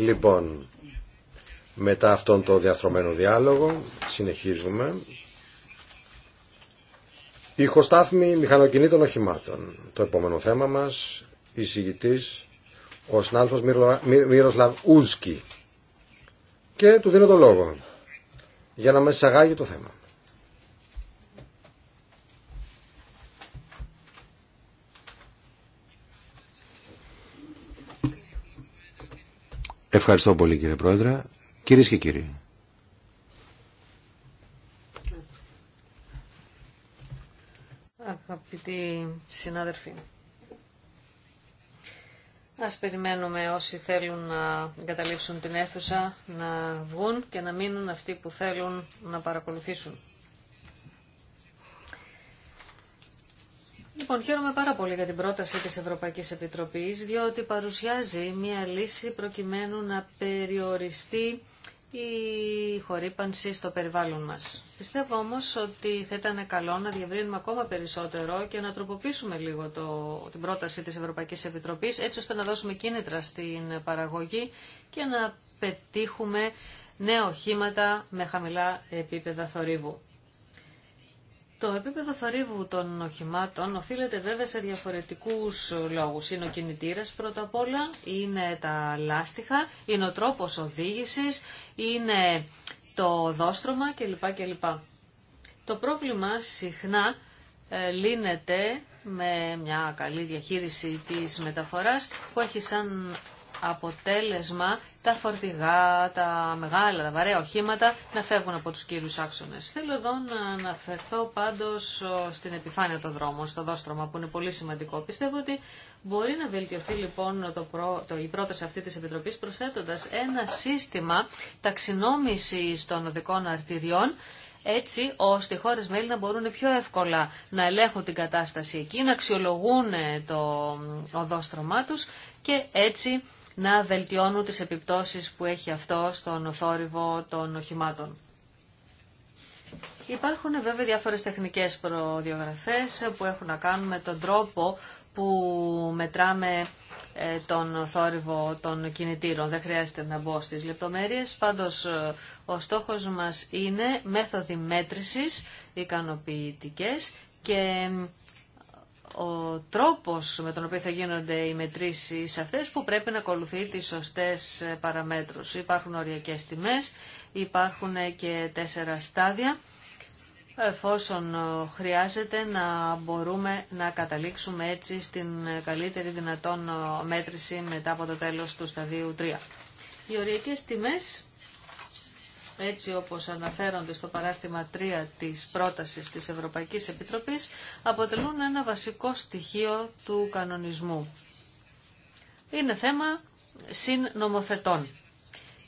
Λοιπόν, μετά αυτόν τον διαρθρωμένο διάλογο συνεχίζουμε. Ηχοστάθμη μηχανοκινήτων οχημάτων. Το επόμενο θέμα μας, εισηγητής, ο συνάδελφος Μύροσλαβ Ούσκι. Και του δίνω το λόγο για να με εισαγάγει το θέμα. Ευχαριστώ πολύ κύριε Πρόεδρε. Κυρίε και κύριοι. Αγαπητοί συνάδελφοι, ας περιμένουμε όσοι θέλουν να εγκαταλείψουν την αίθουσα να βγουν και να μείνουν αυτοί που θέλουν να παρακολουθήσουν. Λοιπόν, χαίρομαι πάρα πολύ για την πρόταση της Ευρωπαϊκής Επιτροπής, διότι παρουσιάζει μία λύση προκειμένου να περιοριστεί η χορύπανση στο περιβάλλον μας. Πιστεύω όμως ότι θα ήταν καλό να διευρύνουμε ακόμα περισσότερο και να τροποποιήσουμε λίγο το, την πρόταση της Ευρωπαϊκής Επιτροπής έτσι ώστε να δώσουμε κίνητρα στην παραγωγή και να πετύχουμε νέα οχήματα με χαμηλά επίπεδα θορύβου. Το επίπεδο θορύβου των οχημάτων οφείλεται βέβαια σε διαφορετικούς λόγους. Είναι ο κινητήρας πρώτα απ' όλα, είναι τα λάστιχα, είναι ο τρόπος οδήγησης, είναι το δόστρωμα κλπ. κλπ. Το πρόβλημα συχνά ε, λύνεται με μια καλή διαχείριση της μεταφοράς που έχει σαν αποτέλεσμα τα φορτηγά, τα μεγάλα, τα βαρέα οχήματα να φεύγουν από τους κύριους άξονες. Θέλω εδώ να αναφερθώ πάντως στην επιφάνεια των δρόμων, στο δόστρωμα που είναι πολύ σημαντικό. Πιστεύω ότι μπορεί να βελτιωθεί λοιπόν το το... η πρόταση αυτή της Επιτροπής προσθέτοντας ένα σύστημα ταξινόμησης των οδικών αρτηριών έτσι ώστε οι χώρες μέλη να μπορούν πιο εύκολα να ελέγχουν την κατάσταση εκεί, να αξιολογούν το οδόστρωμά τους και έτσι να βελτιώνουν τις επιπτώσεις που έχει αυτό στον θόρυβο των οχημάτων. Υπάρχουν βέβαια διάφορες τεχνικές προδιογραφές που έχουν να κάνουν με τον τρόπο που μετράμε ε, τον θόρυβο των κινητήρων. Δεν χρειάζεται να μπω στις λεπτομέρειες. Πάντως ε, ο στόχος μας είναι μέθοδοι μέτρησης ικανοποιητικές και ο τρόπος με τον οποίο θα γίνονται οι μετρήσεις αυτές που πρέπει να ακολουθεί τις σωστές παραμέτρους. Υπάρχουν οριακές τιμές, υπάρχουν και τέσσερα στάδια εφόσον χρειάζεται να μπορούμε να καταλήξουμε έτσι στην καλύτερη δυνατόν μέτρηση μετά από το τέλος του σταδίου 3. Οι οριακές τιμές έτσι όπως αναφέρονται στο παράρτημα 3 της πρότασης της Ευρωπαϊκής Επιτροπής, αποτελούν ένα βασικό στοιχείο του κανονισμού. Είναι θέμα συνομοθετών.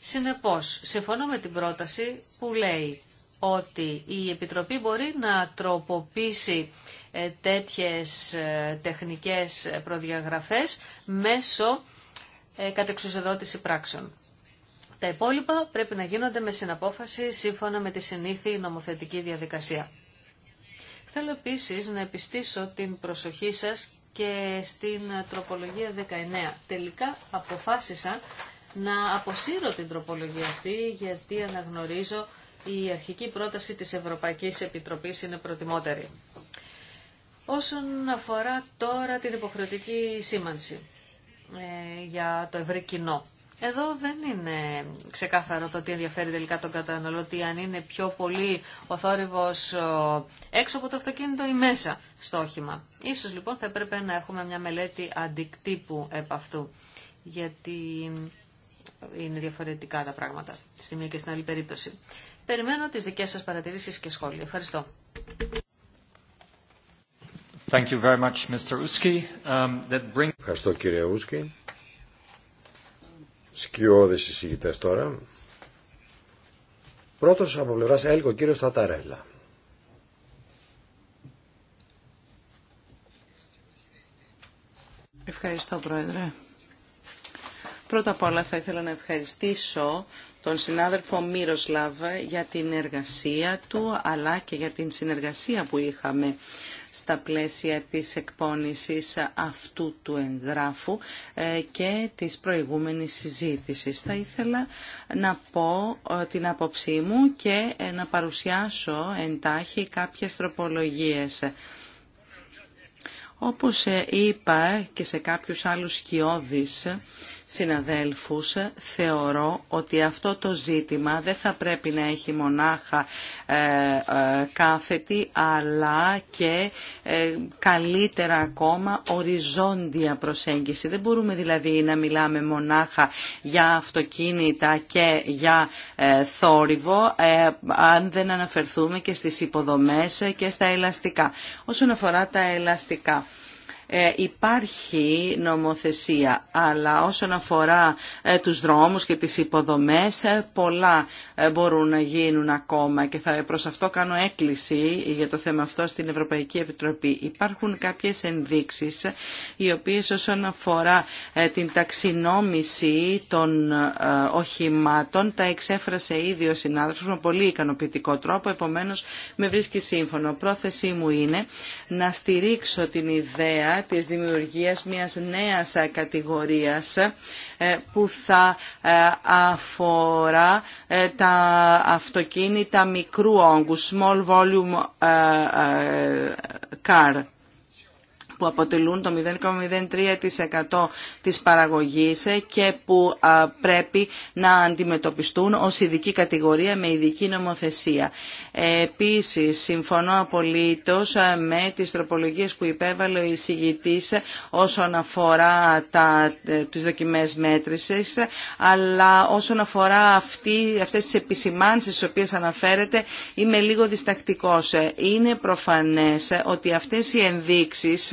Συνεπώς, συμφωνώ με την πρόταση που λέει ότι η Επιτροπή μπορεί να τροποποιήσει ε, τέτοιες ε, τεχνικές προδιαγραφές μέσω ε, κατεξουσιοδότηση πράξεων. Τα υπόλοιπα πρέπει να γίνονται με συναπόφαση σύμφωνα με τη συνήθη νομοθετική διαδικασία. Θέλω επίσης να επιστήσω την προσοχή σας και στην τροπολογία 19. Τελικά αποφάσισα να αποσύρω την τροπολογία αυτή γιατί αναγνωρίζω η αρχική πρόταση της Ευρωπαϊκής Επιτροπής είναι προτιμότερη. Όσον αφορά τώρα την υποχρεωτική σήμανση ε, για το ευρύ κοινό. Εδώ δεν είναι ξεκάθαρο το τι ενδιαφέρει τελικά τον καταναλωτή, αν είναι πιο πολύ ο θόρυβος έξω από το αυτοκίνητο ή μέσα στο όχημα. Ίσως λοιπόν θα έπρεπε να έχουμε μια μελέτη αντικτύπου επ' αυτού, γιατί είναι διαφορετικά τα πράγματα στη μία και στην άλλη περίπτωση. Περιμένω τις δικές σας παρατηρήσεις και σχόλια. Ευχαριστώ. Thank you very much, Mr. Um, that Ευχαριστώ κύριε σκιώδες εισηγητές τώρα. Πρώτος από πλευράς έλκο κύριο Στατάρελα. Ευχαριστώ Πρόεδρε. Πρώτα απ' όλα θα ήθελα να ευχαριστήσω τον συνάδελφο Μύροσλαβ για την εργασία του αλλά και για την συνεργασία που είχαμε στα πλαίσια της εκπόνησης αυτού του εγγράφου ε, και της προηγούμενης συζήτησης. Θα ήθελα να πω ε, την άποψή μου και ε, να παρουσιάσω εντάχει κάποιες τροπολογίες. Όπως είπα και σε κάποιους άλλους σκιώδεις, συναδέλφους θεωρώ ότι αυτό το ζήτημα δεν θα πρέπει να έχει μονάχα ε, ε, κάθετη αλλά και ε, καλύτερα ακόμα οριζόντια προσέγγιση. Δεν μπορούμε δηλαδή να μιλάμε μονάχα για αυτοκίνητα και για θόρυβο αν δεν αναφερθούμε και στις υποδομές και στα ελαστικά. Όσον αφορά τα ελαστικά ε, υπάρχει νομοθεσία, αλλά όσον αφορά ε, τους δρόμους και τις υποδομές, ε, πολλά μπορούν να γίνουν ακόμα και θα προς αυτό κάνω έκκληση για το θέμα αυτό στην Ευρωπαϊκή Επιτροπή. Υπάρχουν κάποιες ενδείξεις οι οποίες όσον αφορά την ταξινόμηση των οχημάτων τα εξέφρασε ήδη ο συνάδελφος με πολύ ικανοποιητικό τρόπο, επομένως με βρίσκει σύμφωνο. Πρόθεσή μου είναι να στηρίξω την ιδέα της δημιουργίας μιας νέας κατηγορίας ε, που θα ε, αφορά ε, τα αυτοκίνητα μικρού όγκου, small volume car που αποτελούν το 0,03% της παραγωγής και που πρέπει να αντιμετωπιστούν ως ειδική κατηγορία με ειδική νομοθεσία. Επίσης, συμφωνώ απολύτως με τις τροπολογίες που υπέβαλε ο εισηγητής όσον αφορά τα, ε, τις δοκιμές μέτρησης, αλλά όσον αφορά αυτή, αυτές τις επισημάνσεις στις οποίες αναφέρεται είμαι λίγο διστακτικός. Είναι προφανές ότι αυτές οι ενδείξεις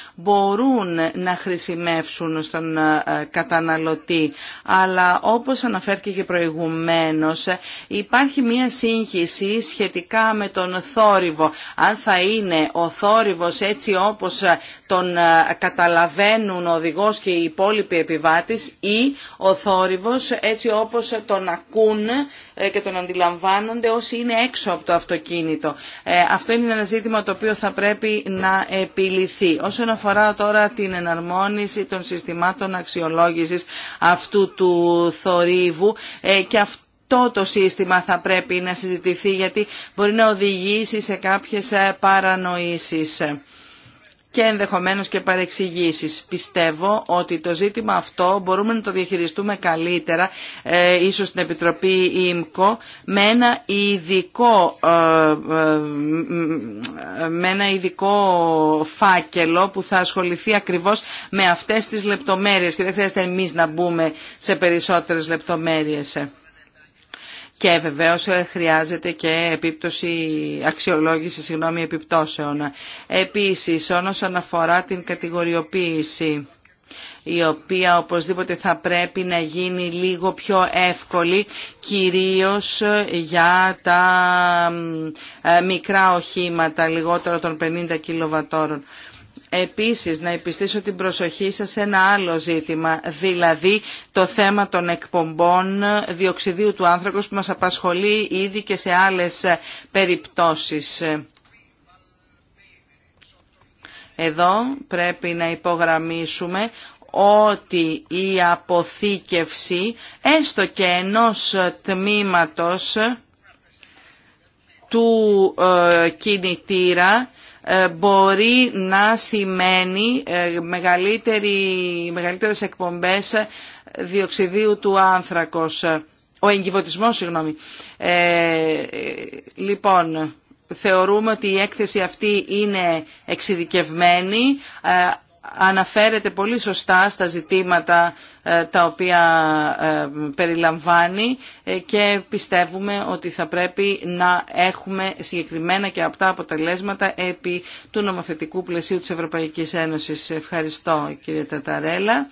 μπορούν να χρησιμεύσουν στον ε, καταναλωτή. Αλλά όπως αναφέρθηκε και προηγουμένως υπάρχει μία σύγχυση σχετικά με τον θόρυβο. Αν θα είναι ο θόρυβος έτσι όπως ε, τον ε, καταλαβαίνουν ο οδηγός και οι υπόλοιποι επιβάτης ή ο θόρυβος έτσι όπως τον ακούν και τον αντιλαμβάνονται όσοι είναι έξω από το αυτοκίνητο. Αυτό είναι ένα ζήτημα το οποίο θα πρέπει να επιληθεί αφορά τώρα την εναρμόνιση των συστημάτων αξιολόγησης αυτού του θορύβου ε, και αυτό το σύστημα θα πρέπει να συζητηθεί γιατί μπορεί να οδηγήσει σε κάποιες ε, παρανοήσεις και ενδεχομένως και παρεξηγήσεις. Πιστεύω ότι το ζήτημα αυτό μπορούμε να το διαχειριστούμε καλύτερα, ε, ίσως στην Επιτροπή ΙΜΚΟ, με ένα ειδικό, ε, ε, με ένα ειδικό φάκελο που θα ασχοληθεί ακριβώς με αυτές τις λεπτομέρειες και δεν χρειάζεται εμείς να μπούμε σε περισσότερες λεπτομέρειες και βεβαίως ε, χρειάζεται και επίπτωση, αξιολόγηση συγγνώμη, επιπτώσεων. Επίσης, όσον αφορά την κατηγοριοποίηση η οποία οπωσδήποτε θα πρέπει να γίνει λίγο πιο εύκολη, κυρίως για τα ε, μικρά οχήματα, λιγότερο των 50 κιλοβατόρων. Επίσης, να επιστήσω την προσοχή σας σε ένα άλλο ζήτημα, δηλαδή το θέμα των εκπομπών διοξιδίου του άνθρακος που μας απασχολεί ήδη και σε άλλες περιπτώσεις. Εδώ πρέπει να υπογραμμίσουμε ότι η αποθήκευση έστω και ενός τμήματος του ε, κινητήρα ε, μπορεί να σημαίνει ε, μεγαλύτερη, μεγαλύτερες εκπομπές ε, διοξιδίου του άνθρακος. Ο εγκυβωτισμός, συγγνώμη. Ε, λοιπόν, θεωρούμε ότι η έκθεση αυτή είναι εξειδικευμένη, αναφέρεται πολύ σωστά στα ζητήματα ε, τα οποία ε, περιλαμβάνει ε, και πιστεύουμε ότι θα πρέπει να έχουμε συγκεκριμένα και απτά αποτελέσματα επί του νομοθετικού πλαισίου της Ευρωπαϊκής Ένωσης. Ευχαριστώ κύριε Ταταρέλα.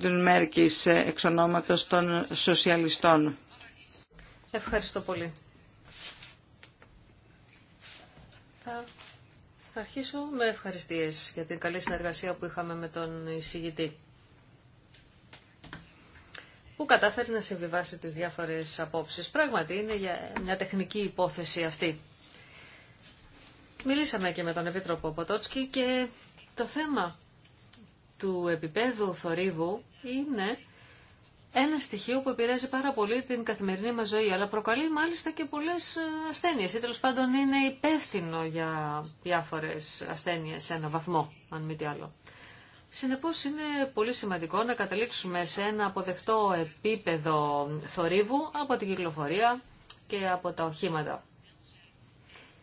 την Μέρκης εξ ονόματος των Σοσιαλιστών. Ευχαριστώ πολύ. Θα αρχίσω με ευχαριστίες για την καλή συνεργασία που είχαμε με τον εισηγητή που κατάφερε να συμβιβάσει τις διάφορες απόψεις. Πράγματι είναι για μια τεχνική υπόθεση αυτή. Μιλήσαμε και με τον Επίτροπο Ποτότσκι και το θέμα του επίπεδου θορύβου είναι ένα στοιχείο που επηρεάζει πάρα πολύ την καθημερινή μας ζωή, αλλά προκαλεί μάλιστα και πολλές ε, ασθένειες ή τέλος πάντων είναι υπεύθυνο για διάφορες ασθένειες σε ένα βαθμό, αν μη τι άλλο. Συνεπώς είναι πολύ σημαντικό να καταλήξουμε σε ένα αποδεκτό επίπεδο θορύβου από την κυκλοφορία και από τα οχήματα.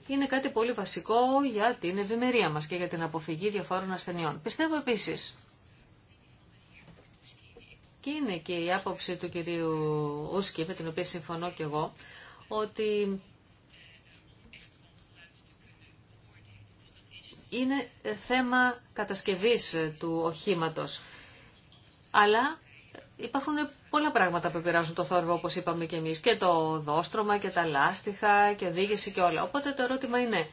Είναι κάτι πολύ βασικό για την ευημερία μας και για την αποφυγή διαφόρων ασθενειών. Πιστεύω επίσης είναι και η άποψη του κυρίου Ούσκη, με την οποία συμφωνώ και εγώ, ότι είναι θέμα κατασκευής του οχήματος. Αλλά υπάρχουν πολλά πράγματα που επηρεάζουν το θόρυβο, όπως είπαμε και εμείς, και το δόστρωμα και τα λάστιχα και οδήγηση και όλα. Οπότε το ερώτημα είναι,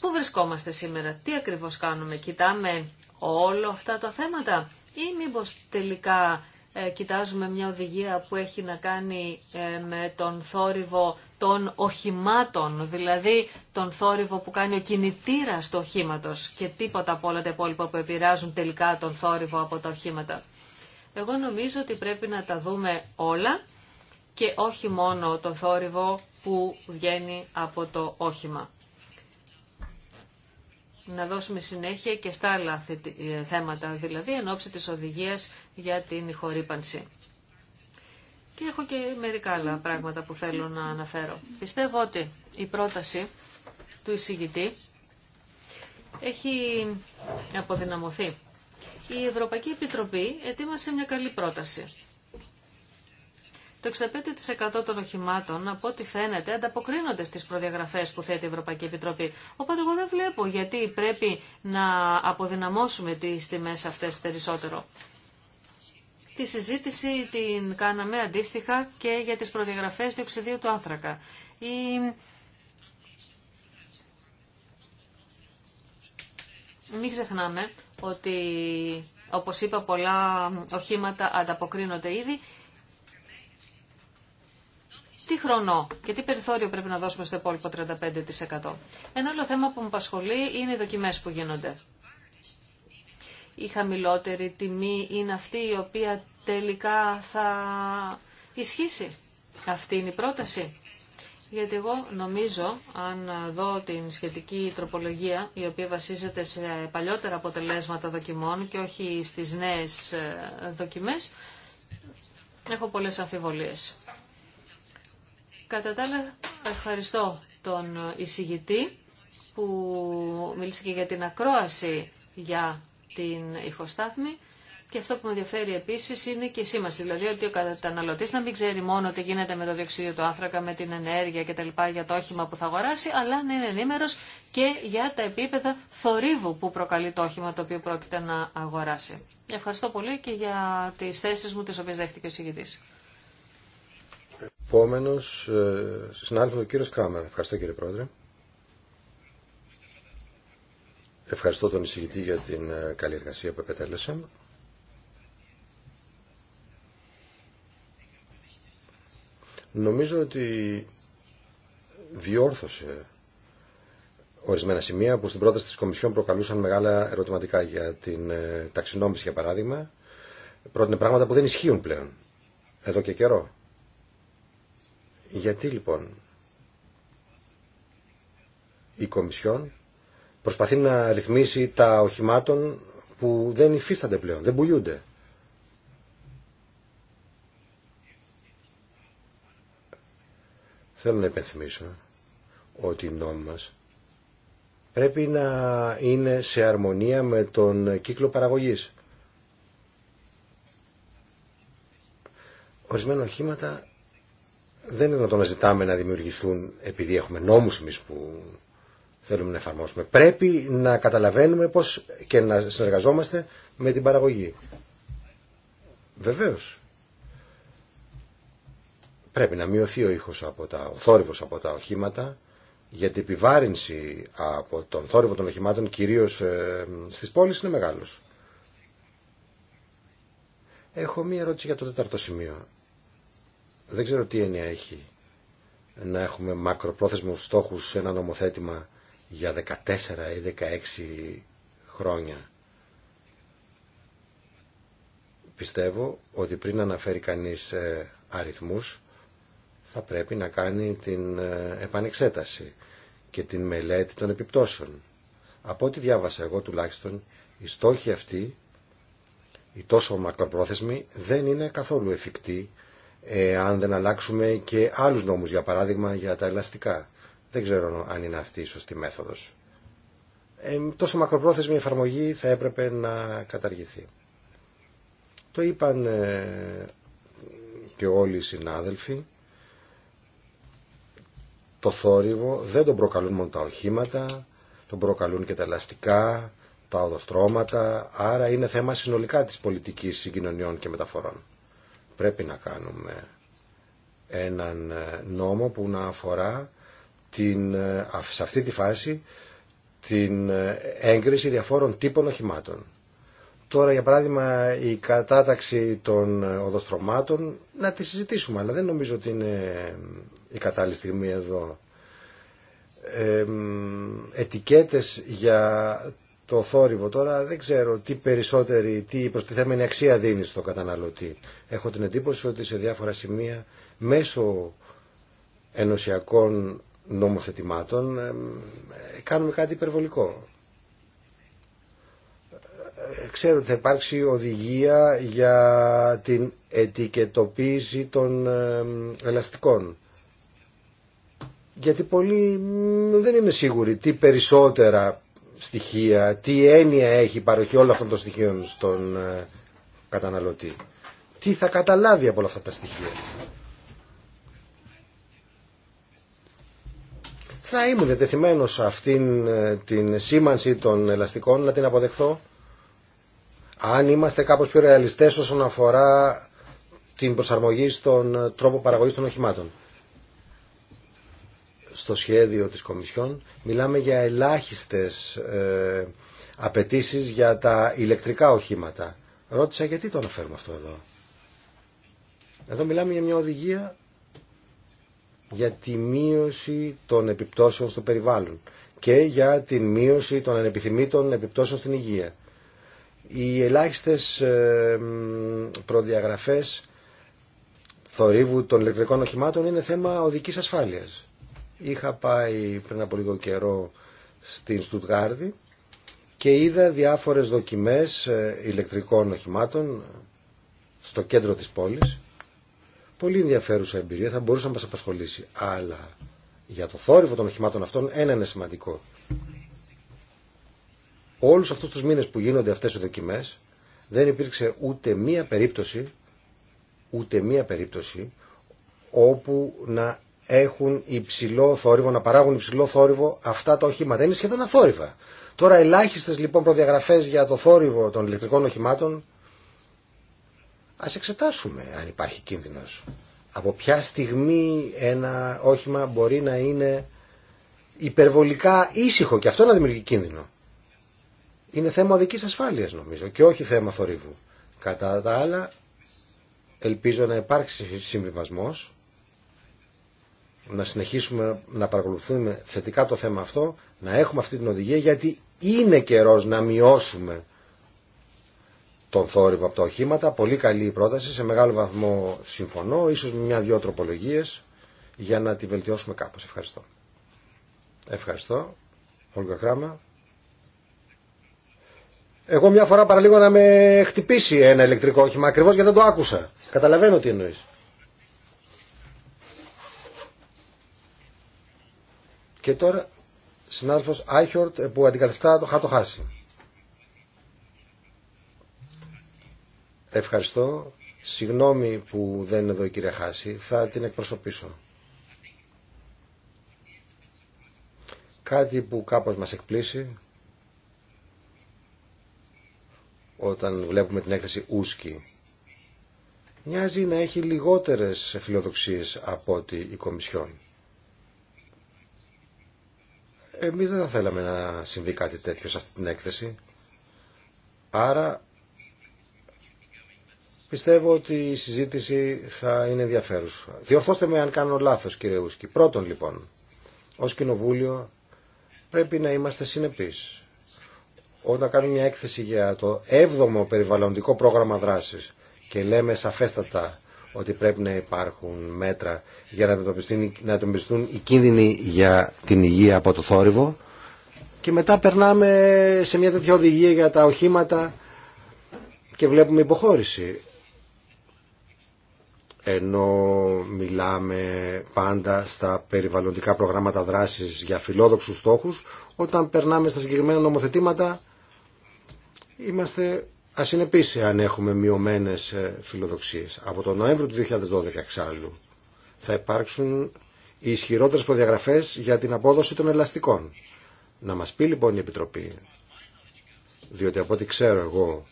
πού βρισκόμαστε σήμερα, τι ακριβώς κάνουμε, κοιτάμε όλα αυτά τα θέματα ή μήπως τελικά ε, κοιτάζουμε μια οδηγία που έχει να κάνει ε, με τον θόρυβο των οχημάτων, δηλαδή τον θόρυβο που κάνει ο κινητήρας του οχήματος και τίποτα από όλα τα υπόλοιπα που επηρεάζουν τελικά τον θόρυβο από τα οχήματα. Εγώ νομίζω ότι πρέπει να τα δούμε όλα και όχι μόνο τον θόρυβο που βγαίνει από το όχημα να δώσουμε συνέχεια και στα άλλα ε, θέματα, δηλαδή εν ώψη της οδηγίας για την χορύπανση. Και έχω και μερικά άλλα πράγματα που θέλω να αναφέρω. Πιστεύω ότι η πρόταση του εισηγητή έχει αποδυναμωθεί. Η Ευρωπαϊκή Επιτροπή ετοίμασε μια καλή πρόταση. Το 65% των οχημάτων, από ό,τι φαίνεται, ανταποκρίνονται στις προδιαγραφές που θέτει η Ευρωπαϊκή Επιτροπή. Οπότε εγώ δεν βλέπω γιατί πρέπει να αποδυναμώσουμε τις τιμές αυτές περισσότερο. Τη συζήτηση την κάναμε αντίστοιχα και για τις προδιαγραφές του οξυδίου του άνθρακα. Μην ξεχνάμε ότι, όπως είπα, πολλά οχήματα ανταποκρίνονται ήδη τι χρονό και τι περιθώριο πρέπει να δώσουμε στο υπόλοιπο 35%. Ένα άλλο θέμα που μου απασχολεί είναι οι δοκιμές που γίνονται. Η χαμηλότερη τιμή είναι αυτή η οποία τελικά θα ισχύσει. Αυτή είναι η πρόταση. Γιατί εγώ νομίζω, αν δω την σχετική τροπολογία, η οποία βασίζεται σε παλιότερα αποτελέσματα δοκιμών και όχι στις νέες ε, δοκιμές, έχω πολλές αμφιβολίες. Κατά τα άλλα, ευχαριστώ τον εισηγητή που μίλησε και για την ακρόαση για την ηχοστάθμη. Και αυτό που με ενδιαφέρει επίση είναι και η σήμανση. Δηλαδή ότι ο καταναλωτή να μην ξέρει μόνο τι γίνεται με το διοξίδιο του άνθρακα, με την ενέργεια κτλ. για το όχημα που θα αγοράσει, αλλά να είναι ενήμερο και για τα επίπεδα θορύβου που προκαλεί το όχημα το οποίο πρόκειται να αγοράσει. Ευχαριστώ πολύ και για τι θέσει μου, τι οποίε δέχτηκε ο συγητή επόμενος ε, συνάδελφο, ο κύριο Κράμερ. Ευχαριστώ κύριε Πρόεδρε. Ευχαριστώ τον εισηγητή για την ε, καλή εργασία που επετέλεσε. Νομίζω ότι διόρθωσε ορισμένα σημεία που στην πρόταση της Κομισιόν προκαλούσαν μεγάλα ερωτηματικά για την ε, ταξινόμηση για παράδειγμα. Πρότεινε πράγματα που δεν ισχύουν πλέον εδώ και καιρό. Γιατί λοιπόν η Κομισιόν προσπαθεί να ρυθμίσει τα οχημάτων που δεν υφίστανται πλέον, δεν πουλούνται. Θέλω να υπενθυμίσω ότι οι νόμη μας πρέπει να είναι σε αρμονία με τον κύκλο παραγωγής. Ορισμένα οχήματα δεν είναι δυνατόν να ζητάμε να δημιουργηθούν επειδή έχουμε νόμους εμείς που θέλουμε να εφαρμόσουμε. Πρέπει να καταλαβαίνουμε πώς και να συνεργαζόμαστε με την παραγωγή. Βεβαίως. Πρέπει να μειωθεί ο ήχος από τα, ο θόρυβος από τα οχήματα, γιατί η επιβάρυνση από τον θόρυβο των οχημάτων, κυρίως ε, στις πόλεις, είναι μεγάλος. Έχω μία ερώτηση για το τέταρτο σημείο. Δεν ξέρω τι έννοια έχει να έχουμε μακροπρόθεσμους στόχους σε ένα νομοθέτημα για 14 ή 16 χρόνια. Πιστεύω ότι πριν αναφέρει κανείς ε, αριθμούς θα πρέπει να κάνει την ε, επανεξέταση και την μελέτη των επιπτώσεων. Από ό,τι διάβασα εγώ τουλάχιστον, οι στόχοι αυτοί, οι τόσο μακροπρόθεσμοι, δεν είναι καθόλου εφικτοί ε, αν δεν αλλάξουμε και άλλους νόμους, για παράδειγμα για τα ελαστικά. Δεν ξέρω αν είναι αυτή η σωστή μέθοδος. Ε, τόσο μακροπρόθεσμη εφαρμογή θα έπρεπε να καταργηθεί. Το είπαν ε, και όλοι οι συνάδελφοι. Το θόρυβο δεν τον προκαλούν μόνο τα οχήματα, τον προκαλούν και τα ελαστικά, τα οδοστρώματα, άρα είναι θέμα συνολικά της πολιτικής συγκοινωνιών και μεταφορών. Πρέπει να κάνουμε έναν ε, νόμο που να αφορά την, ε, σε αυτή τη φάση την ε, έγκριση διαφόρων τύπων οχημάτων. Τώρα, για παράδειγμα, η κατάταξη των οδοστρωμάτων, να τη συζητήσουμε, αλλά δεν νομίζω ότι είναι η κατάλληλη στιγμή εδώ. ετικέτες για το θόρυβο τώρα δεν ξέρω τι περισσότερη, τι προστιθέμενη αξία δίνει στο καταναλωτή. Έχω την εντύπωση ότι σε διάφορα σημεία μέσω ενωσιακών νομοθετημάτων κάνουμε κάτι υπερβολικό. Ε, ξέρω ότι θα υπάρξει οδηγία για την ετικετοποίηση των ελαστικών. Γιατί πολλοί δεν είναι σίγουροι τι περισσότερα στοιχεία, τι έννοια έχει η παροχή όλων αυτών των στοιχείων στον ε, καταναλωτή. Τι θα καταλάβει από όλα αυτά τα στοιχεία. Θα ήμουν σε αυτήν ε, την σήμανση των ελαστικών να την αποδεχθώ. Αν είμαστε κάπως πιο ρεαλιστές όσον αφορά την προσαρμογή στον ε, τρόπο παραγωγής των οχημάτων στο σχέδιο της Κομισιόν μιλάμε για ελάχιστες ε, απαιτήσει για τα ηλεκτρικά οχήματα. Ρώτησα γιατί το αναφέρουμε αυτό εδώ. Εδώ μιλάμε για μια οδηγία για τη μείωση των επιπτώσεων στο περιβάλλον και για τη μείωση των ανεπιθυμήτων επιπτώσεων στην υγεία. Οι ελάχιστες ε, προδιαγραφές θορύβου των ηλεκτρικών οχημάτων είναι θέμα οδικής ασφάλειας. Είχα πάει πριν από λίγο καιρό στην Στουτγάρδη και είδα διάφορες δοκιμές ε, ηλεκτρικών οχημάτων ε, στο κέντρο της πόλης. Πολύ ενδιαφέρουσα εμπειρία, θα μπορούσε να μας απασχολήσει. Αλλά για το θόρυβο των οχημάτων αυτών ένα είναι σημαντικό. Όλους αυτούς τους μήνες που γίνονται αυτές οι δοκιμές δεν υπήρξε ούτε μία περίπτωση ούτε μία περίπτωση όπου να έχουν υψηλό θόρυβο, να παράγουν υψηλό θόρυβο αυτά τα οχήματα. Είναι σχεδόν αθόρυβα. Τώρα ελάχιστες λοιπόν προδιαγραφές για το θόρυβο των ηλεκτρικών οχημάτων. Ας εξετάσουμε αν υπάρχει κίνδυνος. Από ποια στιγμή ένα όχημα μπορεί να είναι υπερβολικά ήσυχο και αυτό να δημιουργεί κίνδυνο. Είναι θέμα οδικής ασφάλειας νομίζω και όχι θέμα θορύβου. Κατά τα άλλα ελπίζω να υπάρξει συμβιβασμός να συνεχίσουμε να παρακολουθούμε θετικά το θέμα αυτό, να έχουμε αυτή την οδηγία γιατί είναι καιρός να μειώσουμε τον θόρυβο από τα οχήματα. Πολύ καλή η πρόταση, σε μεγάλο βαθμό συμφωνώ, ίσως με μια-δυο τροπολογίες για να τη βελτιώσουμε κάπως. Ευχαριστώ. Ευχαριστώ. Όλγα Εγώ μια φορά παραλίγο να με χτυπήσει ένα ηλεκτρικό όχημα ακριβώς γιατί δεν το άκουσα. Καταλαβαίνω τι εννοείς. Και τώρα συνάδελφος Άιχορτ ε, που αντικαθιστά το Χάτο Χάση. Ευχαριστώ. Συγγνώμη που δεν είναι εδώ η κυρία Χάση. Θα την εκπροσωπήσω. Κάτι που κάπως μας εκπλήσει όταν βλέπουμε την έκθεση Ούσκι. Μοιάζει να έχει λιγότερες φιλοδοξίες από ότι η Κομισιόν. Εμείς δεν θα θέλαμε να συμβεί κάτι τέτοιο σε αυτή την έκθεση. Άρα πιστεύω ότι η συζήτηση θα είναι ενδιαφέρουσα. Διορθώστε με αν κάνω λάθος κύριε Ούσκη. Πρώτον λοιπόν, ως κοινοβούλιο πρέπει να είμαστε συνεπείς. Όταν κάνουμε μια έκθεση για το 7ο περιβαλλοντικό πρόγραμμα δράσης και λέμε σαφέστατα ότι πρέπει να υπάρχουν μέτρα για να αντιμετωπιστούν, να αντιμετωπιστούν οι κίνδυνοι για την υγεία από το θόρυβο και μετά περνάμε σε μια τέτοια οδηγία για τα οχήματα και βλέπουμε υποχώρηση. Ενώ μιλάμε πάντα στα περιβαλλοντικά προγράμματα δράσης για φιλόδοξους στόχους, όταν περνάμε στα συγκεκριμένα νομοθετήματα είμαστε επίση αν έχουμε μειωμένε ε, φιλοδοξίες. Από τον Νοέμβριο του 2012 εξάλλου θα υπάρξουν οι ισχυρότερε προδιαγραφέ για την απόδοση των ελαστικών. Να μας πει λοιπόν η Επιτροπή, διότι από ό,τι ξέρω εγώ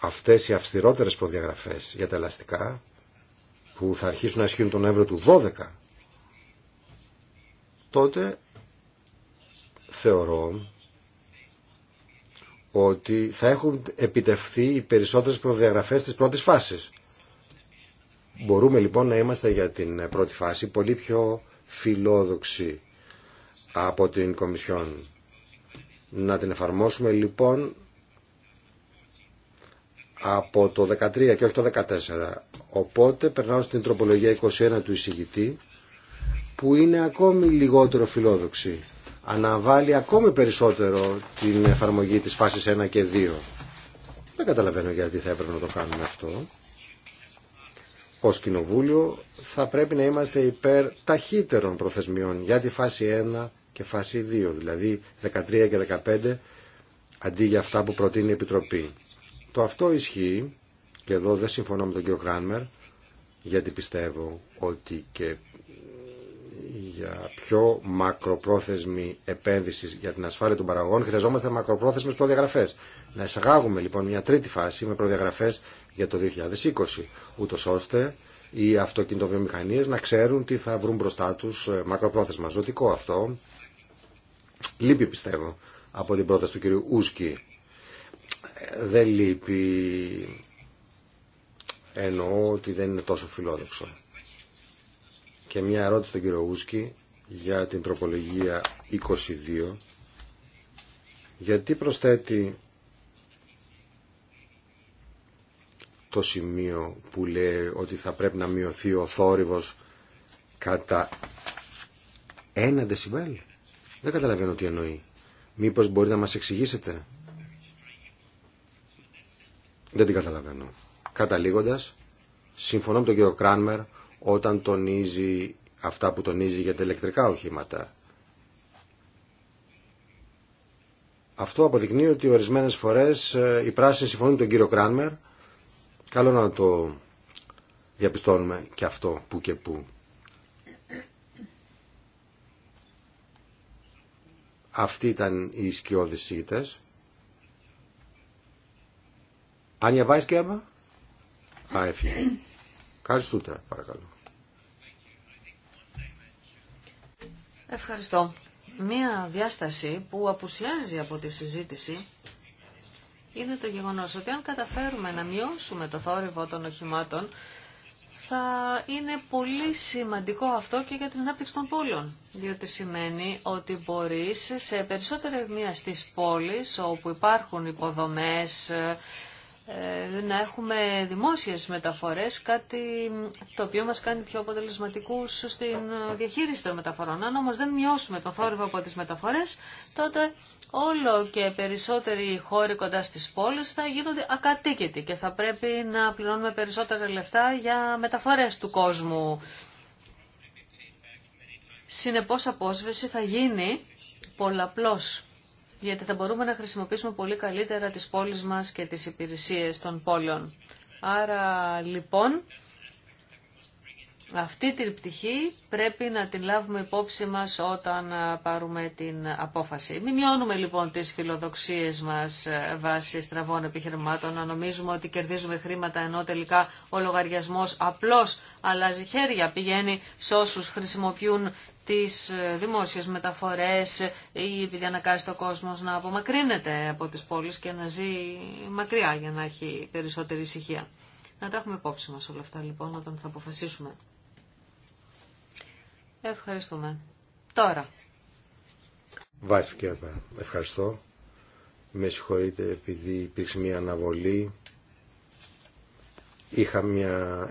αυτές οι αυστηρότερε προδιαγραφέ για τα ελαστικά που θα αρχίσουν να ισχύουν τον Νοέμβριο του 2012 τότε θεωρώ ότι θα έχουν επιτευχθεί οι περισσότερες προδιαγραφές της πρώτης φάσης. Μπορούμε λοιπόν να είμαστε για την πρώτη φάση πολύ πιο φιλόδοξοι από την Κομισιόν. Να την εφαρμόσουμε λοιπόν από το 13 και όχι το 14. Οπότε περνάω στην τροπολογία 21 του εισηγητή που είναι ακόμη λιγότερο φιλόδοξη αναβάλει ακόμη περισσότερο την εφαρμογή της φάσης 1 και 2. Δεν καταλαβαίνω γιατί θα έπρεπε να το κάνουμε αυτό. Ως Κοινοβούλιο θα πρέπει να είμαστε υπέρ ταχύτερων προθεσμιών για τη φάση 1 και φάση 2, δηλαδή 13 και 15 αντί για αυτά που προτείνει η Επιτροπή. Το αυτό ισχύει, και εδώ δεν συμφωνώ με τον κύριο Κράνμερ, γιατί πιστεύω ότι και για πιο μακροπρόθεσμη επένδυση για την ασφάλεια των παραγωγών χρειαζόμαστε μακροπρόθεσμες προδιαγραφές. Να εισαγάγουμε λοιπόν μια τρίτη φάση με προδιαγραφές για το 2020, ούτω ώστε οι αυτοκινητοβιομηχανίες να ξέρουν τι θα βρουν μπροστά τους ε, μακροπρόθεσμα. Ζωτικό αυτό. Λείπει πιστεύω από την πρόταση του κ. Ούσκη. Ε, δεν λείπει εννοώ ότι δεν είναι τόσο φιλόδοξο και μια ερώτηση στον κύριο Ούσκι για την τροπολογία 22 γιατί προσθέτει το σημείο που λέει ότι θα πρέπει να μειωθεί ο θόρυβος κατά ένα δεσιμπέλ. Δεν καταλαβαίνω τι εννοεί. Μήπως μπορεί να μας εξηγήσετε. Δεν την καταλαβαίνω. Καταλήγοντας, συμφωνώ με τον κύριο Κράνμερ όταν τονίζει αυτά που τονίζει για τα ηλεκτρικά οχήματα. Αυτό αποδεικνύει ότι ορισμένες φορές ε, οι πράσινοι συμφωνούν με τον κύριο Κράνμερ. Καλό να το διαπιστώνουμε και αυτό που και που. Αυτοί ήταν οι σκιώδεις ηγητές. Άνια άμα... Α, έφυγε. τούτα, παρακαλώ. Ευχαριστώ. Μία διάσταση που απουσιάζει από τη συζήτηση είναι το γεγονός ότι αν καταφέρουμε να μειώσουμε το θόρυβο των οχημάτων, θα είναι πολύ σημαντικό αυτό και για την ανάπτυξη των πόλεων. Διότι σημαίνει ότι μπορείς σε περισσότερη μία στις πόλεις όπου υπάρχουν υποδομές, ε, να έχουμε δημόσιες μεταφορές, κάτι το οποίο μας κάνει πιο αποτελεσματικούς στην ε, διαχείριση των μεταφορών. Αν όμως δεν μειώσουμε το θόρυβο από τις μεταφορές, τότε όλο και περισσότεροι χώροι κοντά στις πόλεις θα γίνονται ακατοίκητοι και θα πρέπει να πληρώνουμε περισσότερα λεφτά για μεταφορές του κόσμου. Συνεπώς απόσβεση θα γίνει πολλαπλώς γιατί θα μπορούμε να χρησιμοποιήσουμε πολύ καλύτερα τις πόλεις μας και τις υπηρεσίες των πόλεων. Άρα λοιπόν αυτή την πτυχή πρέπει να την λάβουμε υπόψη μας όταν πάρουμε την απόφαση. Μην μειώνουμε λοιπόν τις φιλοδοξίες μας ε, βάσει στραβών επιχειρημάτων, να νομίζουμε ότι κερδίζουμε χρήματα ενώ τελικά ο λογαριασμός απλώς αλλάζει χέρια, πηγαίνει σε όσους χρησιμοποιούν τις ε, δημόσιες μεταφορές ή επειδή ανακάζει το κόσμος να απομακρύνεται από τις πόλεις και να ζει μακριά για να έχει περισσότερη ησυχία. Να τα έχουμε υπόψη μας όλα αυτά λοιπόν όταν θα αποφασίσουμε. Ευχαριστούμε. Τώρα. Βάση Κέρπα, ευχαριστώ. Με συγχωρείτε επειδή υπήρξε μια αναβολή. Είχα μια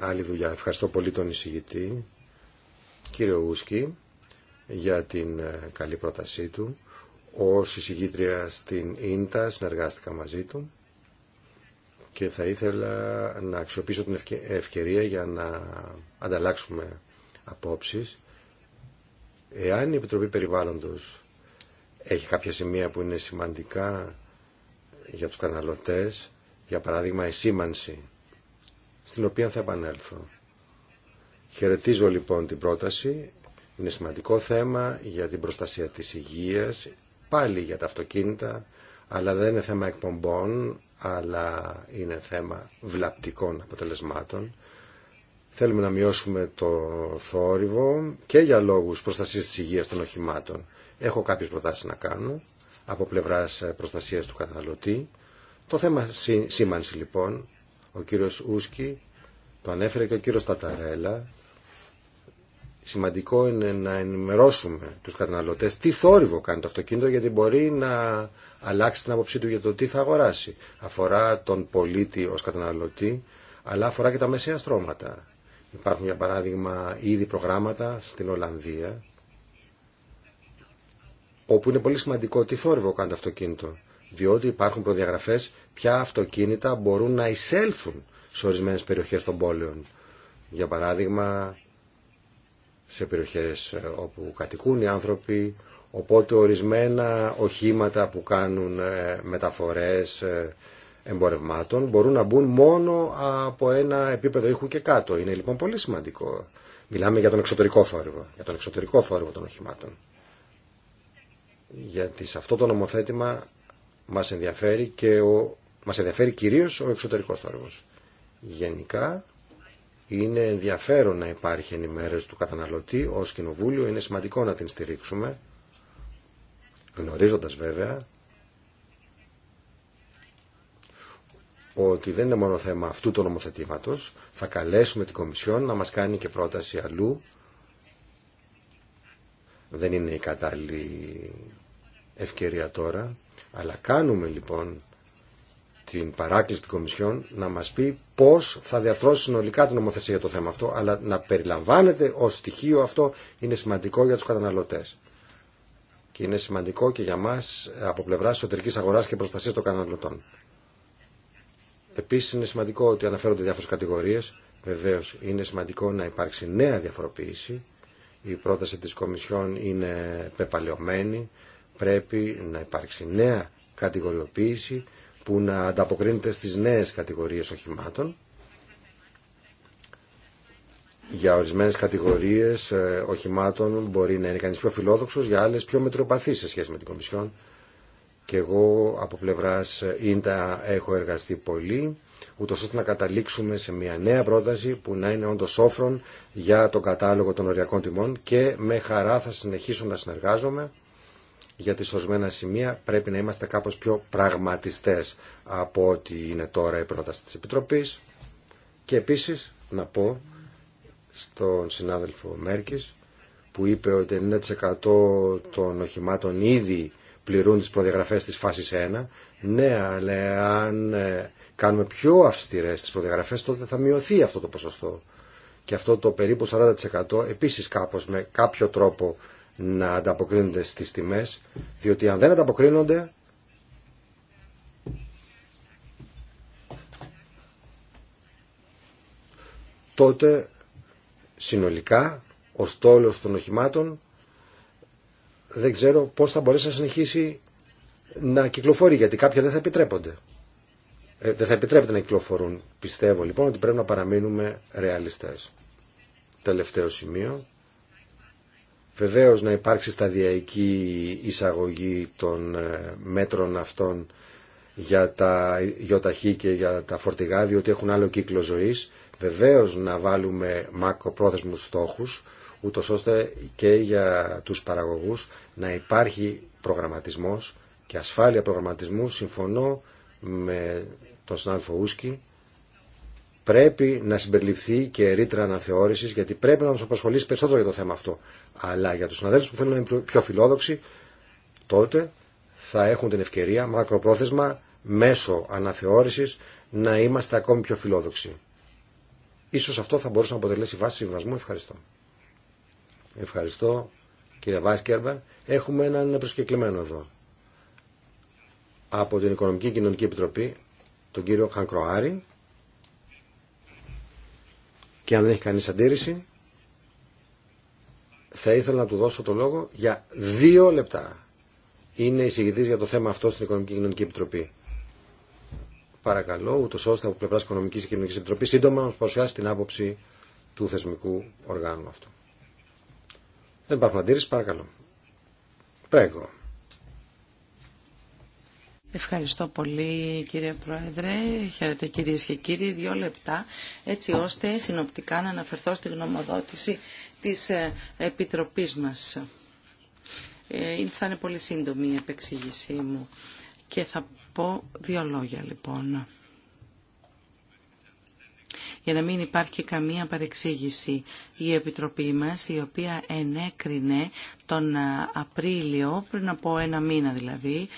άλλη δουλειά. Ευχαριστώ πολύ τον εισηγητή κύριο Ούσκι για την ε, καλή πρότασή του. Ως εισηγήτρια στην Ίντα συνεργάστηκα μαζί του και θα ήθελα να αξιοποιήσω την ευκαιρία για να ανταλλάξουμε απόψεις. Εάν η Επιτροπή Περιβάλλοντος έχει κάποια σημεία που είναι σημαντικά για τους καταναλωτές, για παράδειγμα η σήμανση, στην οποία θα επανέλθω. Χαιρετίζω λοιπόν την πρόταση. Είναι σημαντικό θέμα για την προστασία της υγείας, πάλι για τα αυτοκίνητα, αλλά δεν είναι θέμα εκπομπών, αλλά είναι θέμα βλαπτικών αποτελεσμάτων. Θέλουμε να μειώσουμε το θόρυβο και για λόγους προστασίας της υγείας των οχημάτων. Έχω κάποιες προτάσεις να κάνω από πλευράς προστασίας του καταναλωτή. Το θέμα σήμανση λοιπόν, ο κύριος Ούσκι το ανέφερε και ο κύριος Ταταρέλα, σημαντικό είναι να ενημερώσουμε τους καταναλωτές τι θόρυβο κάνει το αυτοκίνητο γιατί μπορεί να αλλάξει την άποψή του για το τι θα αγοράσει. Αφορά τον πολίτη ως καταναλωτή αλλά αφορά και τα μεσαία στρώματα. Υπάρχουν για παράδειγμα ήδη προγράμματα στην Ολλανδία όπου είναι πολύ σημαντικό τι θόρυβο κάνει το αυτοκίνητο διότι υπάρχουν προδιαγραφές ποια αυτοκίνητα μπορούν να εισέλθουν σε ορισμένες περιοχές των πόλεων. Για παράδειγμα, σε περιοχές ε, όπου κατοικούν οι άνθρωποι, οπότε ορισμένα οχήματα που κάνουν ε, μεταφορές ε, εμπορευμάτων μπορούν να μπουν μόνο από ένα επίπεδο ήχου και κάτω. Είναι λοιπόν πολύ σημαντικό. Μιλάμε για τον εξωτερικό θόρυβο, για τον εξωτερικό θόρυβο των οχημάτων. Γιατί σε αυτό το νομοθέτημα μας ενδιαφέρει, και ο... μας ενδιαφέρει κυρίως ο εξωτερικός θόρυβος. Γενικά είναι ενδιαφέρον να υπάρχει ενημέρωση του καταναλωτή ως κοινοβούλιο, είναι σημαντικό να την στηρίξουμε, γνωρίζοντας βέβαια ότι δεν είναι μόνο θέμα αυτού του νομοθετήματος, θα καλέσουμε την Κομισιόν να μας κάνει και πρόταση αλλού. Δεν είναι η κατάλληλη ευκαιρία τώρα, αλλά κάνουμε λοιπόν την παράκληση της Κομισιόν να μας πει πώς θα διαρθρώσει συνολικά την νομοθεσία για το θέμα αυτό, αλλά να περιλαμβάνεται ως στοιχείο αυτό είναι σημαντικό για τους καταναλωτές. Και είναι σημαντικό και για μας από πλευρά εσωτερική αγοράς και προστασία των καταναλωτών. Επίσης είναι σημαντικό ότι αναφέρονται διάφορες κατηγορίες. Βεβαίως είναι σημαντικό να υπάρξει νέα διαφοροποίηση. Η πρόταση της Κομισιόν είναι πεπαλαιωμένη. Πρέπει να υπάρξει νέα κατηγοριοποίηση που να ανταποκρίνεται στις νέες κατηγορίες οχημάτων. Για ορισμένες κατηγορίες ε, οχημάτων μπορεί να είναι κανείς πιο φιλόδοξος, για άλλες πιο μετροπαθή σε σχέση με την Κομισιόν. Και εγώ από πλευράς ε, ίντα έχω εργαστεί πολύ, ούτως ώστε να καταλήξουμε σε μια νέα πρόταση που να είναι όντως όφρον για τον κατάλογο των οριακών τιμών και με χαρά θα συνεχίσω να συνεργάζομαι για τις σημεία πρέπει να είμαστε κάπως πιο πραγματιστές από ό,τι είναι τώρα η πρόταση της Επιτροπής και επίσης να πω στον συνάδελφο Μέρκης που είπε ότι 90% των οχημάτων ήδη πληρούν τις προδιαγραφές της φάσης 1 ναι αλλά αν ε, κάνουμε πιο αυστηρές τις προδιαγραφές τότε θα μειωθεί αυτό το ποσοστό και αυτό το περίπου 40% επίσης κάπως με κάποιο τρόπο να ανταποκρίνονται στις τιμές, διότι αν δεν ανταποκρίνονται τότε συνολικά ο στόλος των οχημάτων δεν ξέρω πώς θα μπορέσει να συνεχίσει να κυκλοφορεί, γιατί κάποια δεν θα επιτρέπονται. Ε, δεν θα επιτρέπεται να κυκλοφορούν. Πιστεύω λοιπόν ότι πρέπει να παραμείνουμε ρεαλιστές. Τελευταίο σημείο. Βεβαίως να υπάρξει σταδιακή εισαγωγή των ε, μέτρων αυτών για τα γιοταχή και για τα φορτηγά, διότι έχουν άλλο κύκλο ζωής. Βεβαίως να βάλουμε μακροπρόθεσμους στόχους, ούτω ώστε και για τους παραγωγούς να υπάρχει προγραμματισμός και ασφάλεια προγραμματισμού. Συμφωνώ με τον Σνάλφο Ούσκι πρέπει να συμπεριληφθεί και ρήτρα αναθεώρηση γιατί πρέπει να μα απασχολήσει περισσότερο για το θέμα αυτό. Αλλά για του συναδέλφους που θέλουν να είναι πιο φιλόδοξοι τότε θα έχουν την ευκαιρία μακροπρόθεσμα μέσω αναθεώρησης να είμαστε ακόμη πιο φιλόδοξοι. Ίσως αυτό θα μπορούσε να αποτελέσει βάση συμβασμού. Ευχαριστώ. Ευχαριστώ κύριε Βάσκερμπερ. Έχουμε έναν προσκεκλημένο εδώ από την Οικονομική Κοινωνική Επιτροπή, τον κύριο Χανκροάρη και αν δεν έχει κανείς αντίρρηση θα ήθελα να του δώσω το λόγο για δύο λεπτά. Είναι εισηγητή για το θέμα αυτό στην Οικονομική και Κοινωνική Επιτροπή. Παρακαλώ, ούτω ώστε από πλευρά Οικονομική και Κοινωνική Επιτροπή σύντομα να μα παρουσιάσει την άποψη του θεσμικού οργάνου αυτού. Δεν υπάρχουν αντίρρηση, παρακαλώ. Πρέγκο. Ευχαριστώ πολύ κύριε Πρόεδρε. Χαίρετε κυρίε και κύριοι. Δύο λεπτά έτσι ώστε συνοπτικά να αναφερθώ στη γνωμοδότηση της ε, Επιτροπής μας. Ε, θα είναι πολύ σύντομη η επεξήγησή μου και θα πω δύο λόγια λοιπόν για να μην υπάρχει καμία παρεξήγηση. Η Επιτροπή μας, η οποία ενέκρινε τον ε, Απρίλιο, πριν από ένα μήνα δηλαδή,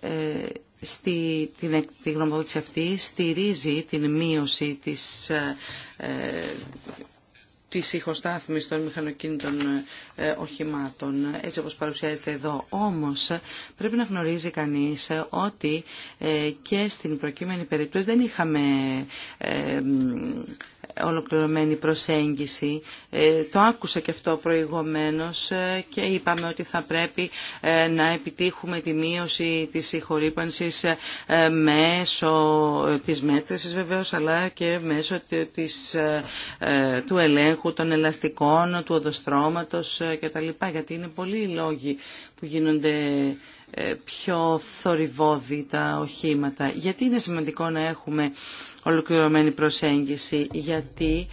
ε, στη, την, τη γνωμοδότηση αυτή στηρίζει την μείωση της ε, της ηχοστάθμης των μηχανοκίνητων ε, οχημάτων, έτσι όπως παρουσιάζεται εδώ. Όμως πρέπει να γνωρίζει κανείς ότι ε, και στην προκείμενη περίπτωση δεν είχαμε ε, ολοκληρωμένη προσέγγιση. Ε, το άκουσα και αυτό προηγουμένως ε, και είπαμε ότι θα πρέπει ε, να επιτύχουμε τη μείωση της συγχωρήπανσης μέσω της μέτρησης βεβαίως αλλά και μέσω του ελέγχου των ελαστικών, του οδοστρώματος κτλ. Γιατί είναι πολλοί οι λόγοι που γίνονται ε, πιο θορυβόδη οχήματα. Γιατί είναι σημαντικό να έχουμε ολοκληρωμένη προσέγγιση, γιατί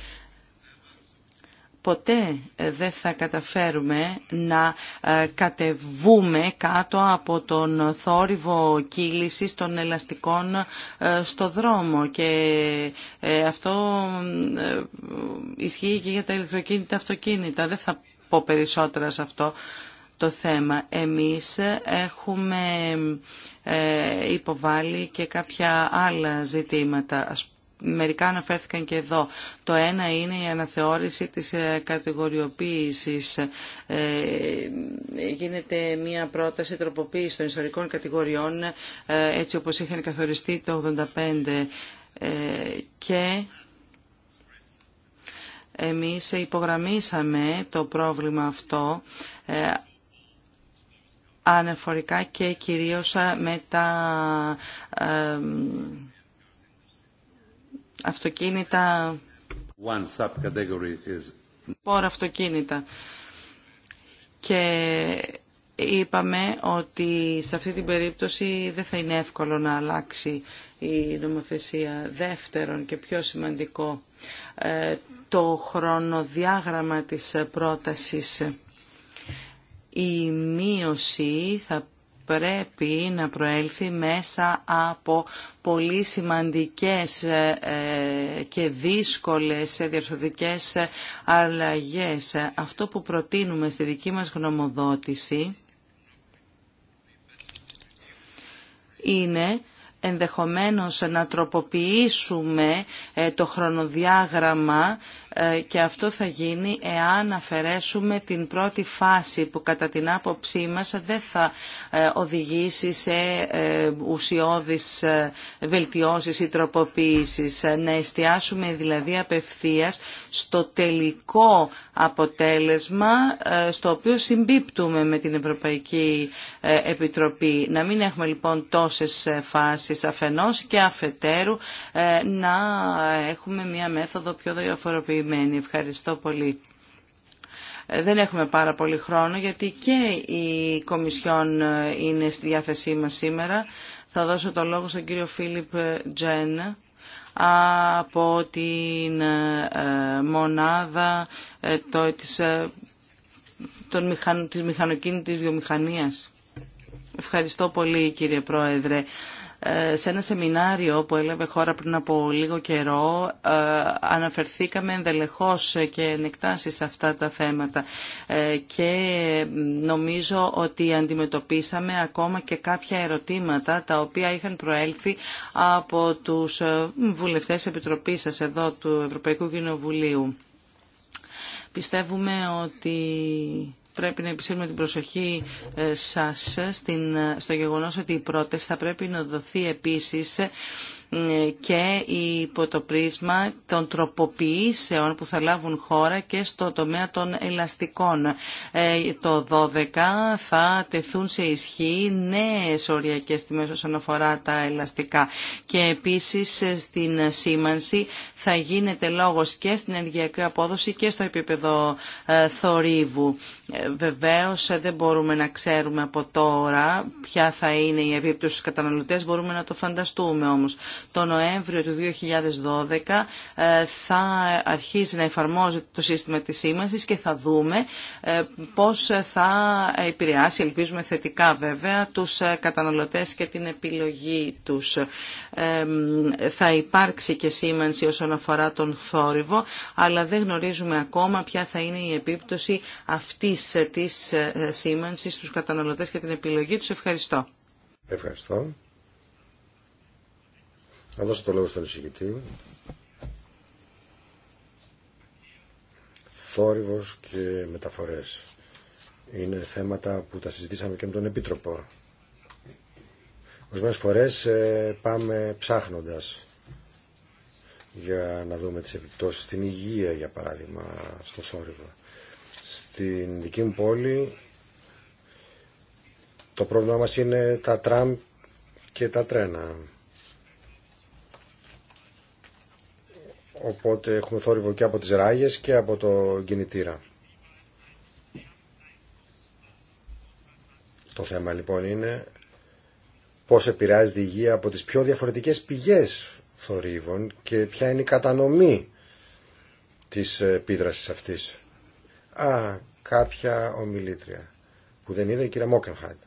ποτέ ε, δεν θα καταφέρουμε να ε, κατεβούμε κάτω από τον θόρυβο κύλησης των ελαστικών στο δρόμο και αυτό ισχύει και για τα ηλεκτροκίνητα αυτοκίνητα. Δεν θα πω περισσότερα σε αυτό το θέμα. Εμείς έχουμε ε, υποβάλει και κάποια άλλα ζητήματα. Μερικά αναφέρθηκαν και εδώ. Το ένα είναι η αναθεώρηση της ε, κατηγοριοποίησης. Ε, γίνεται μια πρόταση τροποποίηση των ιστορικών κατηγοριών έτσι όπως είχαν καθοριστεί το 1985 και εμείς υπογραμμίσαμε το πρόβλημα αυτό αναφορικά και κυρίως ε, με τα αυτοκίνητα One πόρα αυτοκίνητα. Και είπαμε ότι σε αυτή την περίπτωση δεν θα είναι εύκολο να αλλάξει η νομοθεσία. Δεύτερον και πιο σημαντικό, ε, το χρονοδιάγραμμα της πρότασης η μείωση θα πρέπει να προέλθει μέσα από πολύ σημαντικές ε, ε, και δύσκολες διαρθρωτικές αλλαγές. Αυτό που προτείνουμε στη δική μας γνωμοδότηση είναι ενδεχομένως να τροποποιήσουμε ε, το χρονοδιάγραμμα ε, και αυτό θα γίνει εάν αφαιρέσουμε την πρώτη φάση που κατά την άποψή μας δεν θα ε, οδηγήσει σε ε, ουσιώδεις βελτιώσεις ή τροποποίησεις. Να εστιάσουμε δηλαδή απευθείας στο τελικό αποτέλεσμα στο οποίο συμπίπτουμε με την Ευρωπαϊκή Επιτροπή. Να μην έχουμε λοιπόν τόσες φάσεις αφενός και αφετέρου να έχουμε μια μέθοδο πιο διαφοροποιημένη Ευχαριστώ πολύ. Δεν έχουμε πάρα πολύ χρόνο γιατί και η Κομισιόν είναι στη διάθεσή μας σήμερα. Θα δώσω το λόγο στον κύριο Φίλιπ Τζεν από την ε, μονάδα ε, το, της, ε, των μηχαν, της μηχανοκίνητης βιομηχανίας. Ευχαριστώ πολύ κύριε Πρόεδρε. Ε, σε ένα σεμινάριο που έλαβε χώρα πριν από λίγο καιρό ε, αναφερθήκαμε ενδελεχώς και ενεκτάσει σε αυτά τα θέματα ε, και νομίζω ότι αντιμετωπίσαμε ακόμα και κάποια ερωτήματα τα οποία είχαν προέλθει από τους βουλευτές Επιτροπής σας εδώ του Ευρωπαϊκού Κοινοβουλίου. Πιστεύουμε ότι πρέπει να επισύρουμε την προσοχή ε, σας ε, στο γεγονός ότι η πρόταση θα πρέπει να δοθεί επίσης και υπό το πρίσμα των τροποποιήσεων που θα λάβουν χώρα και στο τομέα των ελαστικών. Ε, το 12 θα τεθούν σε ισχύ νέες οριακές τιμές όσον αφορά τα ελαστικά και επίσης ε, στην σήμανση θα γίνεται λόγος και στην ενεργειακή απόδοση και στο επίπεδο ε, θορύβου. Βεβαίως δεν μπορούμε να ξέρουμε από τώρα ποια θα είναι η επίπτωση στους καταναλωτές, μπορούμε να το φανταστούμε όμως το Νοέμβριο του 2012 ε, θα αρχίσει να εφαρμόζεται το σύστημα της σήμανσης και θα δούμε ε, πώς θα επηρεάσει, ελπίζουμε θετικά βέβαια, τους ε, καταναλωτές και την επιλογή τους. Θα υπάρξει και σήμανση όσον αφορά τον θόρυβο, αλλά δεν γνωρίζουμε ακόμα ποια θα είναι η επίπτωση αυτής της σήμανσης στους καταναλωτές και την επιλογή τους. Ευχαριστώ. Ευχαριστώ. Θα δώσω το λόγο στον εισηγητή. Θόρυβος και μεταφορές. Είναι θέματα που τα συζητήσαμε και με τον Επίτροπο. Ορισμένε φορές ε, πάμε ψάχνοντας για να δούμε τις επιπτώσεις στην υγεία, για παράδειγμα, στο θόρυβο. Στην δική μου πόλη το πρόβλημά μας είναι τα τραμ και τα τρένα. Οπότε έχουμε θόρυβο και από τις ράγες και από το κινητήρα. Το θέμα λοιπόν είναι πώς επηρεάζεται η υγεία από τις πιο διαφορετικές πηγές θορύβων και ποια είναι η κατανομή της επίδρασης αυτής. Α, κάποια ομιλήτρια που δεν είδα η κυρία Μόκενχάιτ.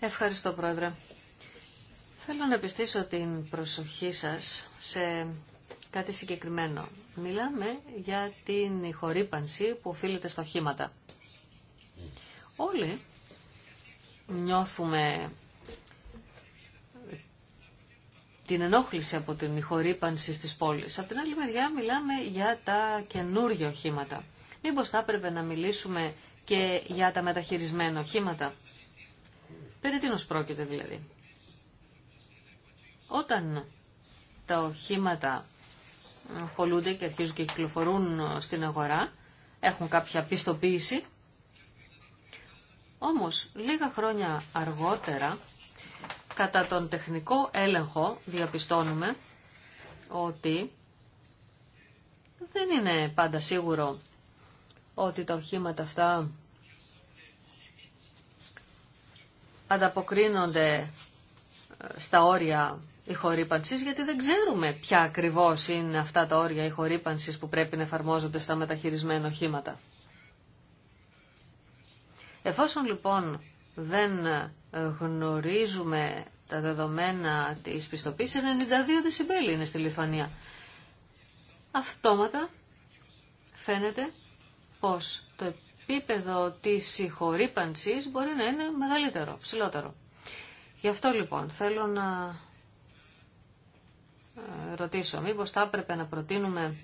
Ευχαριστώ πρόεδρε. Θέλω να επιστήσω την προσοχή σας σε κάτι συγκεκριμένο. Μιλάμε για την χορύπανση που οφείλεται στο χήματα. Όλοι νιώθουμε την ενόχληση από την ηχορύπανση στις πόλεις. Από την άλλη μεριά μιλάμε για τα καινούργια οχήματα. Μήπως θα έπρεπε να μιλήσουμε και για τα μεταχειρισμένα οχήματα. Περί τίνος πρόκειται δηλαδή. Όταν τα οχήματα πολλούνται και αρχίζουν και κυκλοφορούν στην αγορά, έχουν κάποια πιστοποίηση. Όμως, λίγα χρόνια αργότερα, κατά τον τεχνικό έλεγχο διαπιστώνουμε ότι δεν είναι πάντα σίγουρο ότι τα οχήματα αυτά ανταποκρίνονται ε, στα όρια η χορύπανση, γιατί δεν ξέρουμε ποια ακριβώ είναι αυτά τα όρια η χορύπανση που πρέπει να εφαρμόζονται στα μεταχειρισμένα οχήματα. Εφόσον λοιπόν δεν γνωρίζουμε τα δεδομένα της πιστοποίησης, 92 δεσιμπέλη είναι στη Λιθουανία. Αυτόματα φαίνεται πως το επίπεδο της συγχωρήπανσης μπορεί να είναι μεγαλύτερο, ψηλότερο. Γι' αυτό λοιπόν θέλω να ε, ρωτήσω, μήπως θα έπρεπε να προτείνουμε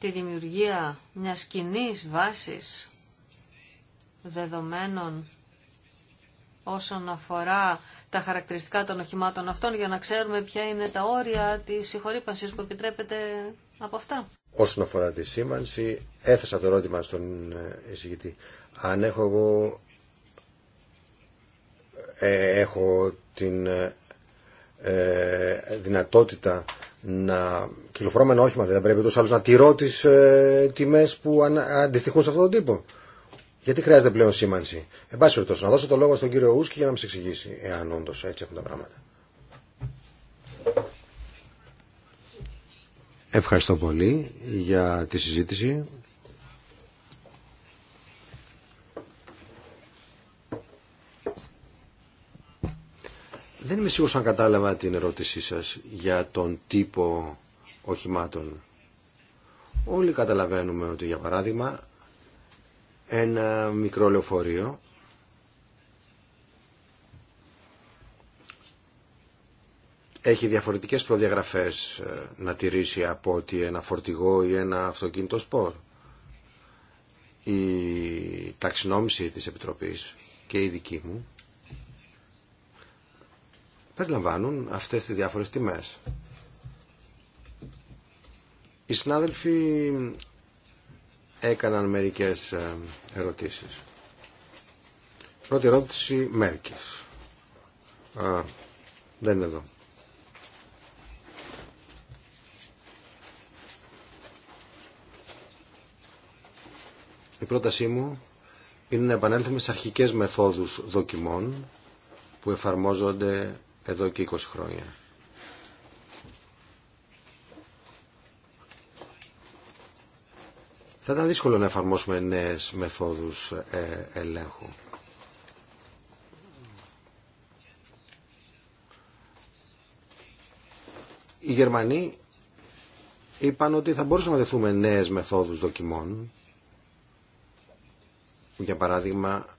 τη δημιουργία μιας κοινή βάσης δεδομένων όσον αφορά τα χαρακτηριστικά των οχημάτων αυτών για να ξέρουμε ποια είναι τα όρια της συγχωρήπανσης που επιτρέπεται από αυτά. Όσον αφορά τη σήμανση, έθεσα το ερώτημα στον ε, εισηγητή. Αν έχω εγώ ε, έχω την ε, δυνατότητα να με ένα όχημα, δεν θα πρέπει ούτως άλλως να τηρώ τις ε, τιμές που αντιστοιχούν σε αυτόν τον τύπο. Γιατί χρειάζεται πλέον σήμανση. Εν πάση περιπτώσει, να δώσω το λόγο στον κύριο Ούσκι για να μα εξηγήσει, εάν όντω έτσι έχουν τα πράγματα. Ευχαριστώ πολύ για τη συζήτηση. Δεν είμαι σίγουρος αν κατάλαβα την ερώτησή σας για τον τύπο οχημάτων. Όλοι καταλαβαίνουμε ότι για παράδειγμα ένα μικρό λεωφορείο έχει διαφορετικές προδιαγραφές ε, να τηρήσει από ότι ένα φορτηγό ή ένα αυτοκίνητο σπορ. Η ταξινόμηση της Επιτροπής και η δική μου περιλαμβάνουν αυτές τις διάφορες τιμές. Οι συνάδελφοι έκαναν μερικές ε, ερωτήσεις. Πρώτη ερώτηση Μέρκης. Α, δεν είναι εδώ. Η πρότασή μου είναι να επανέλθουμε σε αρχικές μεθόδους δοκιμών που εφαρμόζονται εδώ και 20 χρόνια. Θα ήταν δύσκολο να εφαρμόσουμε νέες μεθόδους ε, ελέγχου. Οι Γερμανοί είπαν ότι θα μπορούσαμε να δεχθούμε νέες μεθόδους δοκιμών. Για παράδειγμα,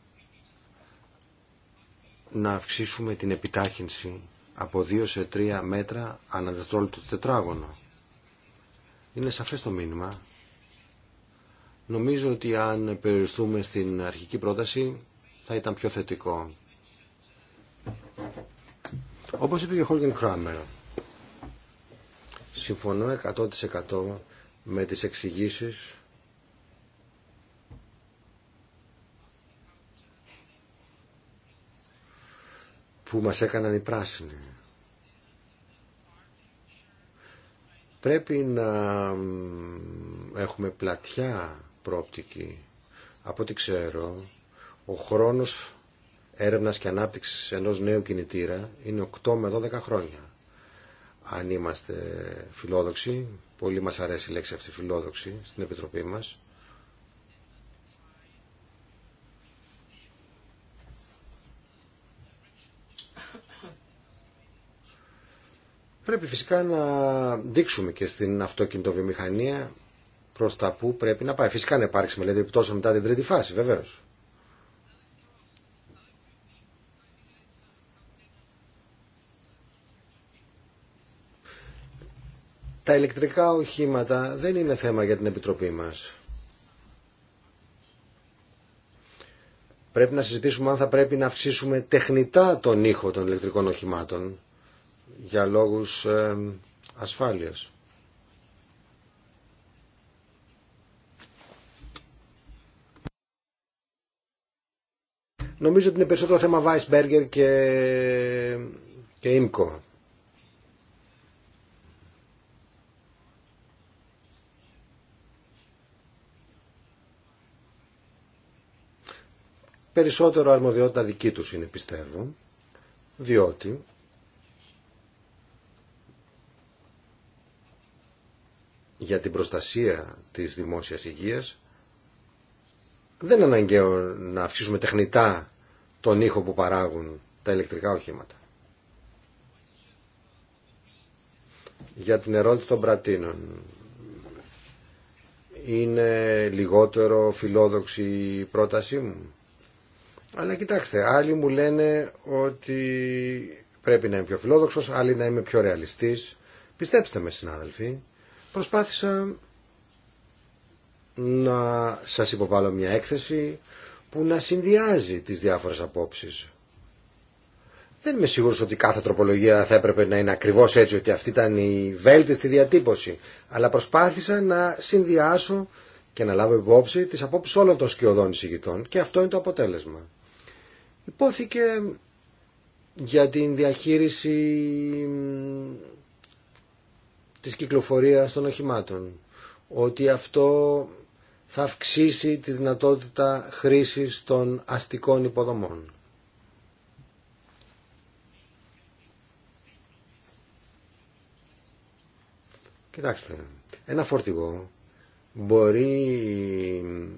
να αυξήσουμε την επιτάχυνση από 2 σε 3 μέτρα ανά του τετράγωνο. Είναι σαφές το μήνυμα. Νομίζω ότι αν περιοριστούμε στην αρχική πρόταση θα ήταν πιο θετικό. Όπως είπε και ο Χόλγεν Κράμερ, συμφωνώ 100% με τις εξηγήσει που μας έκαναν οι πράσινοι. Πρέπει να έχουμε πλατιά πρόπτικη. Από ό,τι ξέρω, ο χρόνος έρευνας και ανάπτυξης ενός νέου κινητήρα είναι 8 με 12 χρόνια. Αν είμαστε φιλόδοξοι, πολύ μας αρέσει η λέξη αυτή φιλόδοξη στην Επιτροπή μας, Πρέπει φυσικά να δείξουμε και στην αυτοκινητοβιομηχανία προ τα που πρέπει να πάει. Φυσικά να υπάρξει μελέτη επιπτώσεων μετά την τρίτη φάση, βεβαίω. Τα ηλεκτρικά οχήματα δεν είναι θέμα για την Επιτροπή μας. Πρέπει να συζητήσουμε αν θα πρέπει να αυξήσουμε τεχνητά τον ήχο των ηλεκτρικών οχημάτων για λόγους ασφάλειας. Νομίζω ότι είναι περισσότερο θέμα Weisberger και, και Ίμκο. Περισσότερο αρμοδιότητα δική τους είναι πιστεύω, διότι για την προστασία της δημόσιας υγείας δεν είναι αναγκαίο να αυξήσουμε τεχνητά τον ήχο που παράγουν τα ηλεκτρικά οχήματα. Για την ερώτηση των πρατίνων είναι λιγότερο φιλόδοξη η πρότασή μου. Αλλά κοιτάξτε, άλλοι μου λένε ότι πρέπει να είμαι πιο φιλόδοξος, άλλοι να είμαι πιο ρεαλιστής. Πιστέψτε με συνάδελφοι, Προσπάθησα να σας υποβάλω μια έκθεση που να συνδυάζει τις διάφορες απόψεις. Δεν είμαι σίγουρος ότι κάθε τροπολογία θα έπρεπε να είναι ακριβώς έτσι, ότι αυτή ήταν η βέλτιστη διατύπωση. Αλλά προσπάθησα να συνδυάσω και να λάβω υπόψη τις απόψεις όλων των σκιωδών εισηγητών και αυτό είναι το αποτέλεσμα. Υπόθηκε για την διαχείριση της κυκλοφορίας των οχημάτων. Ότι αυτό θα αυξήσει τη δυνατότητα χρήσης των αστικών υποδομών. Κοιτάξτε, ένα φορτηγό μπορεί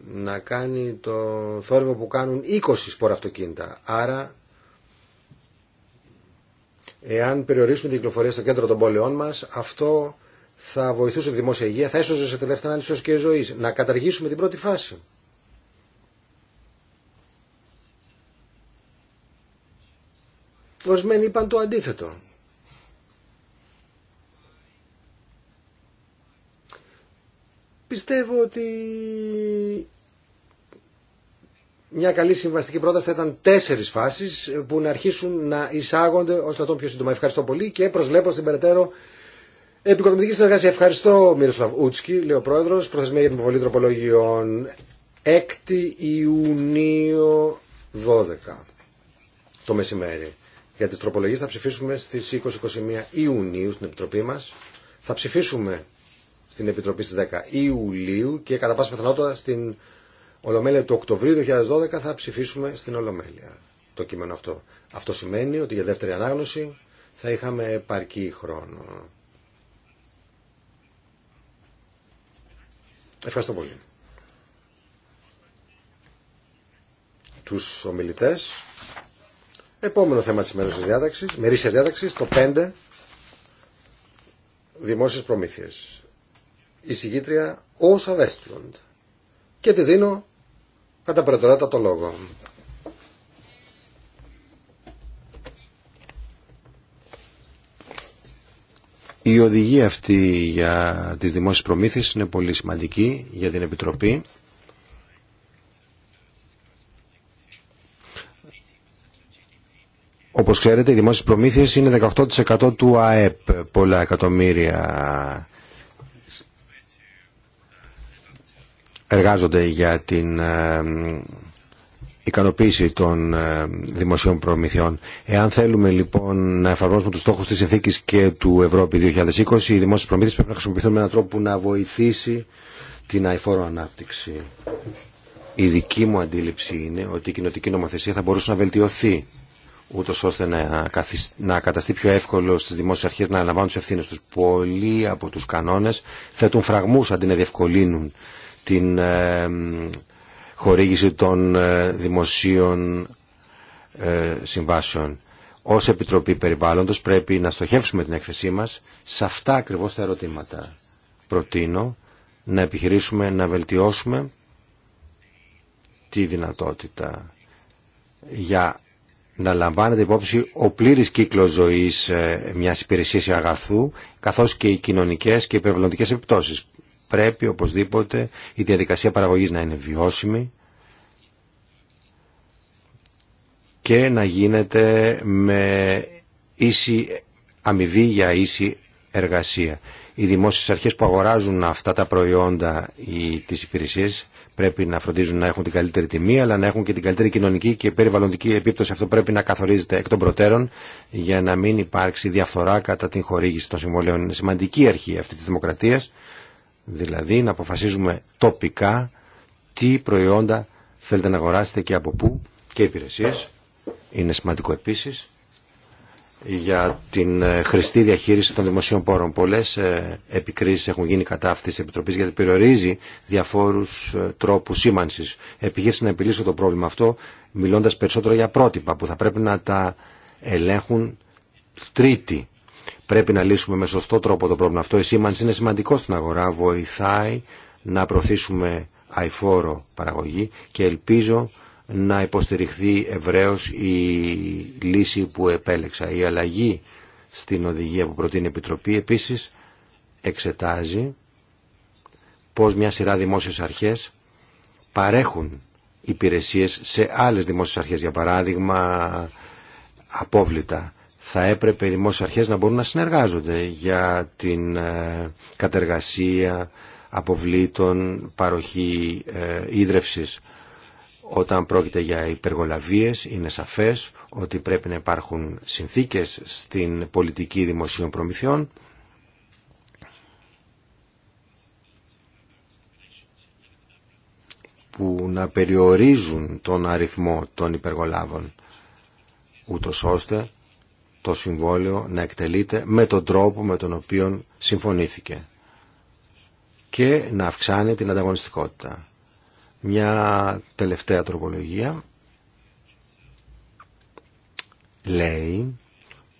να κάνει το θόρυβο που κάνουν 20 αυτοκίνητα. Άρα Εάν περιορίσουμε την κυκλοφορία στο κέντρο των πόλεων μα, αυτό θα βοηθούσε τη δημόσια υγεία, θα έσωζε σε τελευταία ανάλυση και ζωή. Να καταργήσουμε την πρώτη φάση. Ορισμένοι είπαν το αντίθετο. Πιστεύω ότι μια καλή συμβαστική πρόταση θα ήταν τέσσερι φάσει ε, που να αρχίσουν να εισάγονται ω το πιο σύντομα. Ευχαριστώ πολύ και προσβλέπω στην περαιτέρω επικοδομητική συνεργασία. Ευχαριστώ, Μύρο Ούτσκι, λέει ο πρόεδρο. Προθεσμία για την υποβολή τροπολογιών Ιουνίου 12 το μεσημέρι. Για τι τροπολογίε, θα ψηφίσουμε στι 20-21 Ιουνίου στην Επιτροπή μα, Θα ψηφίσουμε στην Επιτροπή στι 10 Ιουλίου και κατά πάσα πιθανότητα στην Ολομέλεια του Οκτωβρίου 2012 θα ψηφίσουμε στην Ολομέλεια το κείμενο αυτό. Αυτό σημαίνει ότι για δεύτερη ανάγνωση θα είχαμε επαρκή χρόνο. Ευχαριστώ πολύ. Τους ομιλητές. Επόμενο θέμα της μερίσιας διάταξης, μερίσιας διάταξης, το 5, δημόσιες προμήθειες. Η συγκήτρια Όσα Και τη δίνω Κατά προτεραιότητα το λόγο. Η οδηγία αυτή για τις δημόσιες προμήθειες είναι πολύ σημαντική για την Επιτροπή. Όπως ξέρετε, οι δημόσιες προμήθειες είναι 18% του ΑΕΠ, πολλά εκατομμύρια εργάζονται για την ε, ικανοποίηση των ε, δημοσίων προμηθειών. Εάν θέλουμε λοιπόν να εφαρμόσουμε τους στόχους της συνθήκη και του Ευρώπη 2020, οι δημόσιες προμήθειες πρέπει να χρησιμοποιηθούν με έναν τρόπο που να βοηθήσει την αηφόρο ανάπτυξη. Η δική μου αντίληψη είναι ότι η κοινοτική νομοθεσία θα μπορούσε να βελτιωθεί ούτω ώστε να, να καταστεί πιο εύκολο στι δημόσιε αρχέ να αναλαμβάνουν τι ευθύνε του. Πολλοί από του κανόνε θέτουν φραγμού αντί να διευκολύνουν την ε, χορήγηση των ε, δημοσίων ε, συμβάσεων. Ως Επιτροπή Περιβάλλοντος πρέπει να στοχεύσουμε την έκθεσή μας σε αυτά ακριβώς τα ερωτήματα. Προτείνω να επιχειρήσουμε να βελτιώσουμε τη δυνατότητα για να λαμβάνεται υπόψη ο πλήρης κύκλος ζωής μιας υπηρεσίας αγαθού, καθώς και οι κοινωνικές και οι περιβαλλοντικές επιπτώσεις πρέπει οπωσδήποτε η διαδικασία παραγωγής να είναι βιώσιμη και να γίνεται με ίση αμοιβή για ίση εργασία. Οι δημόσιες αρχές που αγοράζουν αυτά τα προϊόντα ή τις υπηρεσίες πρέπει να φροντίζουν να έχουν την καλύτερη τιμή, αλλά να έχουν και την καλύτερη κοινωνική και περιβαλλοντική επίπτωση. Αυτό πρέπει να καθορίζεται εκ των προτέρων για να μην υπάρξει διαφθορά κατά την χορήγηση των συμβολέων. Είναι σημαντική αρχή αυτή της δημοκρατίας Δηλαδή να αποφασίζουμε τοπικά τι προϊόντα θέλετε να αγοράσετε και από πού και υπηρεσίες. Είναι σημαντικό επίσης για την ε, χρηστή διαχείριση των δημοσίων πόρων. Πολλές ε, επικρίσεις έχουν γίνει κατά αυτής της Επιτροπής γιατί περιορίζει διαφόρους ε, τρόπους σήμανσης. Επιχείρησα να επιλύσω το πρόβλημα αυτό μιλώντας περισσότερο για πρότυπα που θα πρέπει να τα ελέγχουν τρίτη Πρέπει να λύσουμε με σωστό τρόπο το πρόβλημα αυτό. Η σήμανση είναι σημαντικό στην αγορά, βοηθάει να προωθήσουμε αϊφόρο παραγωγή και ελπίζω να υποστηριχθεί ευρέως η λύση που επέλεξα. Η αλλαγή στην οδηγία που προτείνει η Επιτροπή επίσης εξετάζει πως μια σειρά δημόσιες αρχές παρέχουν υπηρεσίες σε άλλες δημόσιες αρχές, για παράδειγμα απόβλητα θα έπρεπε οι δημόσιες αρχές να μπορούν να συνεργάζονται για την ε, κατεργασία αποβλήτων, παροχή ε, ίδρευσης. Όταν πρόκειται για υπεργολαβίες είναι σαφές ότι πρέπει να υπάρχουν συνθήκες στην πολιτική δημοσίων προμηθειών που να περιορίζουν τον αριθμό των υπεργολάβων ούτως ώστε το συμβόλαιο να εκτελείται με τον τρόπο με τον οποίο συμφωνήθηκε και να αυξάνει την ανταγωνιστικότητα. Μια τελευταία τροπολογία λέει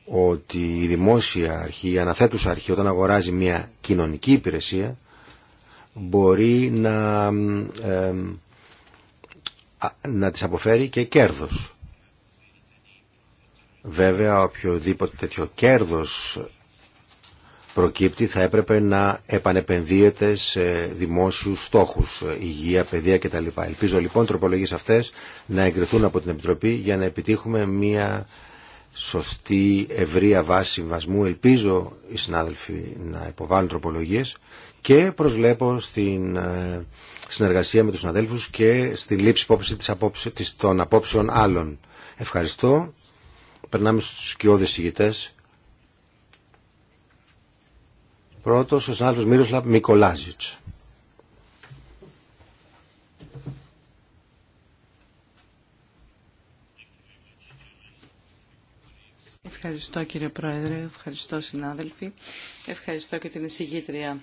ότι η δημόσια αρχή, η αναθέτουσα αρχή όταν αγοράζει μια κοινωνική υπηρεσία μπορεί να, να της αποφέρει και κέρδος. Βέβαια, οποιοδήποτε τέτοιο κέρδος προκύπτει θα έπρεπε να επανεπενδύεται σε δημόσιους στόχους, υγεία, παιδεία κτλ. Ελπίζω λοιπόν τροπολογίες αυτές να εγκριθούν από την Επιτροπή για να επιτύχουμε μια σωστή ευρεία βάση συμβασμού. Ελπίζω οι συνάδελφοι να υποβάλουν τροπολογίες και προσβλέπω στην ε, συνεργασία με τους συναδέλφους και στη λήψη υπόψη των απόψεων άλλων. Ευχαριστώ. Περνάμε στους σκιώδες ηγητές. Πρώτος ο συνάδελφος Μύροσλαπ Μικολάζιτς. Ευχαριστώ κύριε Πρόεδρε, ευχαριστώ συνάδελφοι, ευχαριστώ και την εισηγήτρια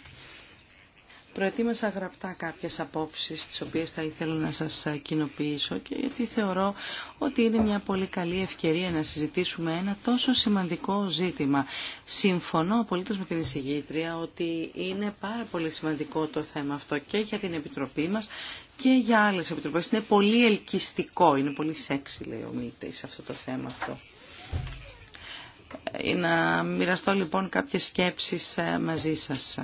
Προετοίμασα γραπτά κάποιες απόψεις τις οποίες θα ήθελα να σας κοινοποιήσω και γιατί θεωρώ ότι είναι μια πολύ καλή ευκαιρία να συζητήσουμε ένα τόσο σημαντικό ζήτημα. Συμφωνώ απολύτως με την εισηγήτρια ότι είναι πάρα πολύ σημαντικό το θέμα αυτό και για την Επιτροπή μας και για άλλες επιτροπές. Είναι πολύ ελκυστικό, είναι πολύ σεξι λέει ο αυτό το θέμα αυτό. Ε, να μοιραστώ λοιπόν κάποιες σκέψεις ε, μαζί σας.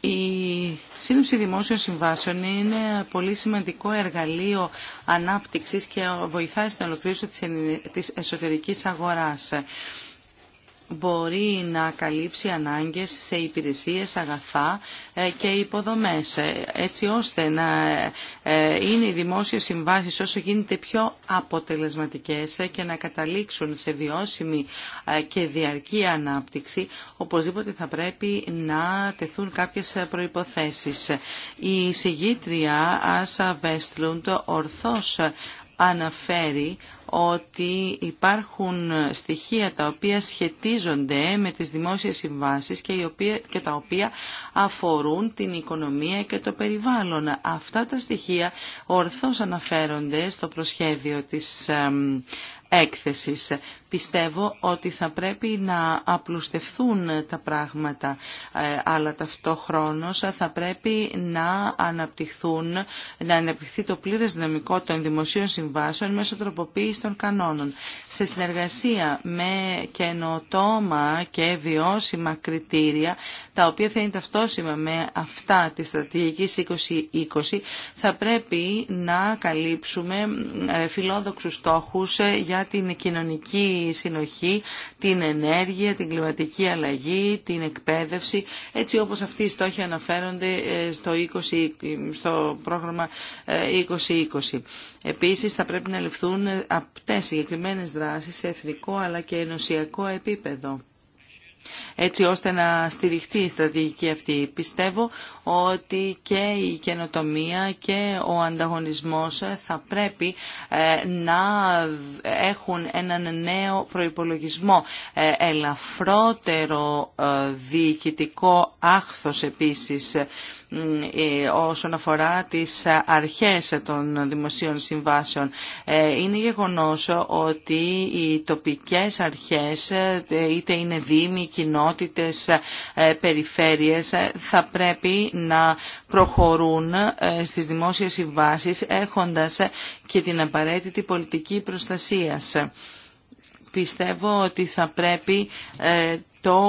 Η σύλληψη δημόσιων συμβάσεων είναι πολύ σημαντικό εργαλείο ανάπτυξης και βοηθάει στην ολοκλήρωση της εσωτερικής αγοράς μπορεί να καλύψει ανάγκες σε υπηρεσίες, αγαθά ε, και υποδομές, ε, έτσι ώστε να ε, είναι οι δημόσιες συμβάσεις όσο γίνεται πιο αποτελεσματικές και να καταλήξουν σε βιώσιμη και διαρκή ανάπτυξη, οπωσδήποτε θα πρέπει να τεθούν κάποιες προϋποθέσεις. Η συγγήτρια Άσα Βέστλουντ ορθώς αναφέρει ότι υπάρχουν στοιχεία τα οποία σχετίζονται με τις δημόσιες συμβάσεις και, και τα οποία αφορούν την οικονομία και το περιβάλλον. Αυτά τα στοιχεία ορθώς αναφέρονται στο προσχέδιο της έκθεσης πιστεύω ότι θα πρέπει να απλουστευθούν τα πράγματα, ε, αλλά ταυτόχρονος θα πρέπει να αναπτυχθούν, να αναπτυχθεί το πλήρες δυναμικό των δημοσίων συμβάσεων μέσω τροποποίηση των κανόνων. Σε συνεργασία με καινοτόμα και βιώσιμα κριτήρια, τα οποία θα είναι ταυτόσιμα με αυτά της στρατηγικής 2020, θα πρέπει να καλύψουμε ε, φιλόδοξους στόχους ε, για την κοινωνική η συνοχή, την ενέργεια, την κλιματική αλλαγή, την εκπαίδευση, έτσι όπως αυτοί οι στόχοι αναφέρονται ε, στο, 20, στο πρόγραμμα 2020. Ε, Επίσης θα πρέπει να ληφθούν αυτές συγκεκριμένες δράσεις σε εθνικό αλλά και ενωσιακό επίπεδο έτσι ώστε να στηριχτεί η στρατηγική αυτή. Πιστεύω ότι και η καινοτομία και ο ανταγωνισμός θα πρέπει ε, να έχουν έναν νέο προϋπολογισμό. Ε, ελαφρότερο ε, διοικητικό άχθος επίσης ε, όσον αφορά τις αρχές των δημοσίων συμβάσεων. Ε, είναι γεγονός ότι οι τοπικές αρχές, ε, είτε είναι δήμοι, κοινότητες, περιφέρειες, θα πρέπει να προχωρούν στις δημόσιες συμβάσεις έχοντας και την απαραίτητη πολιτική προστασίας πιστεύω ότι θα πρέπει το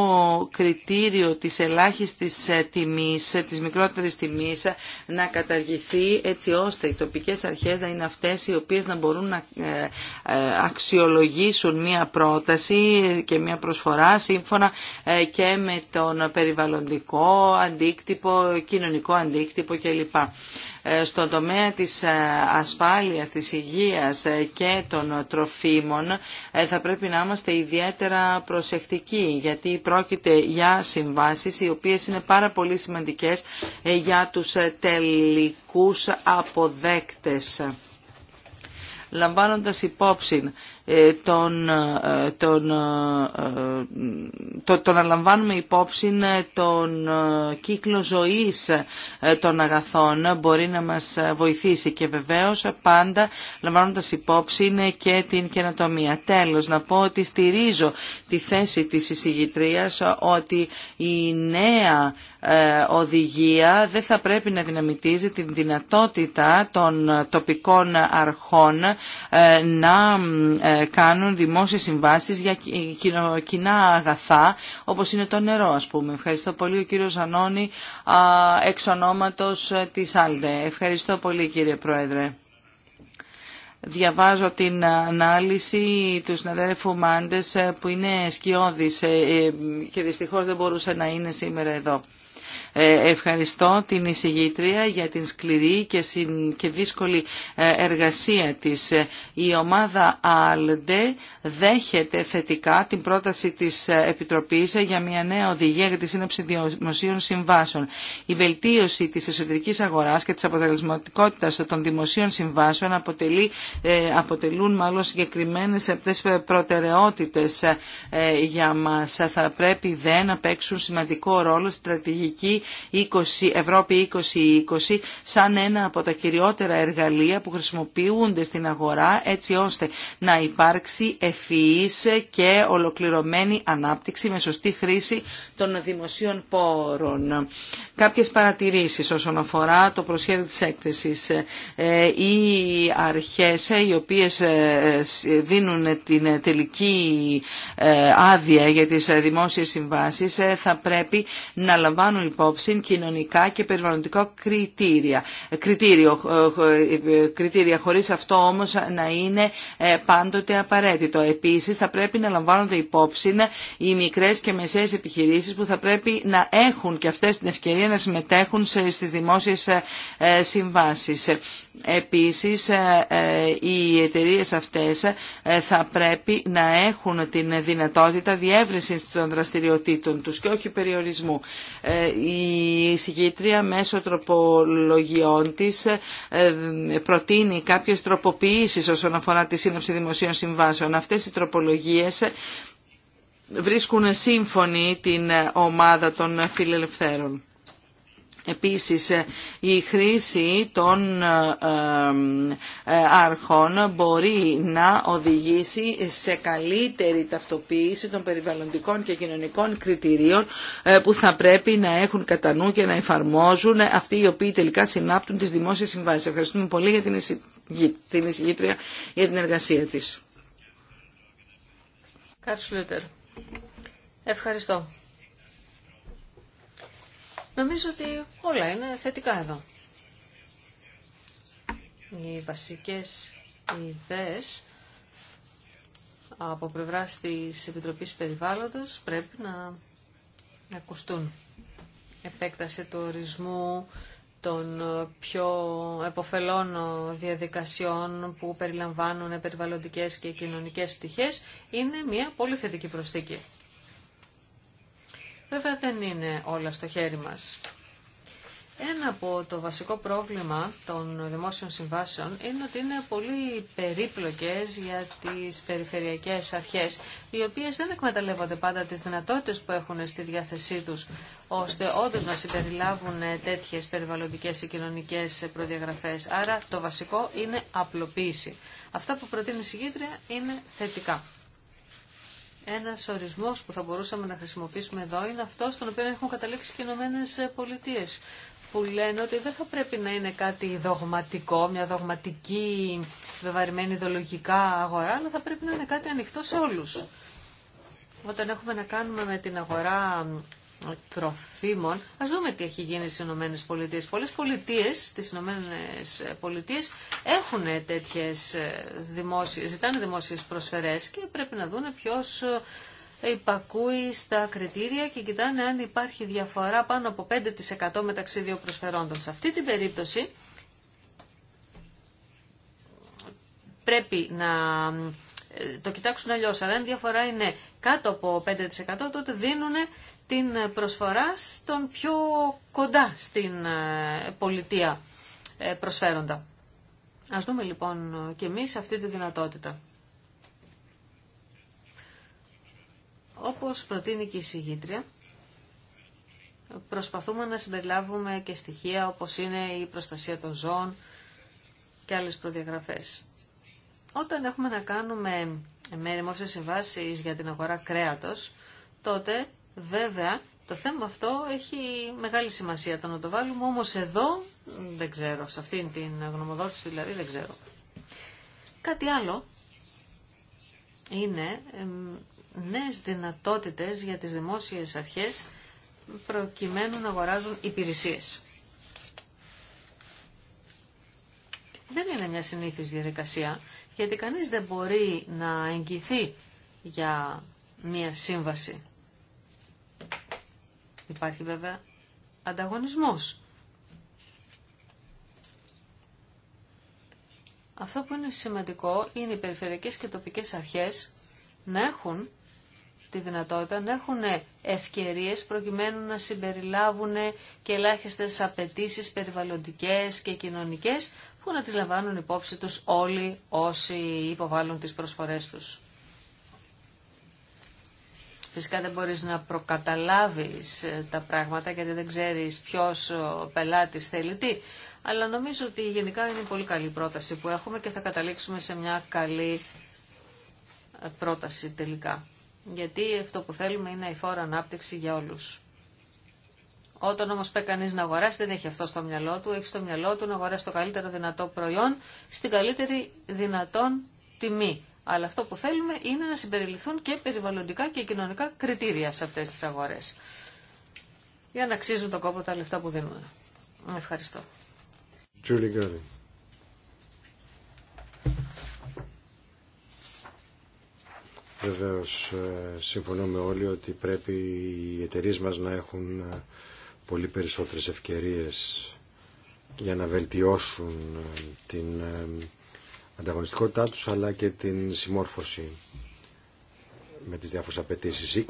κριτήριο της ελάχιστης ε, τιμής, ε, της μικρότερης τιμής ε, να καταργηθεί έτσι ώστε οι τοπικές αρχές να είναι αυτές οι οποίες να μπορούν να αξιολογήσουν μια πρόταση και μια προσφορά σύμφωνα και με τον περιβαλλοντικό αντίκτυπο, κοινωνικό αντίκτυπο κλπ. Ε, στον τομέα της ε, ασφάλειας, της υγείας ε, και των τροφίμων θα πρέπει να είμαστε ιδιαίτερα προσεκτικοί γιατί πρόκειται για συμβάσεις οι οποίες είναι πάρα πολύ σημαντικές για τους τελικούς αποδέκτες λαμβάνοντας υπόψη ε, τον, ε, τον, ε, το, τον λαμβάνουμε υπόψη τον κύκλο ζωής των αγαθών μπορεί να μας βοηθήσει και βεβαίως πάντα λαμβάνοντας υπόψη και την καινοτομία. Τέλος να πω ότι στηρίζω τη θέση της εισηγητρίας ότι η νέα οδηγία δεν θα πρέπει να δυναμητίζει την δυνατότητα των τοπικών αρχών να ε, κάνουν δημόσιες συμβάσεις για κοινά αγαθά όπως είναι το νερό ας πούμε. Ευχαριστώ πολύ ο κύριος Ανώνη εξ ονόματος ε, της Άλντε. Ευχαριστώ πολύ κύριε Πρόεδρε. Διαβάζω την ανάλυση του συναδέλφου Μάντες ε, που είναι σκιώδης και δυστυχώς δεν μπορούσε να είναι σήμερα εδώ. Ε, ευχαριστώ την εισηγήτρια για την σκληρή και δύσκολη ε, εργασία της. Ε, η ομάδα ALDE δέχεται θετικά την πρόταση της Επιτροπής για μια νέα οδηγία για τη σύνοψη δημοσίων συμβάσεων. Η βελτίωση της εσωτερικής αγοράς και της αποτελεσματικότητας των δημοσίων συμβάσεων αποτελεί, αποτελούν μάλλον συγκεκριμένες προτεραιότητες για μας. Θα πρέπει δε να παίξουν σημαντικό ρόλο στρατηγική στρατηγική 20, Ευρώπη 2020 σαν ένα από τα κυριότερα εργαλεία που χρησιμοποιούνται στην αγορά έτσι ώστε να υπάρξει ευφυής και ολοκληρωμένη ανάπτυξη με σωστή χρήση των δημοσίων πόρων. Κάποιες παρατηρήσεις όσον αφορά το προσχέδιο της έκθεσης. Ε, οι αρχές ε, οι οποίες ε, δίνουν την τελική άδεια για τις δημόσιες συμβάσεις θα πρέπει να λαμβάνουν υπόψη κοινωνικά και περιβαλλοντικά κριτήρια. Κριτήριο, ε, ε, κριτήρια χωρίς αυτό όμως να είναι ε, πάντοτε απαραίτητο. Επίσης θα πρέπει να λαμβάνονται υπόψη οι μικρές και μεσαίες επιχειρήσεις που θα πρέπει να έχουν και αυτές την ευκαιρία να συμμετέχουν στις δημόσιες συμβάσεις. Επίσης οι εταιρείε αυτές θα πρέπει να έχουν την δυνατότητα διεύρυνσης των δραστηριοτήτων τους και όχι περιορισμού η συγκήτρια μέσω τροπολογιών της ε, προτείνει κάποιες τροποποιήσεις όσον αφορά τη σύναψη δημοσίων συμβάσεων. Αυτές οι τροπολογίες ε, βρίσκουν σύμφωνη την ε, ομάδα των φιλελευθέρων. Επίσης, ε, η χρήση των ε, ε, αρχών μπορεί να οδηγήσει σε καλύτερη ταυτοποίηση των περιβαλλοντικών και κοινωνικών κριτηρίων που θα πρέπει να έχουν κατά νου και να εφαρμόζουν αυτοί οι οποίοι τελικά συνάπτουν τις δημόσιες συμβάσεις. Ευχαριστούμε πολύ για την εισηγήτρια για την εργασία της. Ευχαριστώ. Νομίζω ότι όλα είναι θετικά εδώ. Οι βασικές ιδέες από πλευρά της Επιτροπής Περιβάλλοντος πρέπει να ακουστούν. Επέκταση του ορισμού των πιο εποφελών διαδικασιών που περιλαμβάνουν περιβαλλοντικές και κοινωνικές πτυχές είναι μια πολύ θετική προσθήκη. Βέβαια δεν είναι όλα στο χέρι μας. Ένα από το βασικό πρόβλημα των δημόσιων συμβάσεων είναι ότι είναι πολύ περίπλοκες για τις περιφερειακές αρχές, οι οποίες δεν εκμεταλλεύονται πάντα τις δυνατότητες που έχουν στη διάθεσή τους, ώστε όντω να συμπεριλάβουν τέτοιες περιβαλλοντικές η κοινωνικές προδιαγραφές. Άρα το βασικό είναι απλοποίηση. Αυτά που προτείνει η είναι θετικά. Ένα ορισμός που θα μπορούσαμε να χρησιμοποιήσουμε εδώ είναι αυτό στον οποίο έχουν καταλήξει και οι Ηνωμένε Πολιτείε που λένε ότι δεν θα πρέπει να είναι κάτι δογματικό, μια δογματική βεβαρημένη ιδεολογικά αγορά, αλλά θα πρέπει να είναι κάτι ανοιχτό σε όλου. Όταν έχουμε να κάνουμε με την αγορά τροφίμων. Ας δούμε τι έχει γίνει στι Ηνωμένε Πολιτείε. Πολλέ πολιτείες, στι Ηνωμένε Πολιτείες, έχουν τέτοιες ε, ζητάνε δημόσιε προσφέρε και πρέπει να δούνε ποιο ε, υπακούει στα κριτήρια και κοιτάνε αν υπάρχει διαφορά πάνω από 5% μεταξύ δύο προσφερόντων. Σε αυτή την περίπτωση πρέπει να ε, το κοιτάξουν αλλιώς, αλλά αν διαφορά είναι κάτω από 5% τότε δίνουν την προσφορά στον πιο κοντά στην ε, πολιτεία ε, προσφέροντα. Ας δούμε λοιπόν και εμείς αυτή τη δυνατότητα. Όπως προτείνει και η συγγήτρια, προσπαθούμε να συμπεριλάβουμε και στοιχεία όπως είναι η προστασία των ζώων και άλλες προδιαγραφές. Όταν έχουμε να κάνουμε με δημόσιες συμβάσεις για την αγορά κρέατος, τότε Βέβαια, το θέμα αυτό έχει μεγάλη σημασία το να το βάλουμε, όμως εδώ δεν ξέρω, σε αυτήν την γνωμοδότηση δηλαδή δεν ξέρω. Κάτι άλλο είναι νέες δυνατότητες για τις δημόσιες αρχές προκειμένου να αγοράζουν υπηρεσίες. Δεν είναι μια συνήθις διαδικασία, γιατί κανείς δεν μπορεί να εγγυηθεί για μια σύμβαση Υπάρχει βέβαια ανταγωνισμός. Αυτό που είναι σημαντικό είναι οι περιφερειακές και τοπικές αρχές να έχουν τη δυνατότητα να έχουν ευκαιρίες προκειμένου να συμπεριλάβουν και ελάχιστες απαιτήσει περιβαλλοντικές και κοινωνικές που να τις λαμβάνουν υπόψη τους όλοι όσοι υποβάλλουν τις προσφορές τους. Φυσικά δεν μπορείς να προκαταλάβεις ε, τα πράγματα γιατί δεν ξέρεις ποιος πελάτης θέλει τι. Αλλά νομίζω ότι γενικά είναι πολύ καλή πρόταση που έχουμε και θα καταλήξουμε σε μια καλή ε, πρόταση τελικά. Γιατί αυτό που θέλουμε είναι η φόρα ανάπτυξη για όλους. Όταν όμως πέει κανεί να αγοράσει, δεν έχει αυτό στο μυαλό του. Έχει στο μυαλό του να αγοράσει το καλύτερο δυνατό προϊόν στην καλύτερη δυνατόν τιμή. Αλλά αυτό που θέλουμε είναι να συμπεριληφθούν και περιβαλλοντικά και κοινωνικά κριτήρια σε αυτές τις αγορές. Για να αξίζουν τον κόπο τα λεφτά που δίνουμε. Ευχαριστώ. Julie Βεβαίω ε, συμφωνώ με όλοι ότι πρέπει οι εταιρείε μας να έχουν ε, πολύ περισσότερες ευκαιρίες για να βελτιώσουν ε, την ανταγωνιστικότητά τους αλλά και την συμμόρφωση με τις διάφορες απαιτήσει.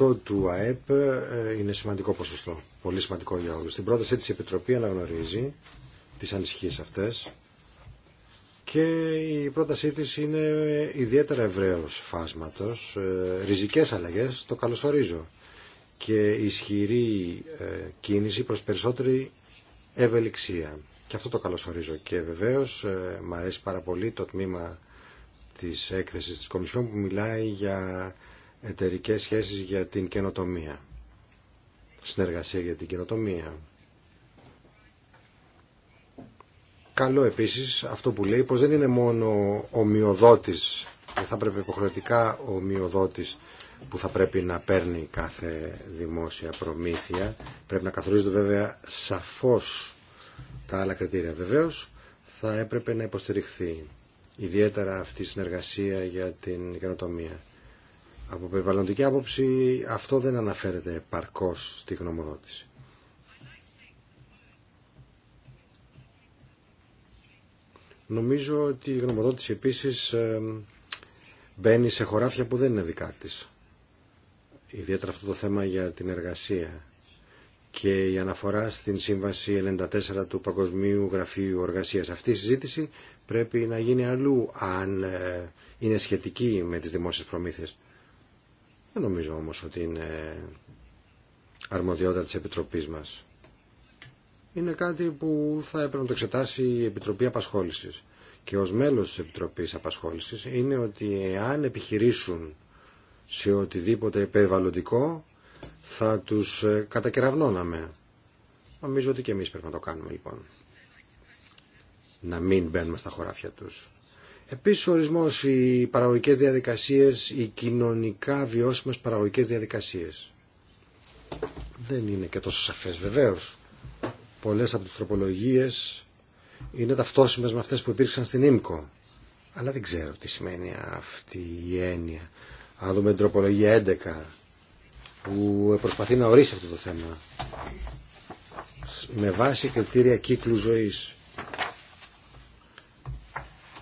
20% του ΑΕΠ ε, είναι σημαντικό ποσοστό, πολύ σημαντικό για όλους. Στην πρόταση της Επιτροπή αναγνωρίζει τις ανησυχίες αυτές και η πρότασή της είναι ιδιαίτερα ευραίος φάσματος, ε, ριζικές αλλαγές, το καλωσορίζω και ισχυρή ε, κίνηση προς περισσότερη ευελιξία και αυτό το καλωσορίζω. Και βεβαίω. ε, μου αρέσει πάρα πολύ το τμήμα της έκθεσης της Κομισιόν που μιλάει για εταιρικέ σχέσεις για την καινοτομία. Συνεργασία για την καινοτομία. Καλό επίση αυτό που λέει πως δεν είναι μόνο ο δεν θα πρέπει υποχρεωτικά ομοιοδότης που θα πρέπει να παίρνει κάθε δημόσια προμήθεια. Πρέπει να καθορίζεται βέβαια σαφώς τα άλλα κριτήρια. Βεβαίω, θα έπρεπε να υποστηριχθεί ιδιαίτερα αυτή η συνεργασία για την καινοτομία. Από περιβαλλοντική άποψη αυτό δεν αναφέρεται παρκώς στη γνωμοδότηση. Νομίζω ότι η γνωμοδότηση επίσης ε, μπαίνει σε χωράφια που δεν είναι δικά της. Ιδιαίτερα αυτό το θέμα για την εργασία και η αναφορά στην Σύμβαση 94 του Παγκοσμίου Γραφείου Οργασίας. Αυτή η συζήτηση πρέπει να γίνει αλλού αν ε, είναι σχετική με τις δημόσιες προμήθειες. Δεν νομίζω όμως ότι είναι αρμοδιότητα της Επιτροπής μας. Είναι κάτι που θα έπρεπε να το εξετάσει η Επιτροπή Απασχόλησης. Και ως μέλος της Επιτροπής Απασχόλησης είναι ότι εάν επιχειρήσουν σε οτιδήποτε περιβαλλοντικό θα τους ε, κατακεραυνώναμε. Νομίζω ότι και εμείς πρέπει να το κάνουμε λοιπόν. Να μην μπαίνουμε στα χωράφια τους. Επίσης ο ορισμός οι παραγωγικές διαδικασίες, οι κοινωνικά βιώσιμες παραγωγικές διαδικασίες. Δεν είναι και τόσο σαφές βεβαίως. Πολλές από τις τροπολογίες είναι ταυτόσιμες με αυτές που υπήρξαν στην ΙΜΚΟ. Αλλά δεν ξέρω τι σημαίνει αυτή η έννοια. Αν δούμε την τροπολογία 11 που προσπαθεί να ορίσει αυτό το θέμα με βάση κριτήρια κύκλου ζωής.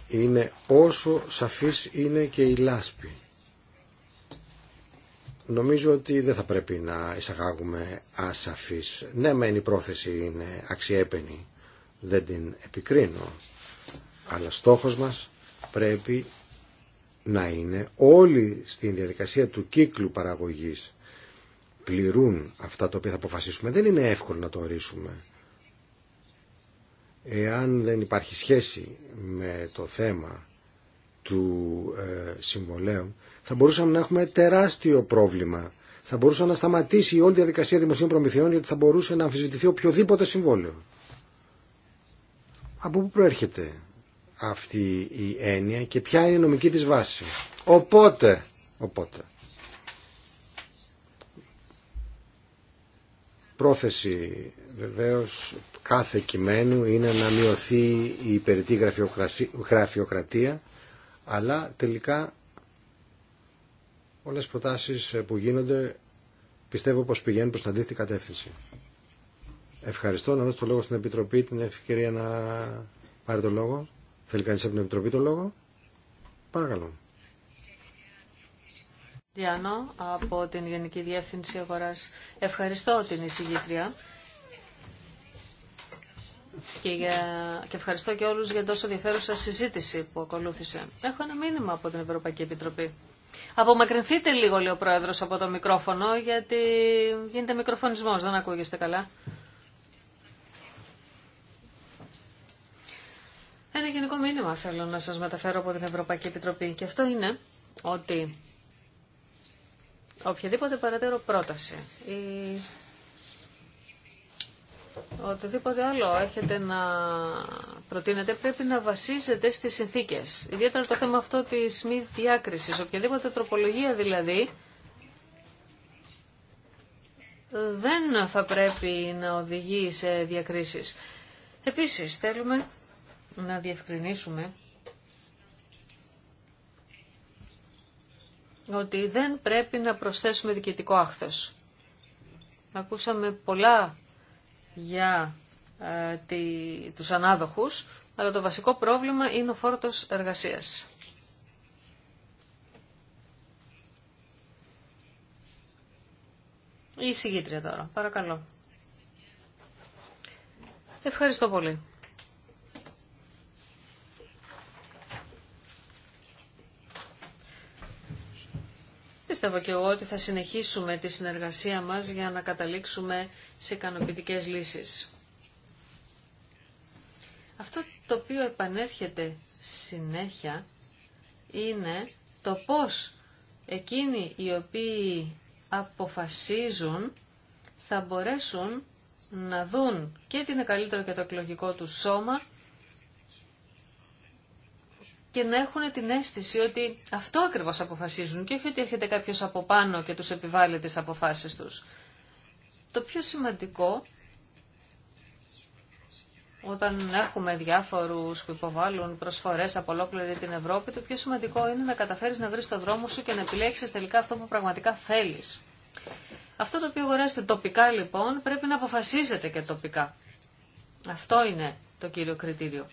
Είναι όσο σαφής είναι και η λάσπη. Νομίζω ότι δεν θα πρέπει να εισαγάγουμε ασαφής. Ναι, μεν η πρόθεση είναι αξιέπαινη, δεν την επικρίνω, αλλά στόχος μας πρέπει να είναι όλοι στην διαδικασία του κύκλου παραγωγής πληρούν αυτά τα οποία θα αποφασίσουμε. Δεν είναι εύκολο να το ορίσουμε. Εάν δεν υπάρχει σχέση με το θέμα του ε, συμβολέου, θα μπορούσαμε να έχουμε τεράστιο πρόβλημα. Θα μπορούσε να σταματήσει η όλη διαδικασία δημοσίων προμηθειών γιατί θα μπορούσε να αμφισβητηθεί οποιοδήποτε συμβόλαιο. Από πού προέρχεται αυτή η έννοια και ποια είναι η νομική της βάση. Οπότε, οπότε πρόθεση βεβαίως κάθε κειμένου είναι να μειωθεί η υπερητή γραφειοκρατία αλλά τελικά όλες οι προτάσεις που γίνονται πιστεύω πως πηγαίνουν προς την αντίθετη κατεύθυνση. Ευχαριστώ να δώσω το λόγο στην Επιτροπή την ευκαιρία να πάρει το λόγο. Θέλει κανείς από την Επιτροπή το λόγο. Παρακαλώ. Διάνο από την Γενική Διεύθυνση Αγοράς. Ευχαριστώ την εισηγήτρια και, για... και ευχαριστώ και όλους για τόσο ενδιαφέρουσα συζήτηση που ακολούθησε. Έχω ένα μήνυμα από την Ευρωπαϊκή Επιτροπή. Απομακρυνθείτε λίγο, λέει ο Πρόεδρος, από το μικρόφωνο, γιατί γίνεται μικροφωνισμός, δεν ακούγεστε καλά. Ένα γενικό μήνυμα θέλω να σας μεταφέρω από την Ευρωπαϊκή Επιτροπή και αυτό είναι ότι οποιαδήποτε παρατέρω πρόταση ή οτιδήποτε άλλο έχετε να προτείνετε πρέπει να βασίζεται στις συνθήκες. Ιδιαίτερα το θέμα αυτό της μη διάκρισης, οποιαδήποτε τροπολογία δηλαδή, δεν θα πρέπει να οδηγεί σε διακρίσεις. Επίσης θέλουμε να διευκρινίσουμε ότι δεν πρέπει να προσθέσουμε διοικητικό άχθος. Ακούσαμε πολλά για ε, τη, τους ανάδοχους, αλλά το βασικό πρόβλημα είναι ο φόρτος εργασίας. Η συγγήτρια τώρα, παρακαλώ. Ευχαριστώ πολύ. πίστευα και εγώ ότι θα συνεχίσουμε τη συνεργασία μας για να καταλήξουμε σε ικανοποιητικέ λύσεις. Αυτό το οποίο επανέρχεται συνέχεια είναι το πώς εκείνοι οι οποίοι αποφασίζουν θα μπορέσουν να δουν και την καλύτερο και το εκλογικό του σώμα και να έχουν την αίσθηση ότι αυτό ακριβώς αποφασίζουν και όχι ότι έρχεται κάποιος από πάνω και τους επιβάλλει τις αποφάσεις τους. Το πιο σημαντικό όταν έχουμε διάφορους που υποβάλλουν προσφορές από ολόκληρη την Ευρώπη, το πιο σημαντικό είναι να καταφέρεις να βρεις το δρόμο σου και να επιλέξεις τελικά αυτό που πραγματικά θέλεις. Αυτό το οποίο αγοράζετε τοπικά λοιπόν πρέπει να αποφασίζετε και τοπικά. Αυτό είναι το κύριο κριτήριο.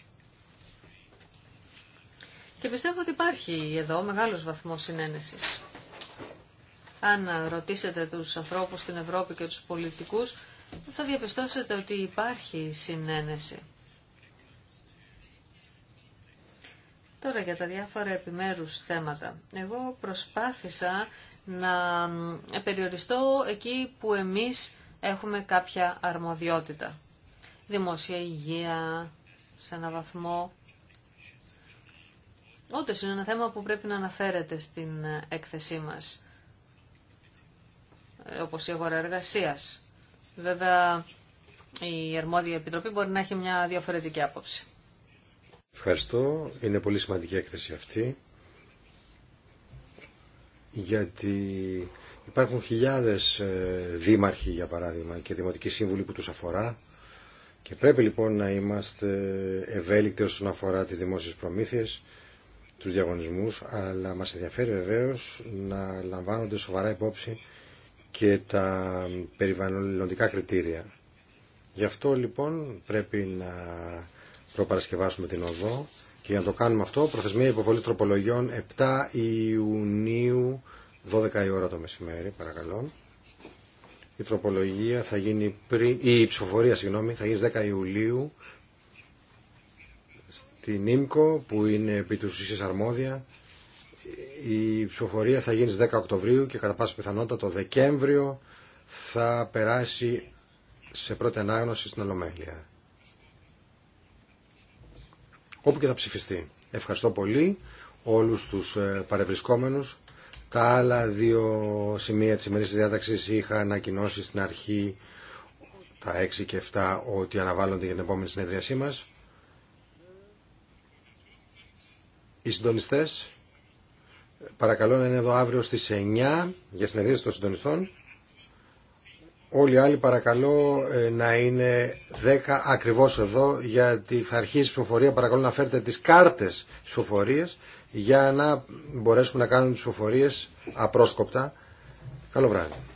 Και πιστεύω ότι υπάρχει εδώ μεγάλος βαθμός συνένεσης. Αν ρωτήσετε τους ανθρώπους στην Ευρώπη και τους πολιτικούς, θα διαπιστώσετε ότι υπάρχει συνένεση. Τώρα για τα διάφορα επιμέρους θέματα. Εγώ προσπάθησα να περιοριστώ εκεί που εμείς έχουμε κάποια αρμοδιότητα. Δημόσια υγεία σε ένα βαθμό, Όντω είναι ένα θέμα που πρέπει να αναφέρεται στην ε, έκθεσή μας, ε, όπω η αγορά εργασίας. Βέβαια, η αρμόδια επιτροπή μπορεί να έχει μια διαφορετική άποψη. Ευχαριστώ. Είναι πολύ σημαντική η έκθεση αυτή, γιατί υπάρχουν χιλιάδες ε, δήμαρχοι, για παράδειγμα, και δημοτικοί σύμβουλοι που τους αφορά, και πρέπει λοιπόν να είμαστε ευέλικτοι όσον αφορά τις δημόσιες προμήθειες τους διαγωνισμούς, αλλά μας ενδιαφέρει βεβαίως να λαμβάνονται σοβαρά υπόψη και τα περιβαλλοντικά κριτήρια. Γι' αυτό λοιπόν πρέπει να προπαρασκευάσουμε την οδό και για να το κάνουμε αυτό προθεσμία υποβολή τροπολογιών 7 Ιουνίου 12 η ώρα το μεσημέρι παρακαλώ. Η τροπολογία θα γίνει πριν, η ψηφοφορία συγγνώμη, θα γίνει 10 Ιουλίου την ΙΜΚΟ που είναι επί του αρμόδια. Η ψηφοφορία θα γίνει στις 10 Οκτωβρίου και κατά πάσα πιθανότητα το Δεκέμβριο θα περάσει σε πρώτη ανάγνωση στην Ολομέλεια. Όπου και θα ψηφιστεί. Ευχαριστώ πολύ όλους τους ε, παρευρισκόμενους. Τα άλλα δύο σημεία της ημερής διάταξης είχα ανακοινώσει στην αρχή τα 6 και 7 ότι αναβάλλονται για την επόμενη συνεδρίασή μας. Οι συντονιστέ, παρακαλώ να είναι εδώ αύριο στι 9 για συνεδρίαση των συντονιστών. Όλοι οι άλλοι παρακαλώ ε, να είναι 10 ακριβώς εδώ γιατί θα αρχίσει η ψηφοφορία. Παρακαλώ να φέρετε τις κάρτες ψηφοφορία για να μπορέσουμε να κάνουμε τι ψηφοφορίε απρόσκοπτα. Καλό βράδυ.